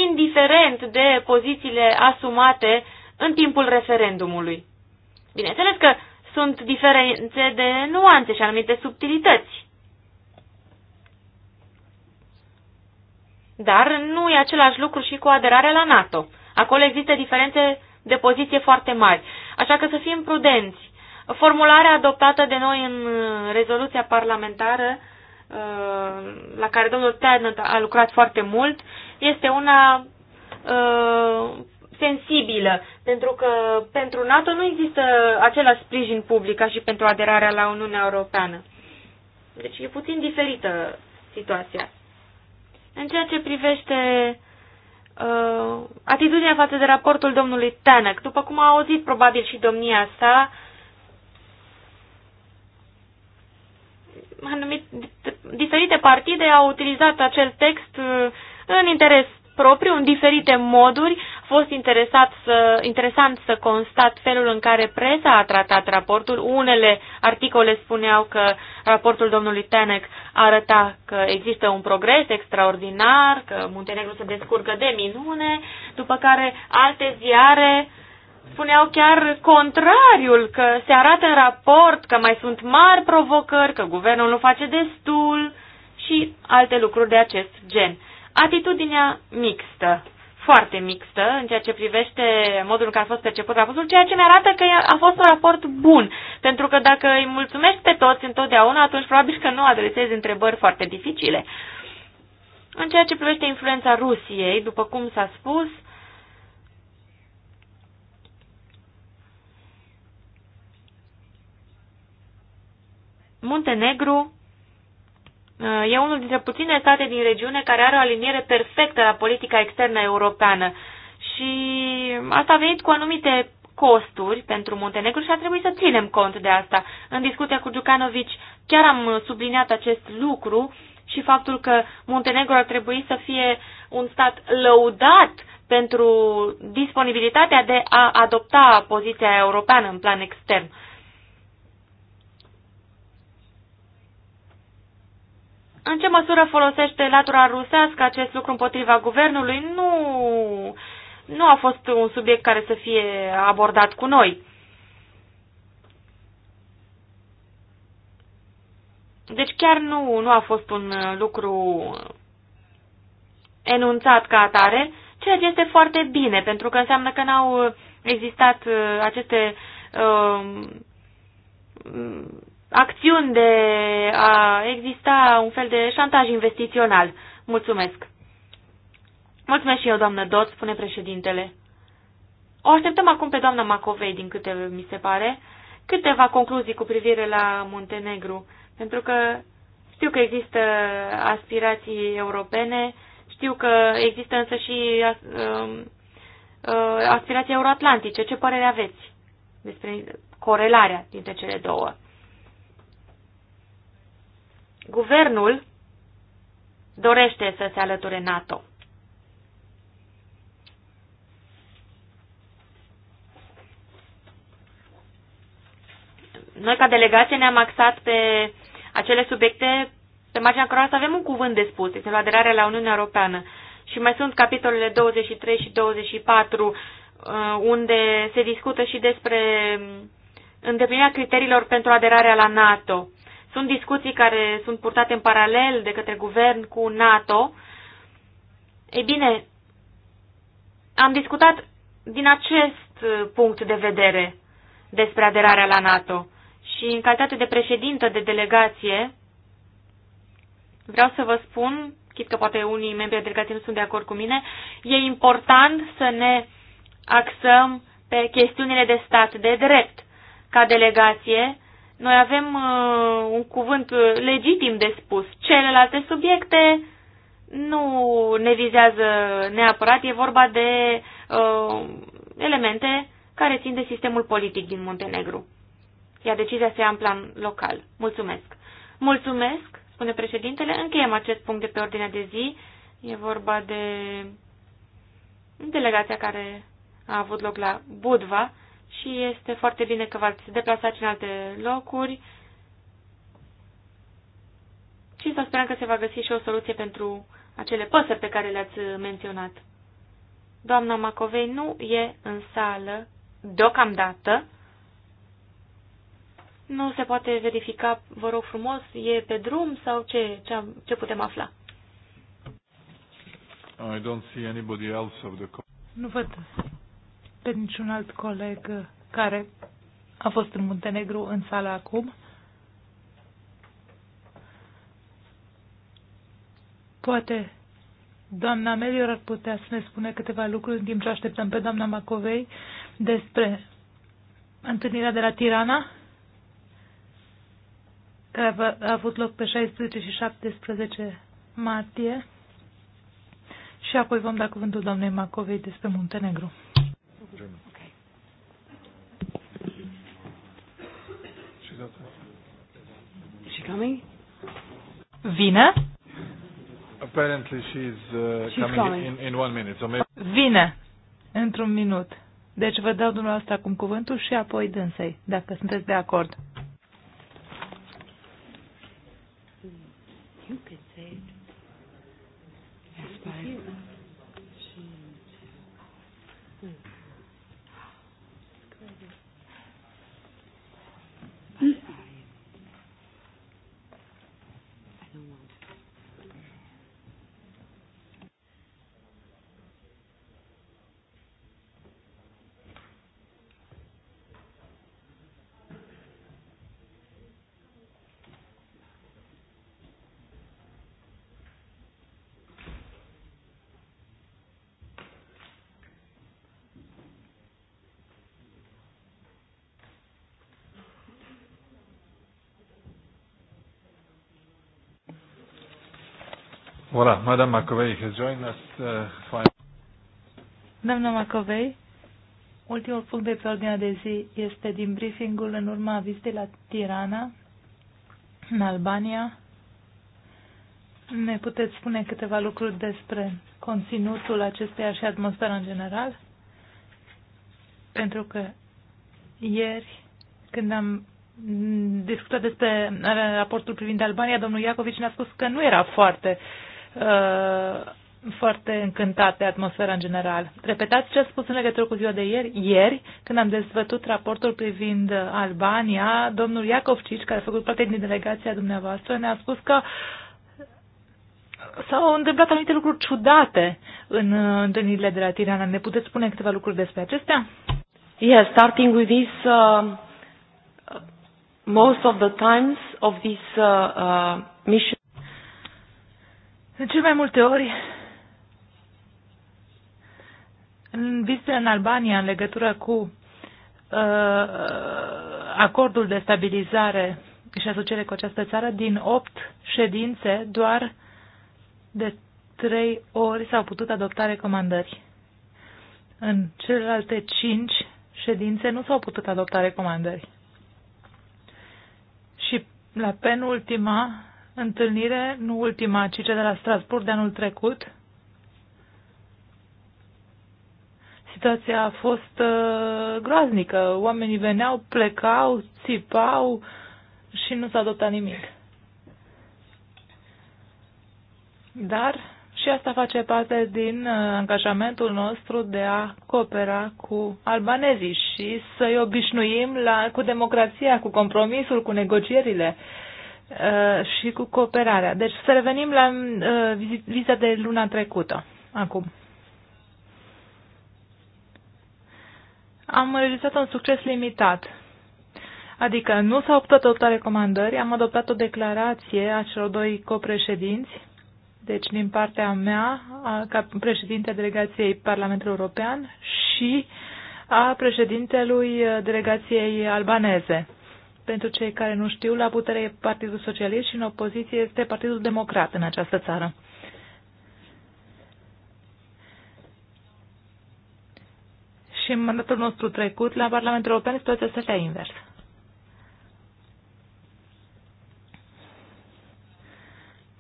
indiferent de pozițiile asumate în timpul referendumului. Bineînțeles că sunt diferențe de nuanțe și anumite subtilități. Dar nu e același lucru și cu aderarea la NATO. Acolo există diferențe de poziție foarte mari. Așa că să fim prudenți. Formularea adoptată de noi în uh, rezoluția parlamentară, uh, la care domnul Ternă a lucrat foarte mult, este una uh, sensibilă, pentru că pentru NATO nu există același sprijin public ca și pentru aderarea la Uniunea Europeană. Deci e puțin diferită situația. În ceea ce privește uh, atitudinea față de raportul domnului Tanak, după cum a auzit probabil și domnia sa, anumit, diferite partide au utilizat acel text uh, în interes propriu, în diferite moduri. A fost interesat să, interesant să constat felul în care presa a tratat raportul. Unele articole spuneau că raportul domnului Tenec arăta că există un progres extraordinar, că Muntenegru se descurcă de minune, după care alte ziare spuneau chiar contrariul, că se arată în raport că mai sunt mari provocări, că guvernul nu face destul și alte lucruri de acest gen. Atitudinea mixtă, foarte mixtă în ceea ce privește modul în care a fost perceput raportul, ceea ce ne arată că a fost un raport bun. Pentru că dacă îi mulțumești pe toți întotdeauna, atunci probabil că nu adresezi întrebări foarte dificile. În ceea ce privește influența Rusiei, după cum s-a spus, Muntenegru Uh, e unul dintre puține state din regiune care are o aliniere perfectă la politica externă europeană și asta a venit cu anumite costuri pentru Muntenegru și a trebuit să ținem cont de asta. În discuția cu Djukanovic chiar am subliniat acest lucru și faptul că Muntenegru ar trebui să fie un stat lăudat pentru disponibilitatea de a adopta poziția europeană în plan extern. În ce măsură folosește latura rusească acest lucru împotriva guvernului? Nu, nu a fost un subiect care să fie abordat cu noi. Deci chiar nu, nu a fost un uh, lucru enunțat ca atare, ceea ce este foarte bine, pentru că înseamnă că n-au uh, existat uh, aceste uh, acțiuni de a exista un fel de șantaj investițional. Mulțumesc. Mulțumesc și eu, doamnă Dot, spune președintele. O așteptăm acum pe doamna Macovei, din câte mi se pare, câteva concluzii cu privire la Muntenegru, pentru că știu că există aspirații europene, știu că există însă și um, uh, aspirații euroatlantice. Ce părere aveți despre corelarea dintre cele două? Guvernul dorește să se alăture NATO. Noi, ca delegație, ne-am axat pe acele subiecte pe marginea cărora să avem un cuvânt de spus, este aderarea la Uniunea Europeană. Și mai sunt capitolele 23 și 24, uh, unde se discută și despre um, îndeplinirea criteriilor pentru aderarea la NATO. Sunt discuții care sunt purtate în paralel de către guvern cu NATO. Ei bine, am discutat din acest uh, punct de vedere despre aderarea la NATO și în calitate de președintă de delegație vreau să vă spun, chit că poate unii membri ai delegației nu sunt de acord cu mine, e important să ne axăm pe chestiunile de stat de drept. Ca delegație noi avem uh, un cuvânt uh, legitim de spus. Celelalte subiecte nu ne vizează neapărat, e vorba de uh, elemente care țin de sistemul politic din Muntenegru. Iar decizia se ia în plan local. Mulțumesc. Mulțumesc, spune președintele. Încheiem acest punct de pe ordinea de zi. E vorba de delegația care a avut loc la Budva și este foarte bine că v-ați deplasat în alte locuri și să sperăm că se va găsi și o soluție pentru acele păsări pe care le-ați menționat. Doamna Macovei nu e în sală deocamdată. Nu se poate verifica, vă rog frumos, e pe drum sau ce, ce, ce putem afla? I don't see anybody else of the... Nu văd pe niciun alt coleg care a fost în Muntenegru în sală acum. Poate doamna Melior ar putea să ne spune câteva lucruri în timp ce așteptăm pe doamna Macovei despre întâlnirea de la Tirana, care a avut loc pe 16 și 17 martie. Și apoi vom da cuvântul doamnei Macovei despre Muntenegru. she coming? Vine. Apparently she's, uh, she's coming, coming. In, in one minute. So maybe... Vine într-un minut. Deci vă dau dumneavoastră acum cuvântul și apoi dânsei, dacă sunteți de acord. You can Voilà, Madame McAvey has joined us. Uh, fine. Doamna McAvey, ultimul punct de pe ordinea de zi este din briefingul în urma vizitei la Tirana, în Albania. Ne puteți spune câteva lucruri despre conținutul acesteia și atmosfera în general? Pentru că ieri, când am discutat despre raportul privind Albania, domnul Iacovici ne-a spus că nu era foarte uh, Uh, foarte încântat de atmosfera în general. Repetați ce a spus în legătură cu ziua de ieri. Ieri, când am dezvătut raportul privind Albania, domnul Cici, care a făcut parte din delegația dumneavoastră, ne-a spus că s-au întâmplat anumite lucruri ciudate în uh, întâlnirile de la Tirana. Ne puteți spune câteva lucruri despre acestea? Yes, starting with this, uh, uh, most of the times of this uh, uh, mission de cel mai multe ori, în vizitele în Albania în legătură cu uh, acordul de stabilizare și asociere cu această țară, din opt ședințe, doar de trei ori s-au putut adopta recomandări. În celelalte cinci ședințe nu s-au putut adopta recomandări. Și la penultima întâlnire, nu ultima, ci cea de la Strasburg de anul trecut. Situația a fost uh, groaznică. Oamenii veneau, plecau, țipau și nu s-a adoptat nimic. Dar și asta face parte din uh, angajamentul nostru de a coopera cu albanezii și să-i obișnuim la, cu democrația, cu compromisul, cu negocierile. Uh, și cu cooperarea. Deci să revenim la uh, vizita de luna trecută, acum. Am realizat un succes limitat. Adică nu s-au optat toate recomandări, am adoptat o declarație a celor doi copreședinți, deci din partea mea, ca președinte a delegației Parlamentului European și a președintelui uh, delegației albaneze pentru cei care nu știu, la putere e Partidul Socialist și în opoziție este Partidul Democrat în această țară. Și în mandatul nostru trecut, la Parlamentul European, situația stătea invers.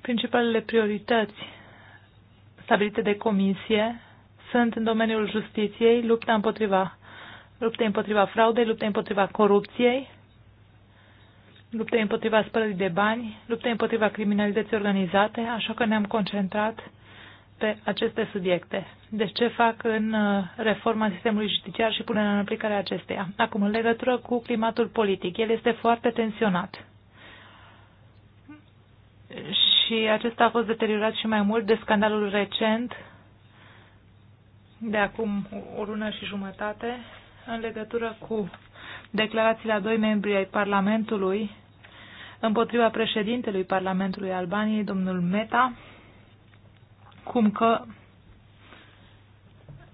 Principalele priorități stabilite de comisie sunt în domeniul justiției, lupta împotriva lupta împotriva fraudei, lupta împotriva corupției, Luptă împotriva spălării de bani, luptă împotriva criminalității organizate, așa că ne-am concentrat pe aceste subiecte. Deci ce fac în uh, reforma sistemului judiciar și punerea în aplicare acesteia. Acum, în legătură cu climatul politic, el este foarte tensionat. Și acesta a fost deteriorat și mai mult de scandalul recent, de acum o lună și jumătate, în legătură cu declarațiile a doi membri ai Parlamentului împotriva președintelui Parlamentului Albaniei, domnul Meta, cum că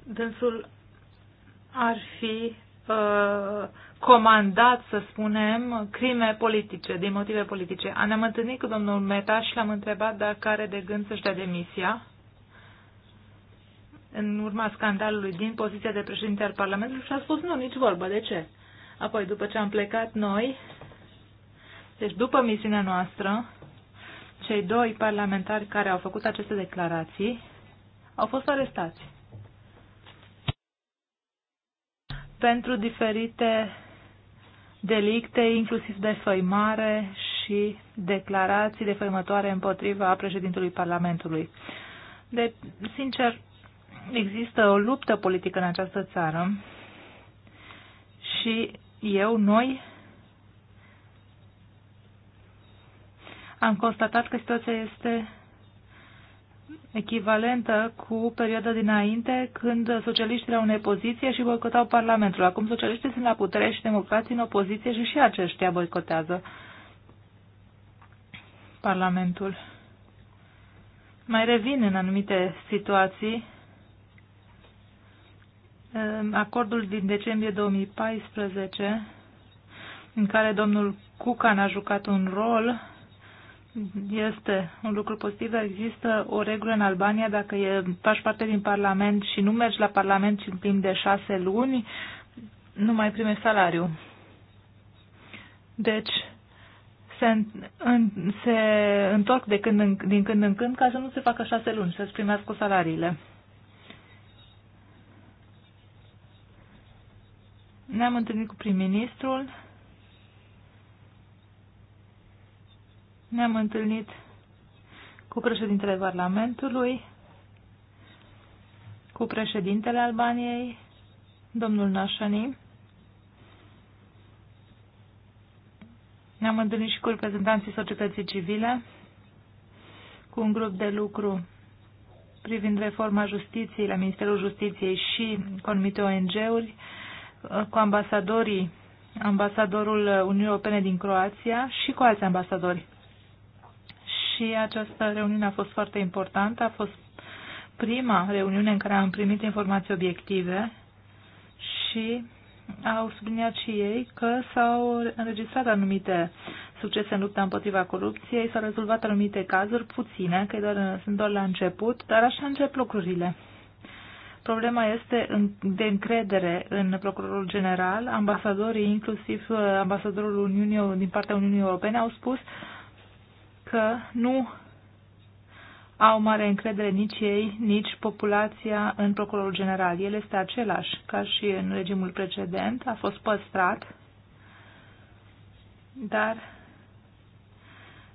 dânsul ar fi uh, comandat, să spunem, crime politice, din motive politice. Ne-am întâlnit cu domnul Meta și l-am întrebat dacă are de gând să-și dea demisia în urma scandalului din poziția de președinte al Parlamentului și a spus nu, nici vorba, de ce? Apoi, după ce am plecat noi, deci, după misiunea noastră, cei doi parlamentari care au făcut aceste declarații au fost arestați pentru diferite delicte, inclusiv de făimare și declarații de făimătoare împotriva președintului Parlamentului. De, deci, sincer, există o luptă politică în această țară și eu, noi, am constatat că situația este echivalentă cu perioada dinainte când socialiștii erau în opoziție și boicotau Parlamentul. Acum socialiștii sunt la putere și democrații în opoziție și și aceștia boicotează Parlamentul. Mai revin în anumite situații. Acordul din decembrie 2014 în care domnul Cucan a jucat un rol este un lucru pozitiv, dar există o regulă în Albania, dacă e, faci parte din Parlament și nu mergi la Parlament în timp de șase luni, nu mai primești salariu. Deci, se, în, se întorc de când în, din când în când ca să nu se facă șase luni, să-ți primească salariile. Ne-am întâlnit cu prim-ministrul Ne-am întâlnit cu președintele Parlamentului, cu președintele Albaniei, domnul Nașani. Ne-am întâlnit și cu reprezentanții societății civile, cu un grup de lucru privind reforma justiției la Ministerul Justiției și cu anumite ONG-uri, cu ambasadorii, ambasadorul Uniunii Europene din Croația și cu alți ambasadori și această reuniune a fost foarte importantă. A fost prima reuniune în care am primit informații obiective și au subliniat și ei că s-au înregistrat anumite succese în lupta împotriva corupției, s-au rezolvat anumite cazuri, puține, că doar, sunt doar la început, dar așa încep lucrurile. Problema este de încredere în procurorul general. Ambasadorii, inclusiv uh, ambasadorul Uniunii, din partea Uniunii Europene, au spus că nu au mare încredere nici ei, nici populația în procurorul general. El este același ca și în regimul precedent, a fost păstrat, dar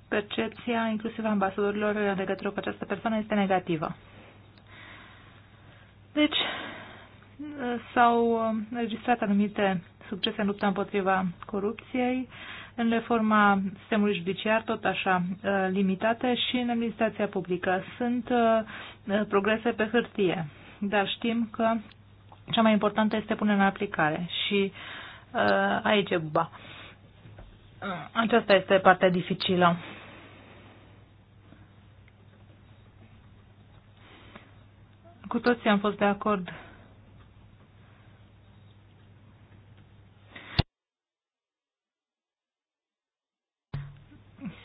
percepția, inclusiv a ambasadorilor în legătură cu această persoană, este negativă. Deci, s-au uh, înregistrat anumite succese în lupta împotriva corupției, în reforma sistemului judiciar, tot așa uh, limitate, și în administrația publică. Sunt uh, uh, progrese pe hârtie, dar știm că cea mai importantă este punerea în aplicare și aici e buba. Aceasta este partea dificilă. Cu toții am fost de acord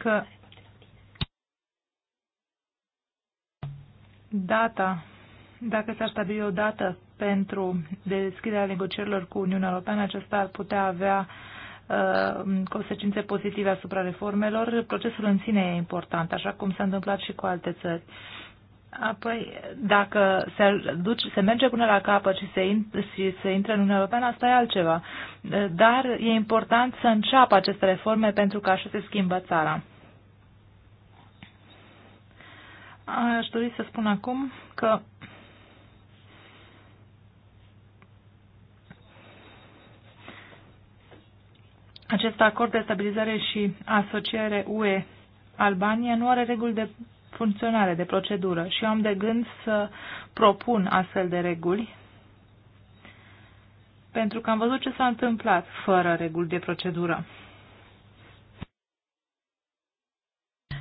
că data, dacă s-ar stabili o dată pentru deschiderea negocierilor cu Uniunea Europeană, acesta ar putea avea uh, consecințe pozitive asupra reformelor. Procesul în sine e important, așa cum s-a întâmplat și cu alte țări. Apoi, dacă se, duce, se merge până la capăt și se, in, și se intră în Uniunea Europeană, asta e altceva. Dar e important să înceapă aceste reforme pentru că așa se schimbă țara. Aș dori să spun acum că acest acord de stabilizare și asociere UE Albania nu are reguli de funcționare, de procedură și am de gând să propun astfel de reguli pentru că am văzut ce s-a întâmplat fără reguli de procedură.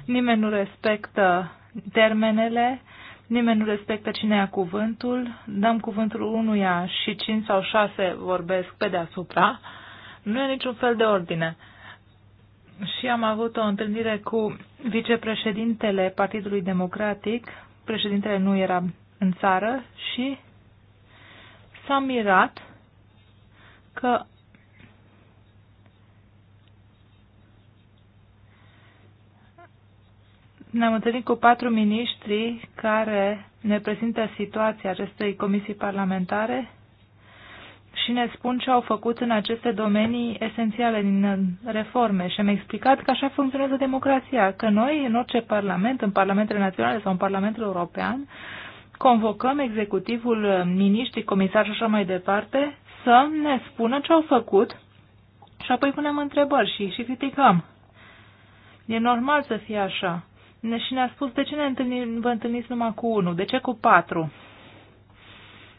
Nimeni nu respectă termenele, nimeni nu respectă cine ia cuvântul, dăm cuvântul unuia și cinci sau șase vorbesc pe deasupra, nu e niciun fel de ordine. Și am avut o întâlnire cu vicepreședintele Partidului Democratic, președintele nu era în țară și s-a mirat că ne-am întâlnit cu patru miniștri care ne prezintă situația acestei comisii parlamentare și ne spun ce au făcut în aceste domenii esențiale din reforme și am explicat că așa funcționează democrația, că noi în orice parlament, în parlamentele naționale sau în parlamentul european, convocăm executivul, miniștri, comisar și așa mai departe să ne spună ce au făcut și apoi punem întrebări și, și criticăm. E normal să fie așa ne, și ne-a spus de ce ne întâlnim, vă întâlniți numai cu unul, de ce cu patru.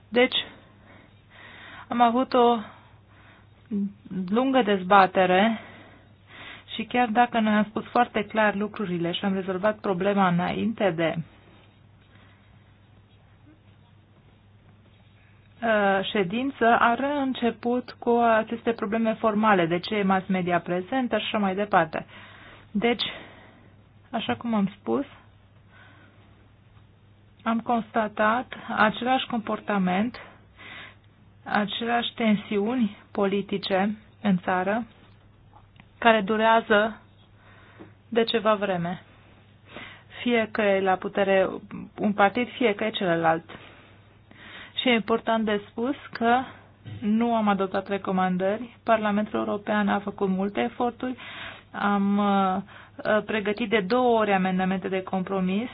Deci, am avut o lungă dezbatere și chiar dacă noi am spus foarte clar lucrurile și am rezolvat problema înainte de uh, ședință a început cu aceste probleme formale, de ce e mass media prezentă și așa mai departe. Deci, Așa cum am spus, am constatat același comportament, aceleași tensiuni politice în țară, care durează de ceva vreme. Fie că e la putere un partid, fie că e celălalt. Și e important de spus că nu am adoptat recomandări. Parlamentul European a făcut multe eforturi, am uh, uh, pregătit de două ori amendamente de compromis.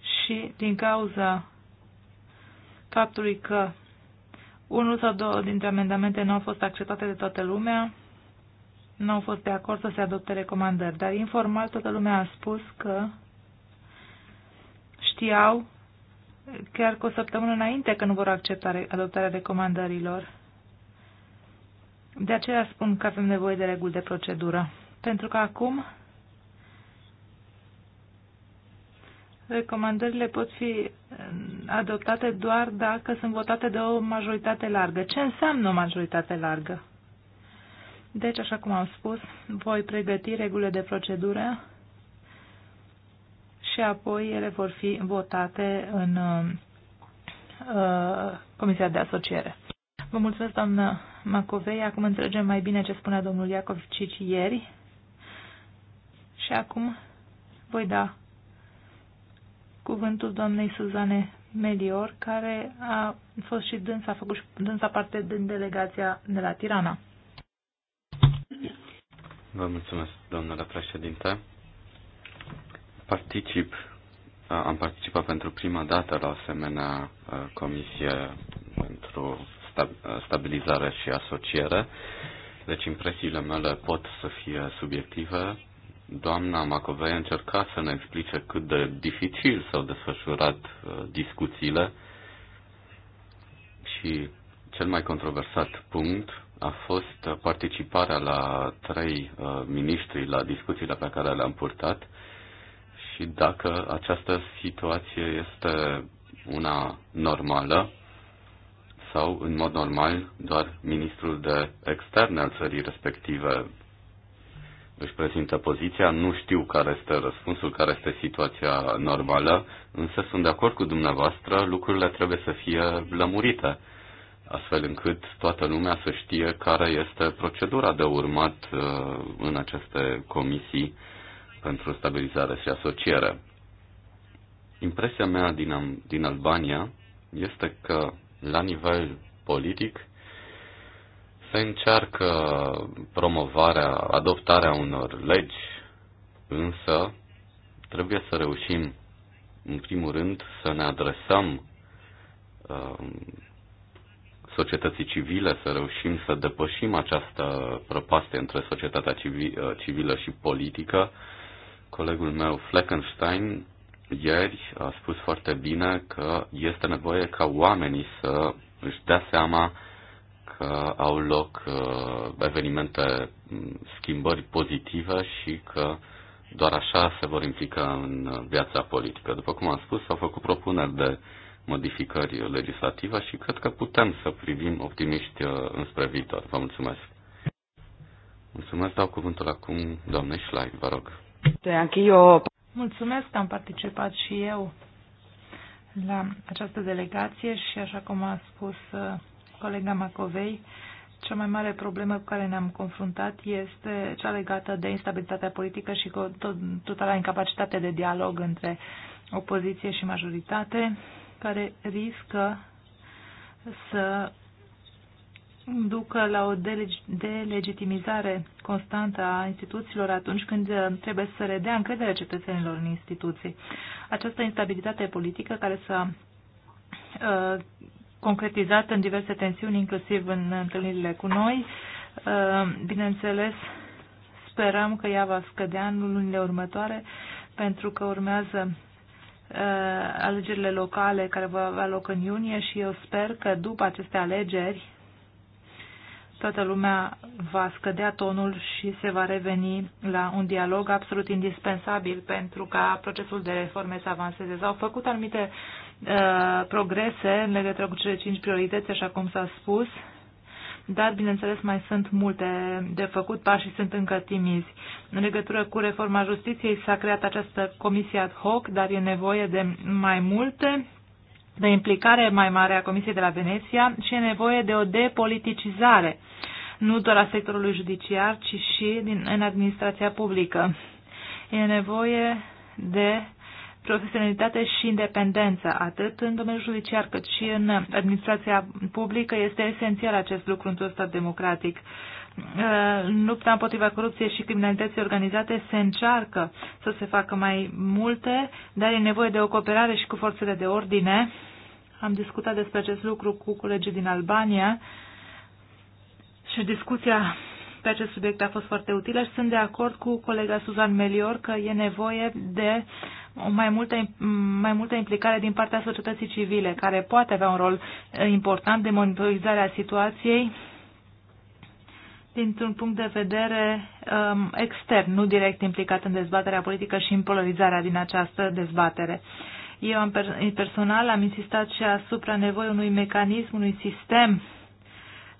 Și din cauza faptului că unul sau două dintre amendamente nu au fost acceptate de toată lumea, nu au fost de acord să se adopte recomandări, dar informal toată lumea a spus că știau chiar cu o săptămână înainte că nu vor accepta adoptarea recomandărilor. De aceea spun că avem nevoie de reguli de procedură, pentru că acum recomandările pot fi uh, adoptate doar dacă sunt votate de o majoritate largă. Ce înseamnă o majoritate largă? Deci, așa cum am spus, voi pregăti regulile de procedură și apoi ele vor fi votate în uh, Comisia de Asociere. Vă mulțumesc, doamnă Macovei. Acum înțelegem mai bine ce spunea domnul Iacov Cici ieri. Și acum voi da cuvântul doamnei Suzane Melior, care a fost și dânsa, a făcut și dânsa parte din delegația de la Tirana. Vă mulțumesc, doamnă președinte. Particip, uh, am participat pentru prima dată la asemenea uh, comisie pentru uh, stabilizare și asociere, deci impresiile mele pot să fie subiective. Doamna Macovei a încercat să ne explice cât de dificil s-au desfășurat discuțiile și cel mai controversat punct a fost participarea la trei uh, miniștri la discuțiile pe care le-am purtat și dacă această situație este una normală sau, în mod normal, doar ministrul de externe al țării respective își prezintă poziția. Nu știu care este răspunsul, care este situația normală, însă sunt de acord cu dumneavoastră, lucrurile trebuie să fie lămurite, astfel încât toată lumea să știe care este procedura de urmat uh, în aceste comisii pentru Stabilizare și Asociere. Impresia mea din, din Albania este că, la nivel politic, se încearcă promovarea, adoptarea unor legi, însă trebuie să reușim, în primul rând, să ne adresăm uh, societății civile, să reușim să depășim această prăpastie între societatea uh, civilă și politică, Colegul meu, Fleckenstein, ieri a spus foarte bine că este nevoie ca oamenii să își dea seama că au loc uh, evenimente, mm, schimbări pozitive și că doar așa se vor implica în viața politică. După cum am spus, s-au făcut propuneri de modificări legislative și cred că putem să privim optimiști uh, înspre viitor. Vă mulțumesc! Mulțumesc, dau cuvântul acum doamnei Schlein, vă rog. Mulțumesc că am participat și eu la această delegație și, așa cum a spus uh, colega Macovei, cea mai mare problemă cu care ne-am confruntat este cea legată de instabilitatea politică și cu totala incapacitate de dialog între opoziție și majoritate, care riscă să ducă la o delegitimizare constantă a instituțiilor atunci când uh, trebuie să redea încrederea cetățenilor în instituții. Această instabilitate politică care s-a uh, concretizat în diverse tensiuni, inclusiv în întâlnirile cu noi, uh, bineînțeles, sperăm că ea va scădea în lunile următoare, pentru că urmează alegerile locale care va avea loc în iunie și eu sper că după aceste alegeri toată lumea va scădea tonul și se va reveni la un dialog absolut indispensabil pentru ca procesul de reforme să avanseze. S-au făcut anumite uh, progrese în legătură cu cele cinci priorități, așa cum s-a spus, dar, bineînțeles, mai sunt multe de făcut, pașii sunt încă timizi. În legătură cu reforma justiției s-a creat această comisie ad hoc, dar e nevoie de mai multe de implicare mai mare a Comisiei de la Veneția și e nevoie de o depoliticizare, nu doar a sectorului judiciar, ci și din, în administrația publică. E nevoie de profesionalitate și independență, atât în domeniul judiciar cât și în administrația publică. Este esențial acest lucru într-un stat democratic lupta împotriva corupției și criminalității organizate se încearcă să se facă mai multe, dar e nevoie de o cooperare și cu forțele de ordine. Am discutat despre acest lucru cu colegii din Albania și discuția pe acest subiect a fost foarte utilă și sunt de acord cu colega Suzan Melior că e nevoie de o mai multă, mai multă implicare din partea societății civile, care poate avea un rol important de monitorizare a situației dintr-un punct de vedere um, extern, nu direct implicat în dezbaterea politică și în polarizarea din această dezbatere. Eu am personal am insistat și asupra nevoii unui mecanism, unui sistem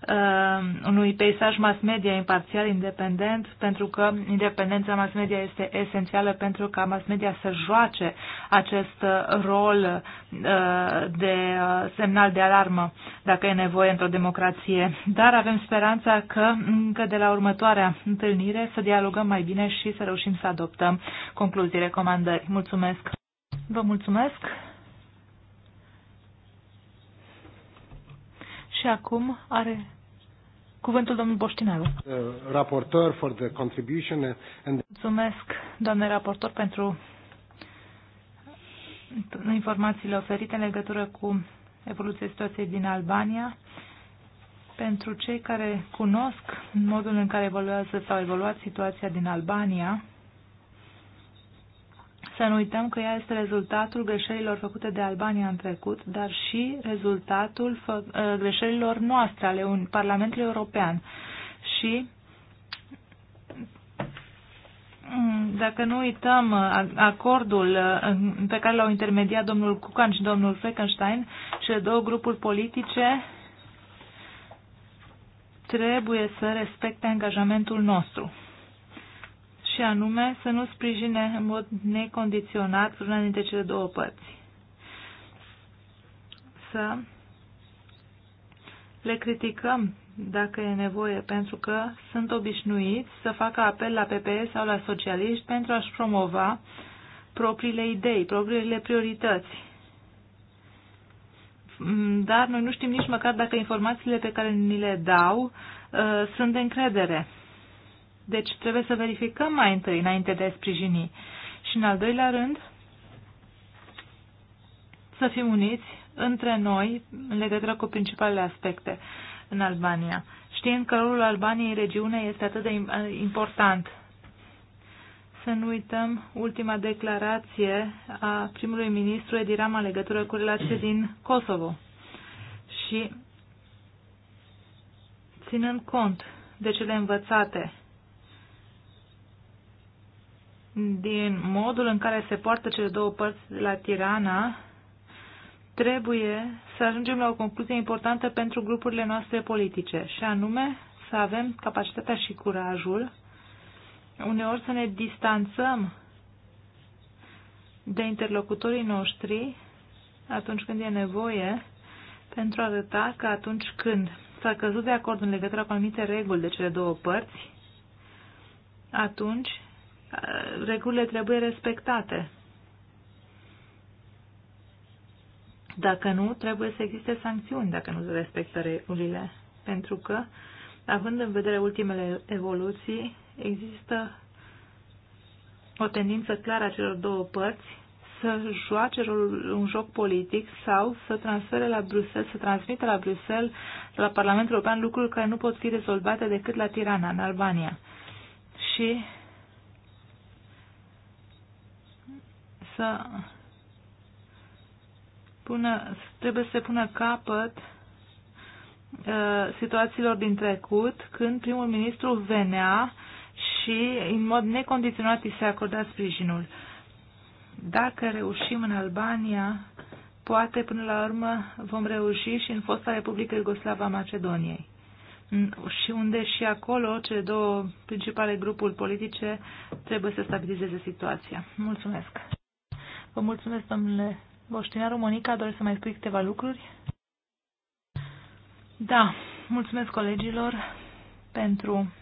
Uh, unui peisaj mass media imparțial, independent, pentru că independența mass media este esențială pentru ca mass media să joace acest rol uh, de uh, semnal de alarmă, dacă e nevoie într-o democrație. Dar avem speranța că încă de la următoarea întâlnire să dialogăm mai bine și să reușim să adoptăm concluzii, recomandări. Mulțumesc! Vă mulțumesc! Și acum are cuvântul domnul Boștinaru. Uh, raportor for the contribution and... Mulțumesc, doamne raportor, pentru informațiile oferite în legătură cu evoluția situației din Albania. Pentru cei care cunosc modul în care evoluează sau evoluat situația din Albania, să nu uităm că ea este rezultatul greșelilor făcute de Albania în trecut, dar și rezultatul ă, greșelilor noastre ale un Parlamentului European. Și mm, dacă nu uităm ă, acordul ă, pe care l-au intermediat domnul Cucan și domnul Fleckenstein, cele două grupuri politice trebuie să respecte angajamentul nostru și anume să nu sprijine în mod necondiționat vreuna dintre cele două părți. Să le criticăm dacă e nevoie, pentru că sunt obișnuiți să facă apel la PPE sau la socialiști pentru a-și promova propriile idei, propriile priorități. Mm, dar noi nu știm nici măcar dacă informațiile pe care ni le dau uh, sunt de încredere. Deci trebuie să verificăm mai întâi, înainte de a sprijini. Și în al doilea rând, să fim uniți între noi în legătură cu principalele aspecte în Albania. Știind că rolul Albaniei în regiune este atât de important. Să nu uităm ultima declarație a primului ministru Edirama în legătură cu relațiile din Kosovo. Și ținând cont de cele învățate din modul în care se poartă cele două părți la Tirana, trebuie să ajungem la o concluzie importantă pentru grupurile noastre politice, și anume să avem capacitatea și curajul uneori să ne distanțăm de interlocutorii noștri atunci când e nevoie pentru a arăta că atunci când s-a căzut de acord în legătură cu anumite reguli de cele două părți, atunci Uh, regulile trebuie respectate. Dacă nu, trebuie să existe sancțiuni dacă nu se respectă regulile. Pentru că, având în vedere ultimele evoluții, există o tendință clară a celor două părți să joace un joc politic sau să transfere la Bruxelles, să transmită la Bruxelles, la Parlamentul European, lucruri care nu pot fi rezolvate decât la Tirana, în Albania. Și să pună, trebuie să se pună capăt uh, situațiilor din trecut, când primul ministru venea și în mod necondiționat îi se acorda sprijinul. Dacă reușim în Albania, poate până la urmă vom reuși și în fosta Republică Iugoslava Macedoniei. Și unde și acolo cele două principale grupuri politice trebuie să stabilizeze situația. Mulțumesc! Vă mulțumesc, domnule Boștinaru. Monica, doresc să mai spui câteva lucruri? Da, mulțumesc colegilor pentru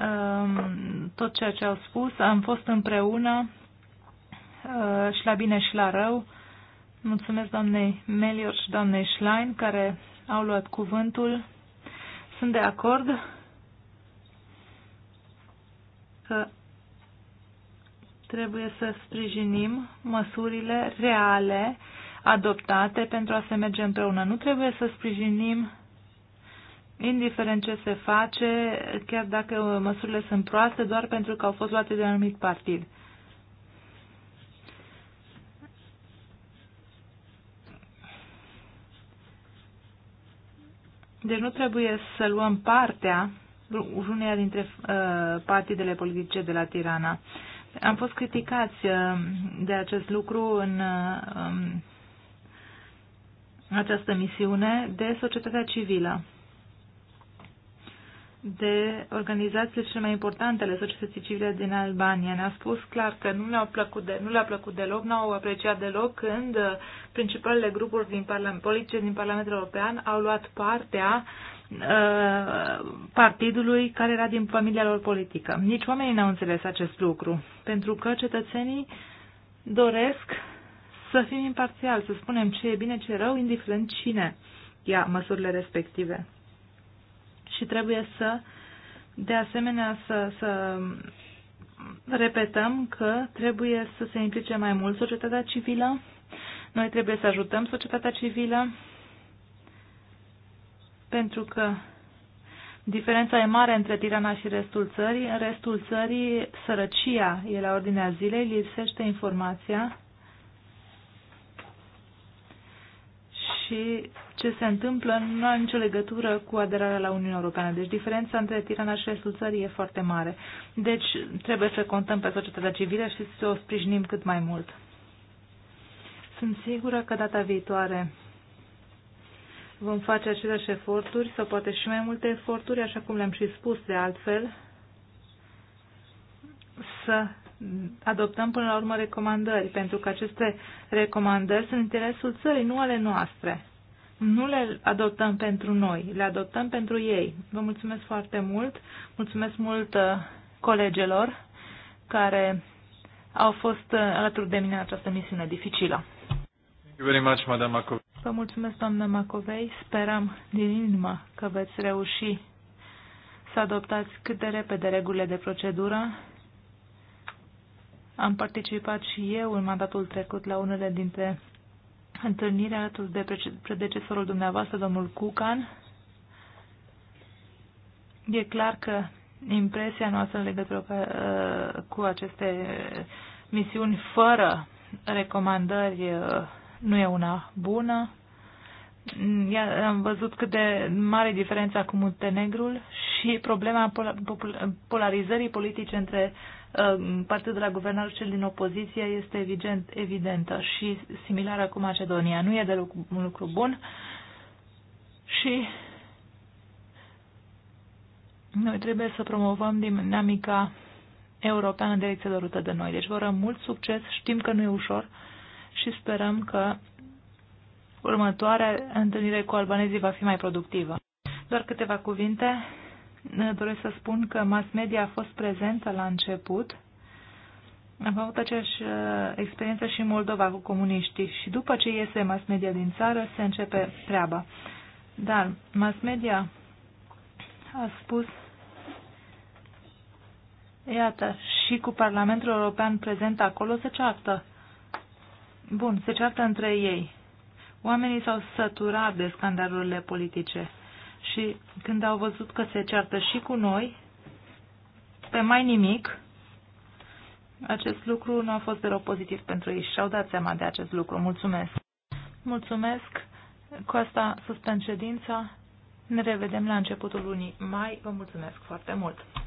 um, tot ceea ce au spus. Am fost împreună uh, și la bine și la rău. Mulțumesc doamnei Melior și doamnei Schlein care au luat cuvântul. Sunt de acord că uh, Trebuie să sprijinim măsurile reale adoptate pentru a se merge împreună. Nu trebuie să sprijinim indiferent ce se face, chiar dacă măsurile sunt proaste, doar pentru că au fost luate de un anumit partid. Deci nu trebuie să luăm partea uneia dintre uh, partidele politice de la Tirana. Uh, am fost criticați uh, de acest lucru în uh, um, această misiune de societatea civilă, de organizațiile cele mai importante ale societății civile din Albania. Ne-a spus clar că nu le-a plăcut, de, nu le-a plăcut deloc, nu au apreciat deloc când uh, principalele grupuri din parlament, politice din Parlamentul European au luat partea Uh, partidului care era din familia lor politică. Nici oamenii n-au înțeles acest lucru, pentru că cetățenii doresc să fim imparțiali, să spunem ce e bine, ce e rău, indiferent cine ia măsurile respective. Și trebuie să, de asemenea, să, să repetăm că trebuie să se implice mai mult societatea civilă, noi trebuie să ajutăm societatea civilă, pentru că diferența e mare între Tirana și restul țării. În restul țării, sărăcia e la ordinea zilei, lipsește informația și ce se întâmplă nu are nicio legătură cu aderarea la Uniunea Europeană. Deci diferența între Tirana și restul țării e foarte mare. Deci trebuie să contăm pe societatea civilă și să o sprijinim cât mai mult. Sunt sigură că data viitoare vom face aceleași eforturi sau poate și mai multe eforturi, așa cum le-am și spus de altfel, să adoptăm până la urmă recomandări, pentru că aceste recomandări sunt interesul țării, nu ale noastre. Nu le adoptăm pentru noi, le adoptăm pentru ei. Vă mulțumesc foarte mult, mulțumesc mult uh, colegelor care au fost uh, alături de mine în această misiune dificilă. Thank you very much, Madame Vă mulțumesc, doamnă Macovei. Sperăm din inimă că veți reuși să adoptați cât de repede regulile de procedură. Am participat și eu în mandatul trecut la unele dintre întâlniri alături de predecesorul dumneavoastră, domnul Cucan. E clar că impresia noastră în legătură uh, cu aceste misiuni fără recomandări uh, nu e una bună. Am văzut cât de mare diferența cu Muntenegrul și problema polarizării politice între uh, partidul de la guvernare și cel din opoziție este evident, evidentă și similară cu Macedonia. Nu e deloc un lucru bun și noi trebuie să promovăm dinamica europeană în direcția dorută de noi. Deci vă mult succes, știm că nu e ușor și sperăm că următoarea întâlnire cu albanezii va fi mai productivă. Doar câteva cuvinte. Doresc să spun că mass media a fost prezentă la început. Am avut aceeași uh, experiență și în Moldova cu comuniștii și după ce iese mass media din țară se începe treaba. Dar mass media a spus Iată, și cu Parlamentul European prezent acolo se ceartă. Bun, se ceartă între ei. Oamenii s-au săturat de scandalurile politice și când au văzut că se ceartă și cu noi, pe mai nimic, acest lucru nu a fost deloc pozitiv pentru ei și au dat seama de acest lucru. Mulțumesc! Mulțumesc! Cu asta suspend ședința. Ne revedem la începutul lunii mai. Vă mulțumesc foarte mult!